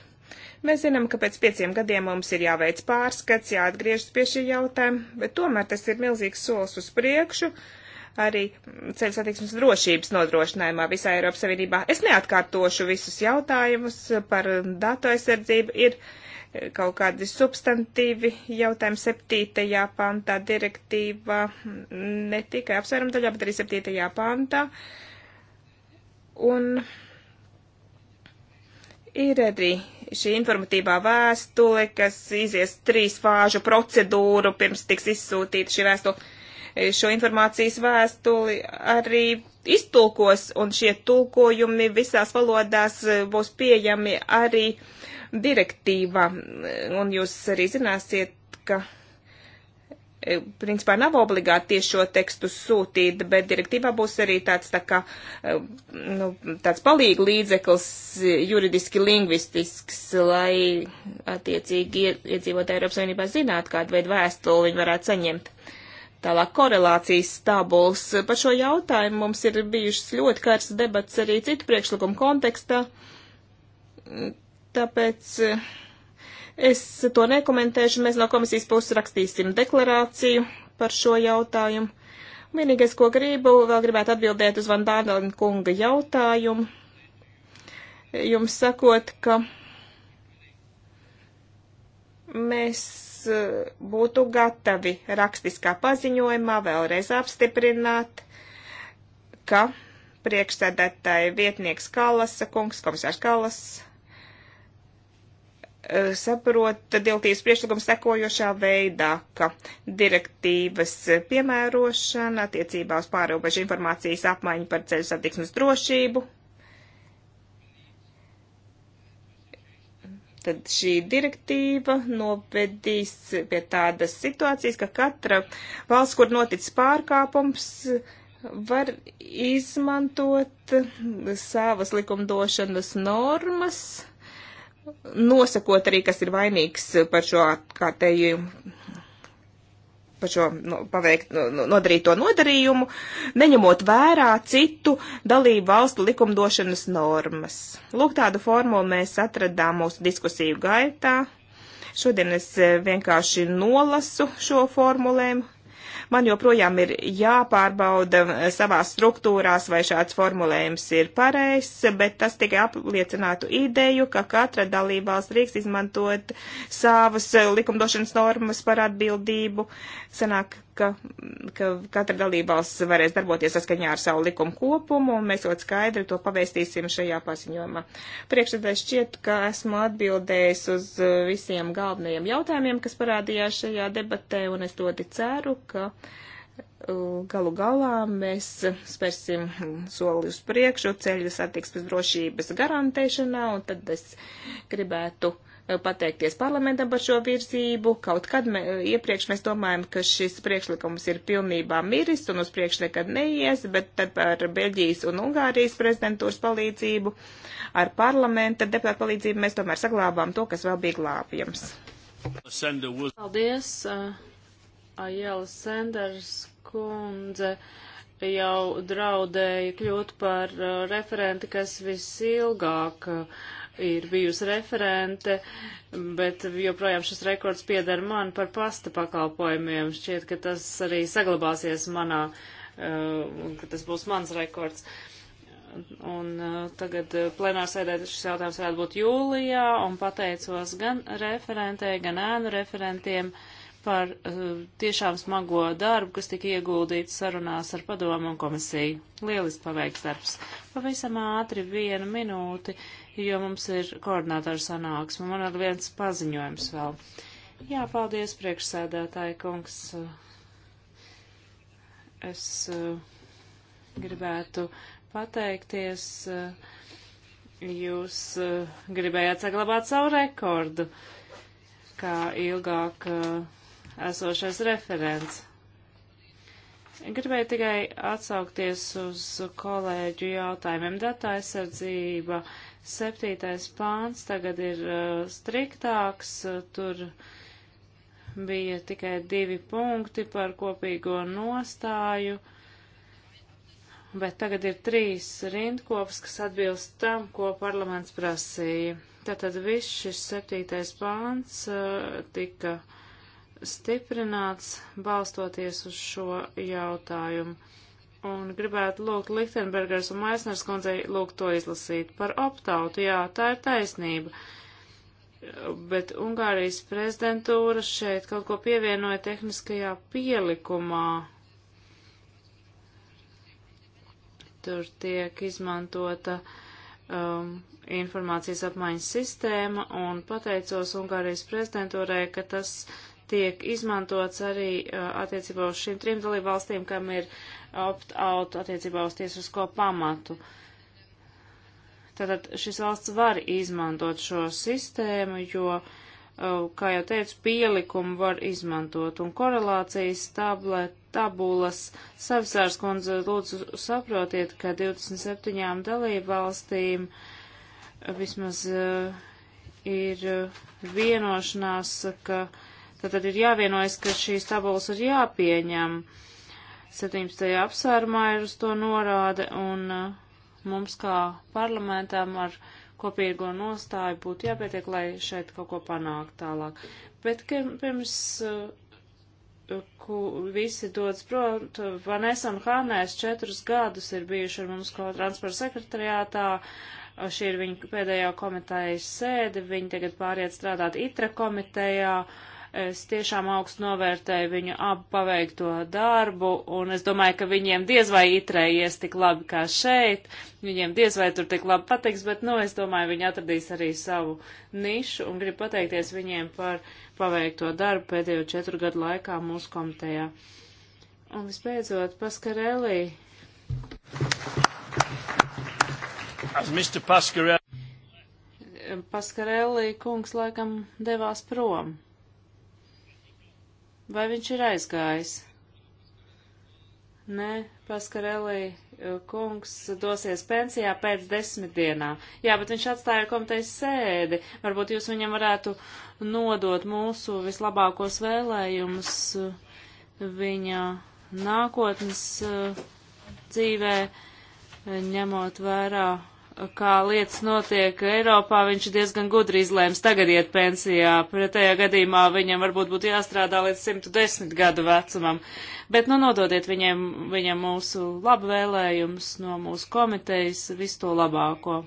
Mēs zinām, ka pēc pieciem gadiem mums ir jāveic pārskats, jāatgriežas pie šī jautājuma, bet tomēr tas ir milzīgs solis uz priekšu arī ceļu satiksmes drošības nodrošinājumā visā Eiropas Savienībā. Es neatkārtošu visus jautājumus par datu aizsardzību. Ir kaut kādi substantīvi jautājumi 7. pantā direktīva ne tikai apsvērumu daļā, bet arī 7. pantā. Un ir arī šī informatīvā vēstule, kas izies trīs fāžu procedūru, pirms tiks izsūtīta šī vēstule. Šo informācijas vēstuli arī iztulkos, un šie tulkojumi visās valodās būs pieejami arī uh, direktīva, un jūs arī zināsiet, ka e, principā nav obligāti tieši šo tekstu sūtīt, bet direktīvā būs arī tāds tā kā, e, nu, tāds palīgi līdzeklis e, juridiski lingvistisks, lai attiecīgi iedzīvotāji Eiropas Savienībā zinātu, kādu veidu vēstuli viņi varētu saņemt. Tālāk korelācijas tabuls. Par šo jautājumu mums ir bijušas ļoti kārs debats arī citu priekšlikumu kontekstā Tāpēc eh, es to nekomentēšu. Mēs no komisijas puses rakstīsim deklarāciju par šo jautājumu. Vienīgais, ko gribu, vēl gribētu atbildēt uz Vandānelina kunga jautājumu. Jums sakot, ka mēs eh, būtu gatavi rakstiskā paziņojumā vēlreiz apstiprināt, ka priekšsēdētāja vietnieks Kalasa, kungs komisārs Kalasa, Eh, saprot direktīvas priekšlikumu sekojošā veidā, ka direktīvas piemērošana attiecībā uz pārobežu informācijas apmaiņu par ceļu satiksmes drošību. Tad šī direktīva novedīs pie tādas situācijas, ka katra valsts, kur noticis pārkāpums, var izmantot savas likumdošanas normas, nosakot arī, kas ir vainīgs par šo atkārtējumu par šo nu, paveikt, nu, nodarīto nodarījumu, neņemot vērā citu dalību valstu likumdošanas normas. Lūk, tādu formulu mēs atradām mūsu diskusiju gaitā. Šodien es vienkārši nolasu šo formulēmu, Man joprojām ir jāpārbauda eh, savā struktūrās, vai šāds formulējums ir pareizs, bet tas tikai apliecinātu ideju, ka katra dalībvalsts drīkst izmantot savas eh, likumdošanas normas par atbildību. Sanāk, ka, ka katra dalībvalsts varēs darboties saskaņā ar savu likumu kopumu, un mēs ļoti skaidri to pavēstīsim šajā paziņojumā. Priekšsēdē šķiet, ka esmu atbildējis uz uh, visiem galvenajiem jautājumiem, kas parādījās šajā debatē, un es ļoti ceru, ka uh, galu galā mēs spērsim soli uz priekšu ceļu satiksmes drošības garantēšanā, un tad es gribētu pateikties parlamentam par šo virzību. Kaut kad me, iepriekš mēs domājam, ka šis priekšlikums ir pilnībā miris un uz priekšu nekad neies, bet tad ar Beļģijas un Ungārijas prezidentūras palīdzību, ar parlamenta deputātu palīdzību mēs tomēr saglābām to, kas vēl bija glābjams. Paldies, uh, Ajela Sanders kundze jau draudēja kļūt par uh, referenti, kas visilgāk uh, ir bijusi referente, bet joprojām šis rekords pieder man par pasta pakalpojumiem. Šķiet, ka tas arī saglabāsies manā, uh, ka tas būs mans rekords. Un uh, tagad uh, plenārsēdē šis jautājums varētu būt jūlijā, un pateicos gan referentei, gan ēnu referentiem par tiešām smago darbu, kas tika ieguldīts sarunās ar padomu un komisiju. Lielis paveiks darbs. Pavisam ātri vienu minūti jo mums ir koordinātāra sanāksme. Man ir viens paziņojums vēl. Jā, paldies, priekšsēdētāji kungs. Es eh, gribētu pateikties. Eh, jūs eh, gribējāt saglabāt savu rekordu, kā ilgāk esošais referents. Gribēju tikai atsaukties uz kolēģu jautājumiem. Data aizsardzība Septītais pāns tagad ir uh, striktāks, uh, tur bija tikai divi punkti par kopīgo nostāju, bet tagad ir trīs rindkopas, kas atbilst tam, ko parlaments prasīja. Tātad viss šis septītais pāns uh, tika stiprināts balstoties uz šo jautājumu un gribētu lūgt Lichtenbergers un Maisners kundzei lūgt to izlasīt. Par optautu, jā, tā ir taisnība. Bet Ungārijas prezidentūra šeit kaut ko pievienoja tehniskajā pielikumā. Tur tiek izmantota um, informācijas apmaiņas sistēma un pateicos Ungārijas prezidentūrai, ka tas uh, tiek izmantots arī attiecībā uz šīm trim dalībvalstīm, kam ir opt-out attiecībā uz tiesisko pamatu. Tātad šis valsts var izmantot šo sistēmu, jo, kā jau teicu, pielikumu var izmantot un korelācijas tablet, tabulas. Savisārs kundze, lūdzu, saprotiet, ka 27 dalību valstīm vismaz ir vienošanās, ka Tad, tad ir jāvienojas, ka šīs tabulas ir jāpieņem. 17. apsvērumā ir uz to norāde, un uh, mums kā parlamentam ar kopīgo nostāju būtu jāpietiek, lai šeit kaut ko panākt tālāk. Bet pirms uh, ku visi dodas prot, Vanessa un Hānēs četrus gadus ir bijuši ar mums ko transporta sekretariātā. Uh, šī ir viņa pēdējā komitejas sēde, viņa tagad pāriet strādāt ITRA komitejā. Uh, Es tiešām augstu novērtēju viņu abu paveikto darbu, un es domāju, ka viņiem diez vai itrējies tik labi kā šeit, viņiem diez vai tur tik labi patiks, bet, nu, es domāju, viņi atradīs arī savu nišu, un gribu pateikties viņiem par paveikto darbu pēdējo četru gadu laikā mūsu komitejā. Un visbeidzot, Paskarelī. Paskarelī kungs laikam devās prom. Vai viņš ir aizgājis? Nē, Paskarelī eh, kungs dosies pensijā pēc desmit dienām. Jā, bet viņš atstāja komitejas sēdi. Varbūt jūs viņam varētu nodot mūsu vislabākos vēlējumus eh, viņa nākotnes eh, dzīvē, ņemot vērā kā lietas notiek Eiropā, viņš diezgan gudri izlēms tagad iet pensijā. Pretējā gadījumā viņam varbūt būtu jāstrādā līdz 110 gadu vecumam. Bet, nu, nododiet viņiem, viņam mūsu labvēlējumus no mūsu komitejas, visu to labāko.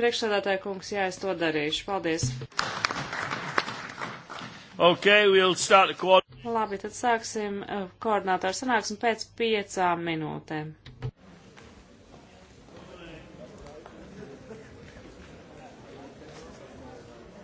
Priekšsādātāja kungs, jā, es to darīšu. Paldies. Okay, we'll start the Labi, tad sāksim eh, koordinātāru sanāksmi pēc piecām minūtēm.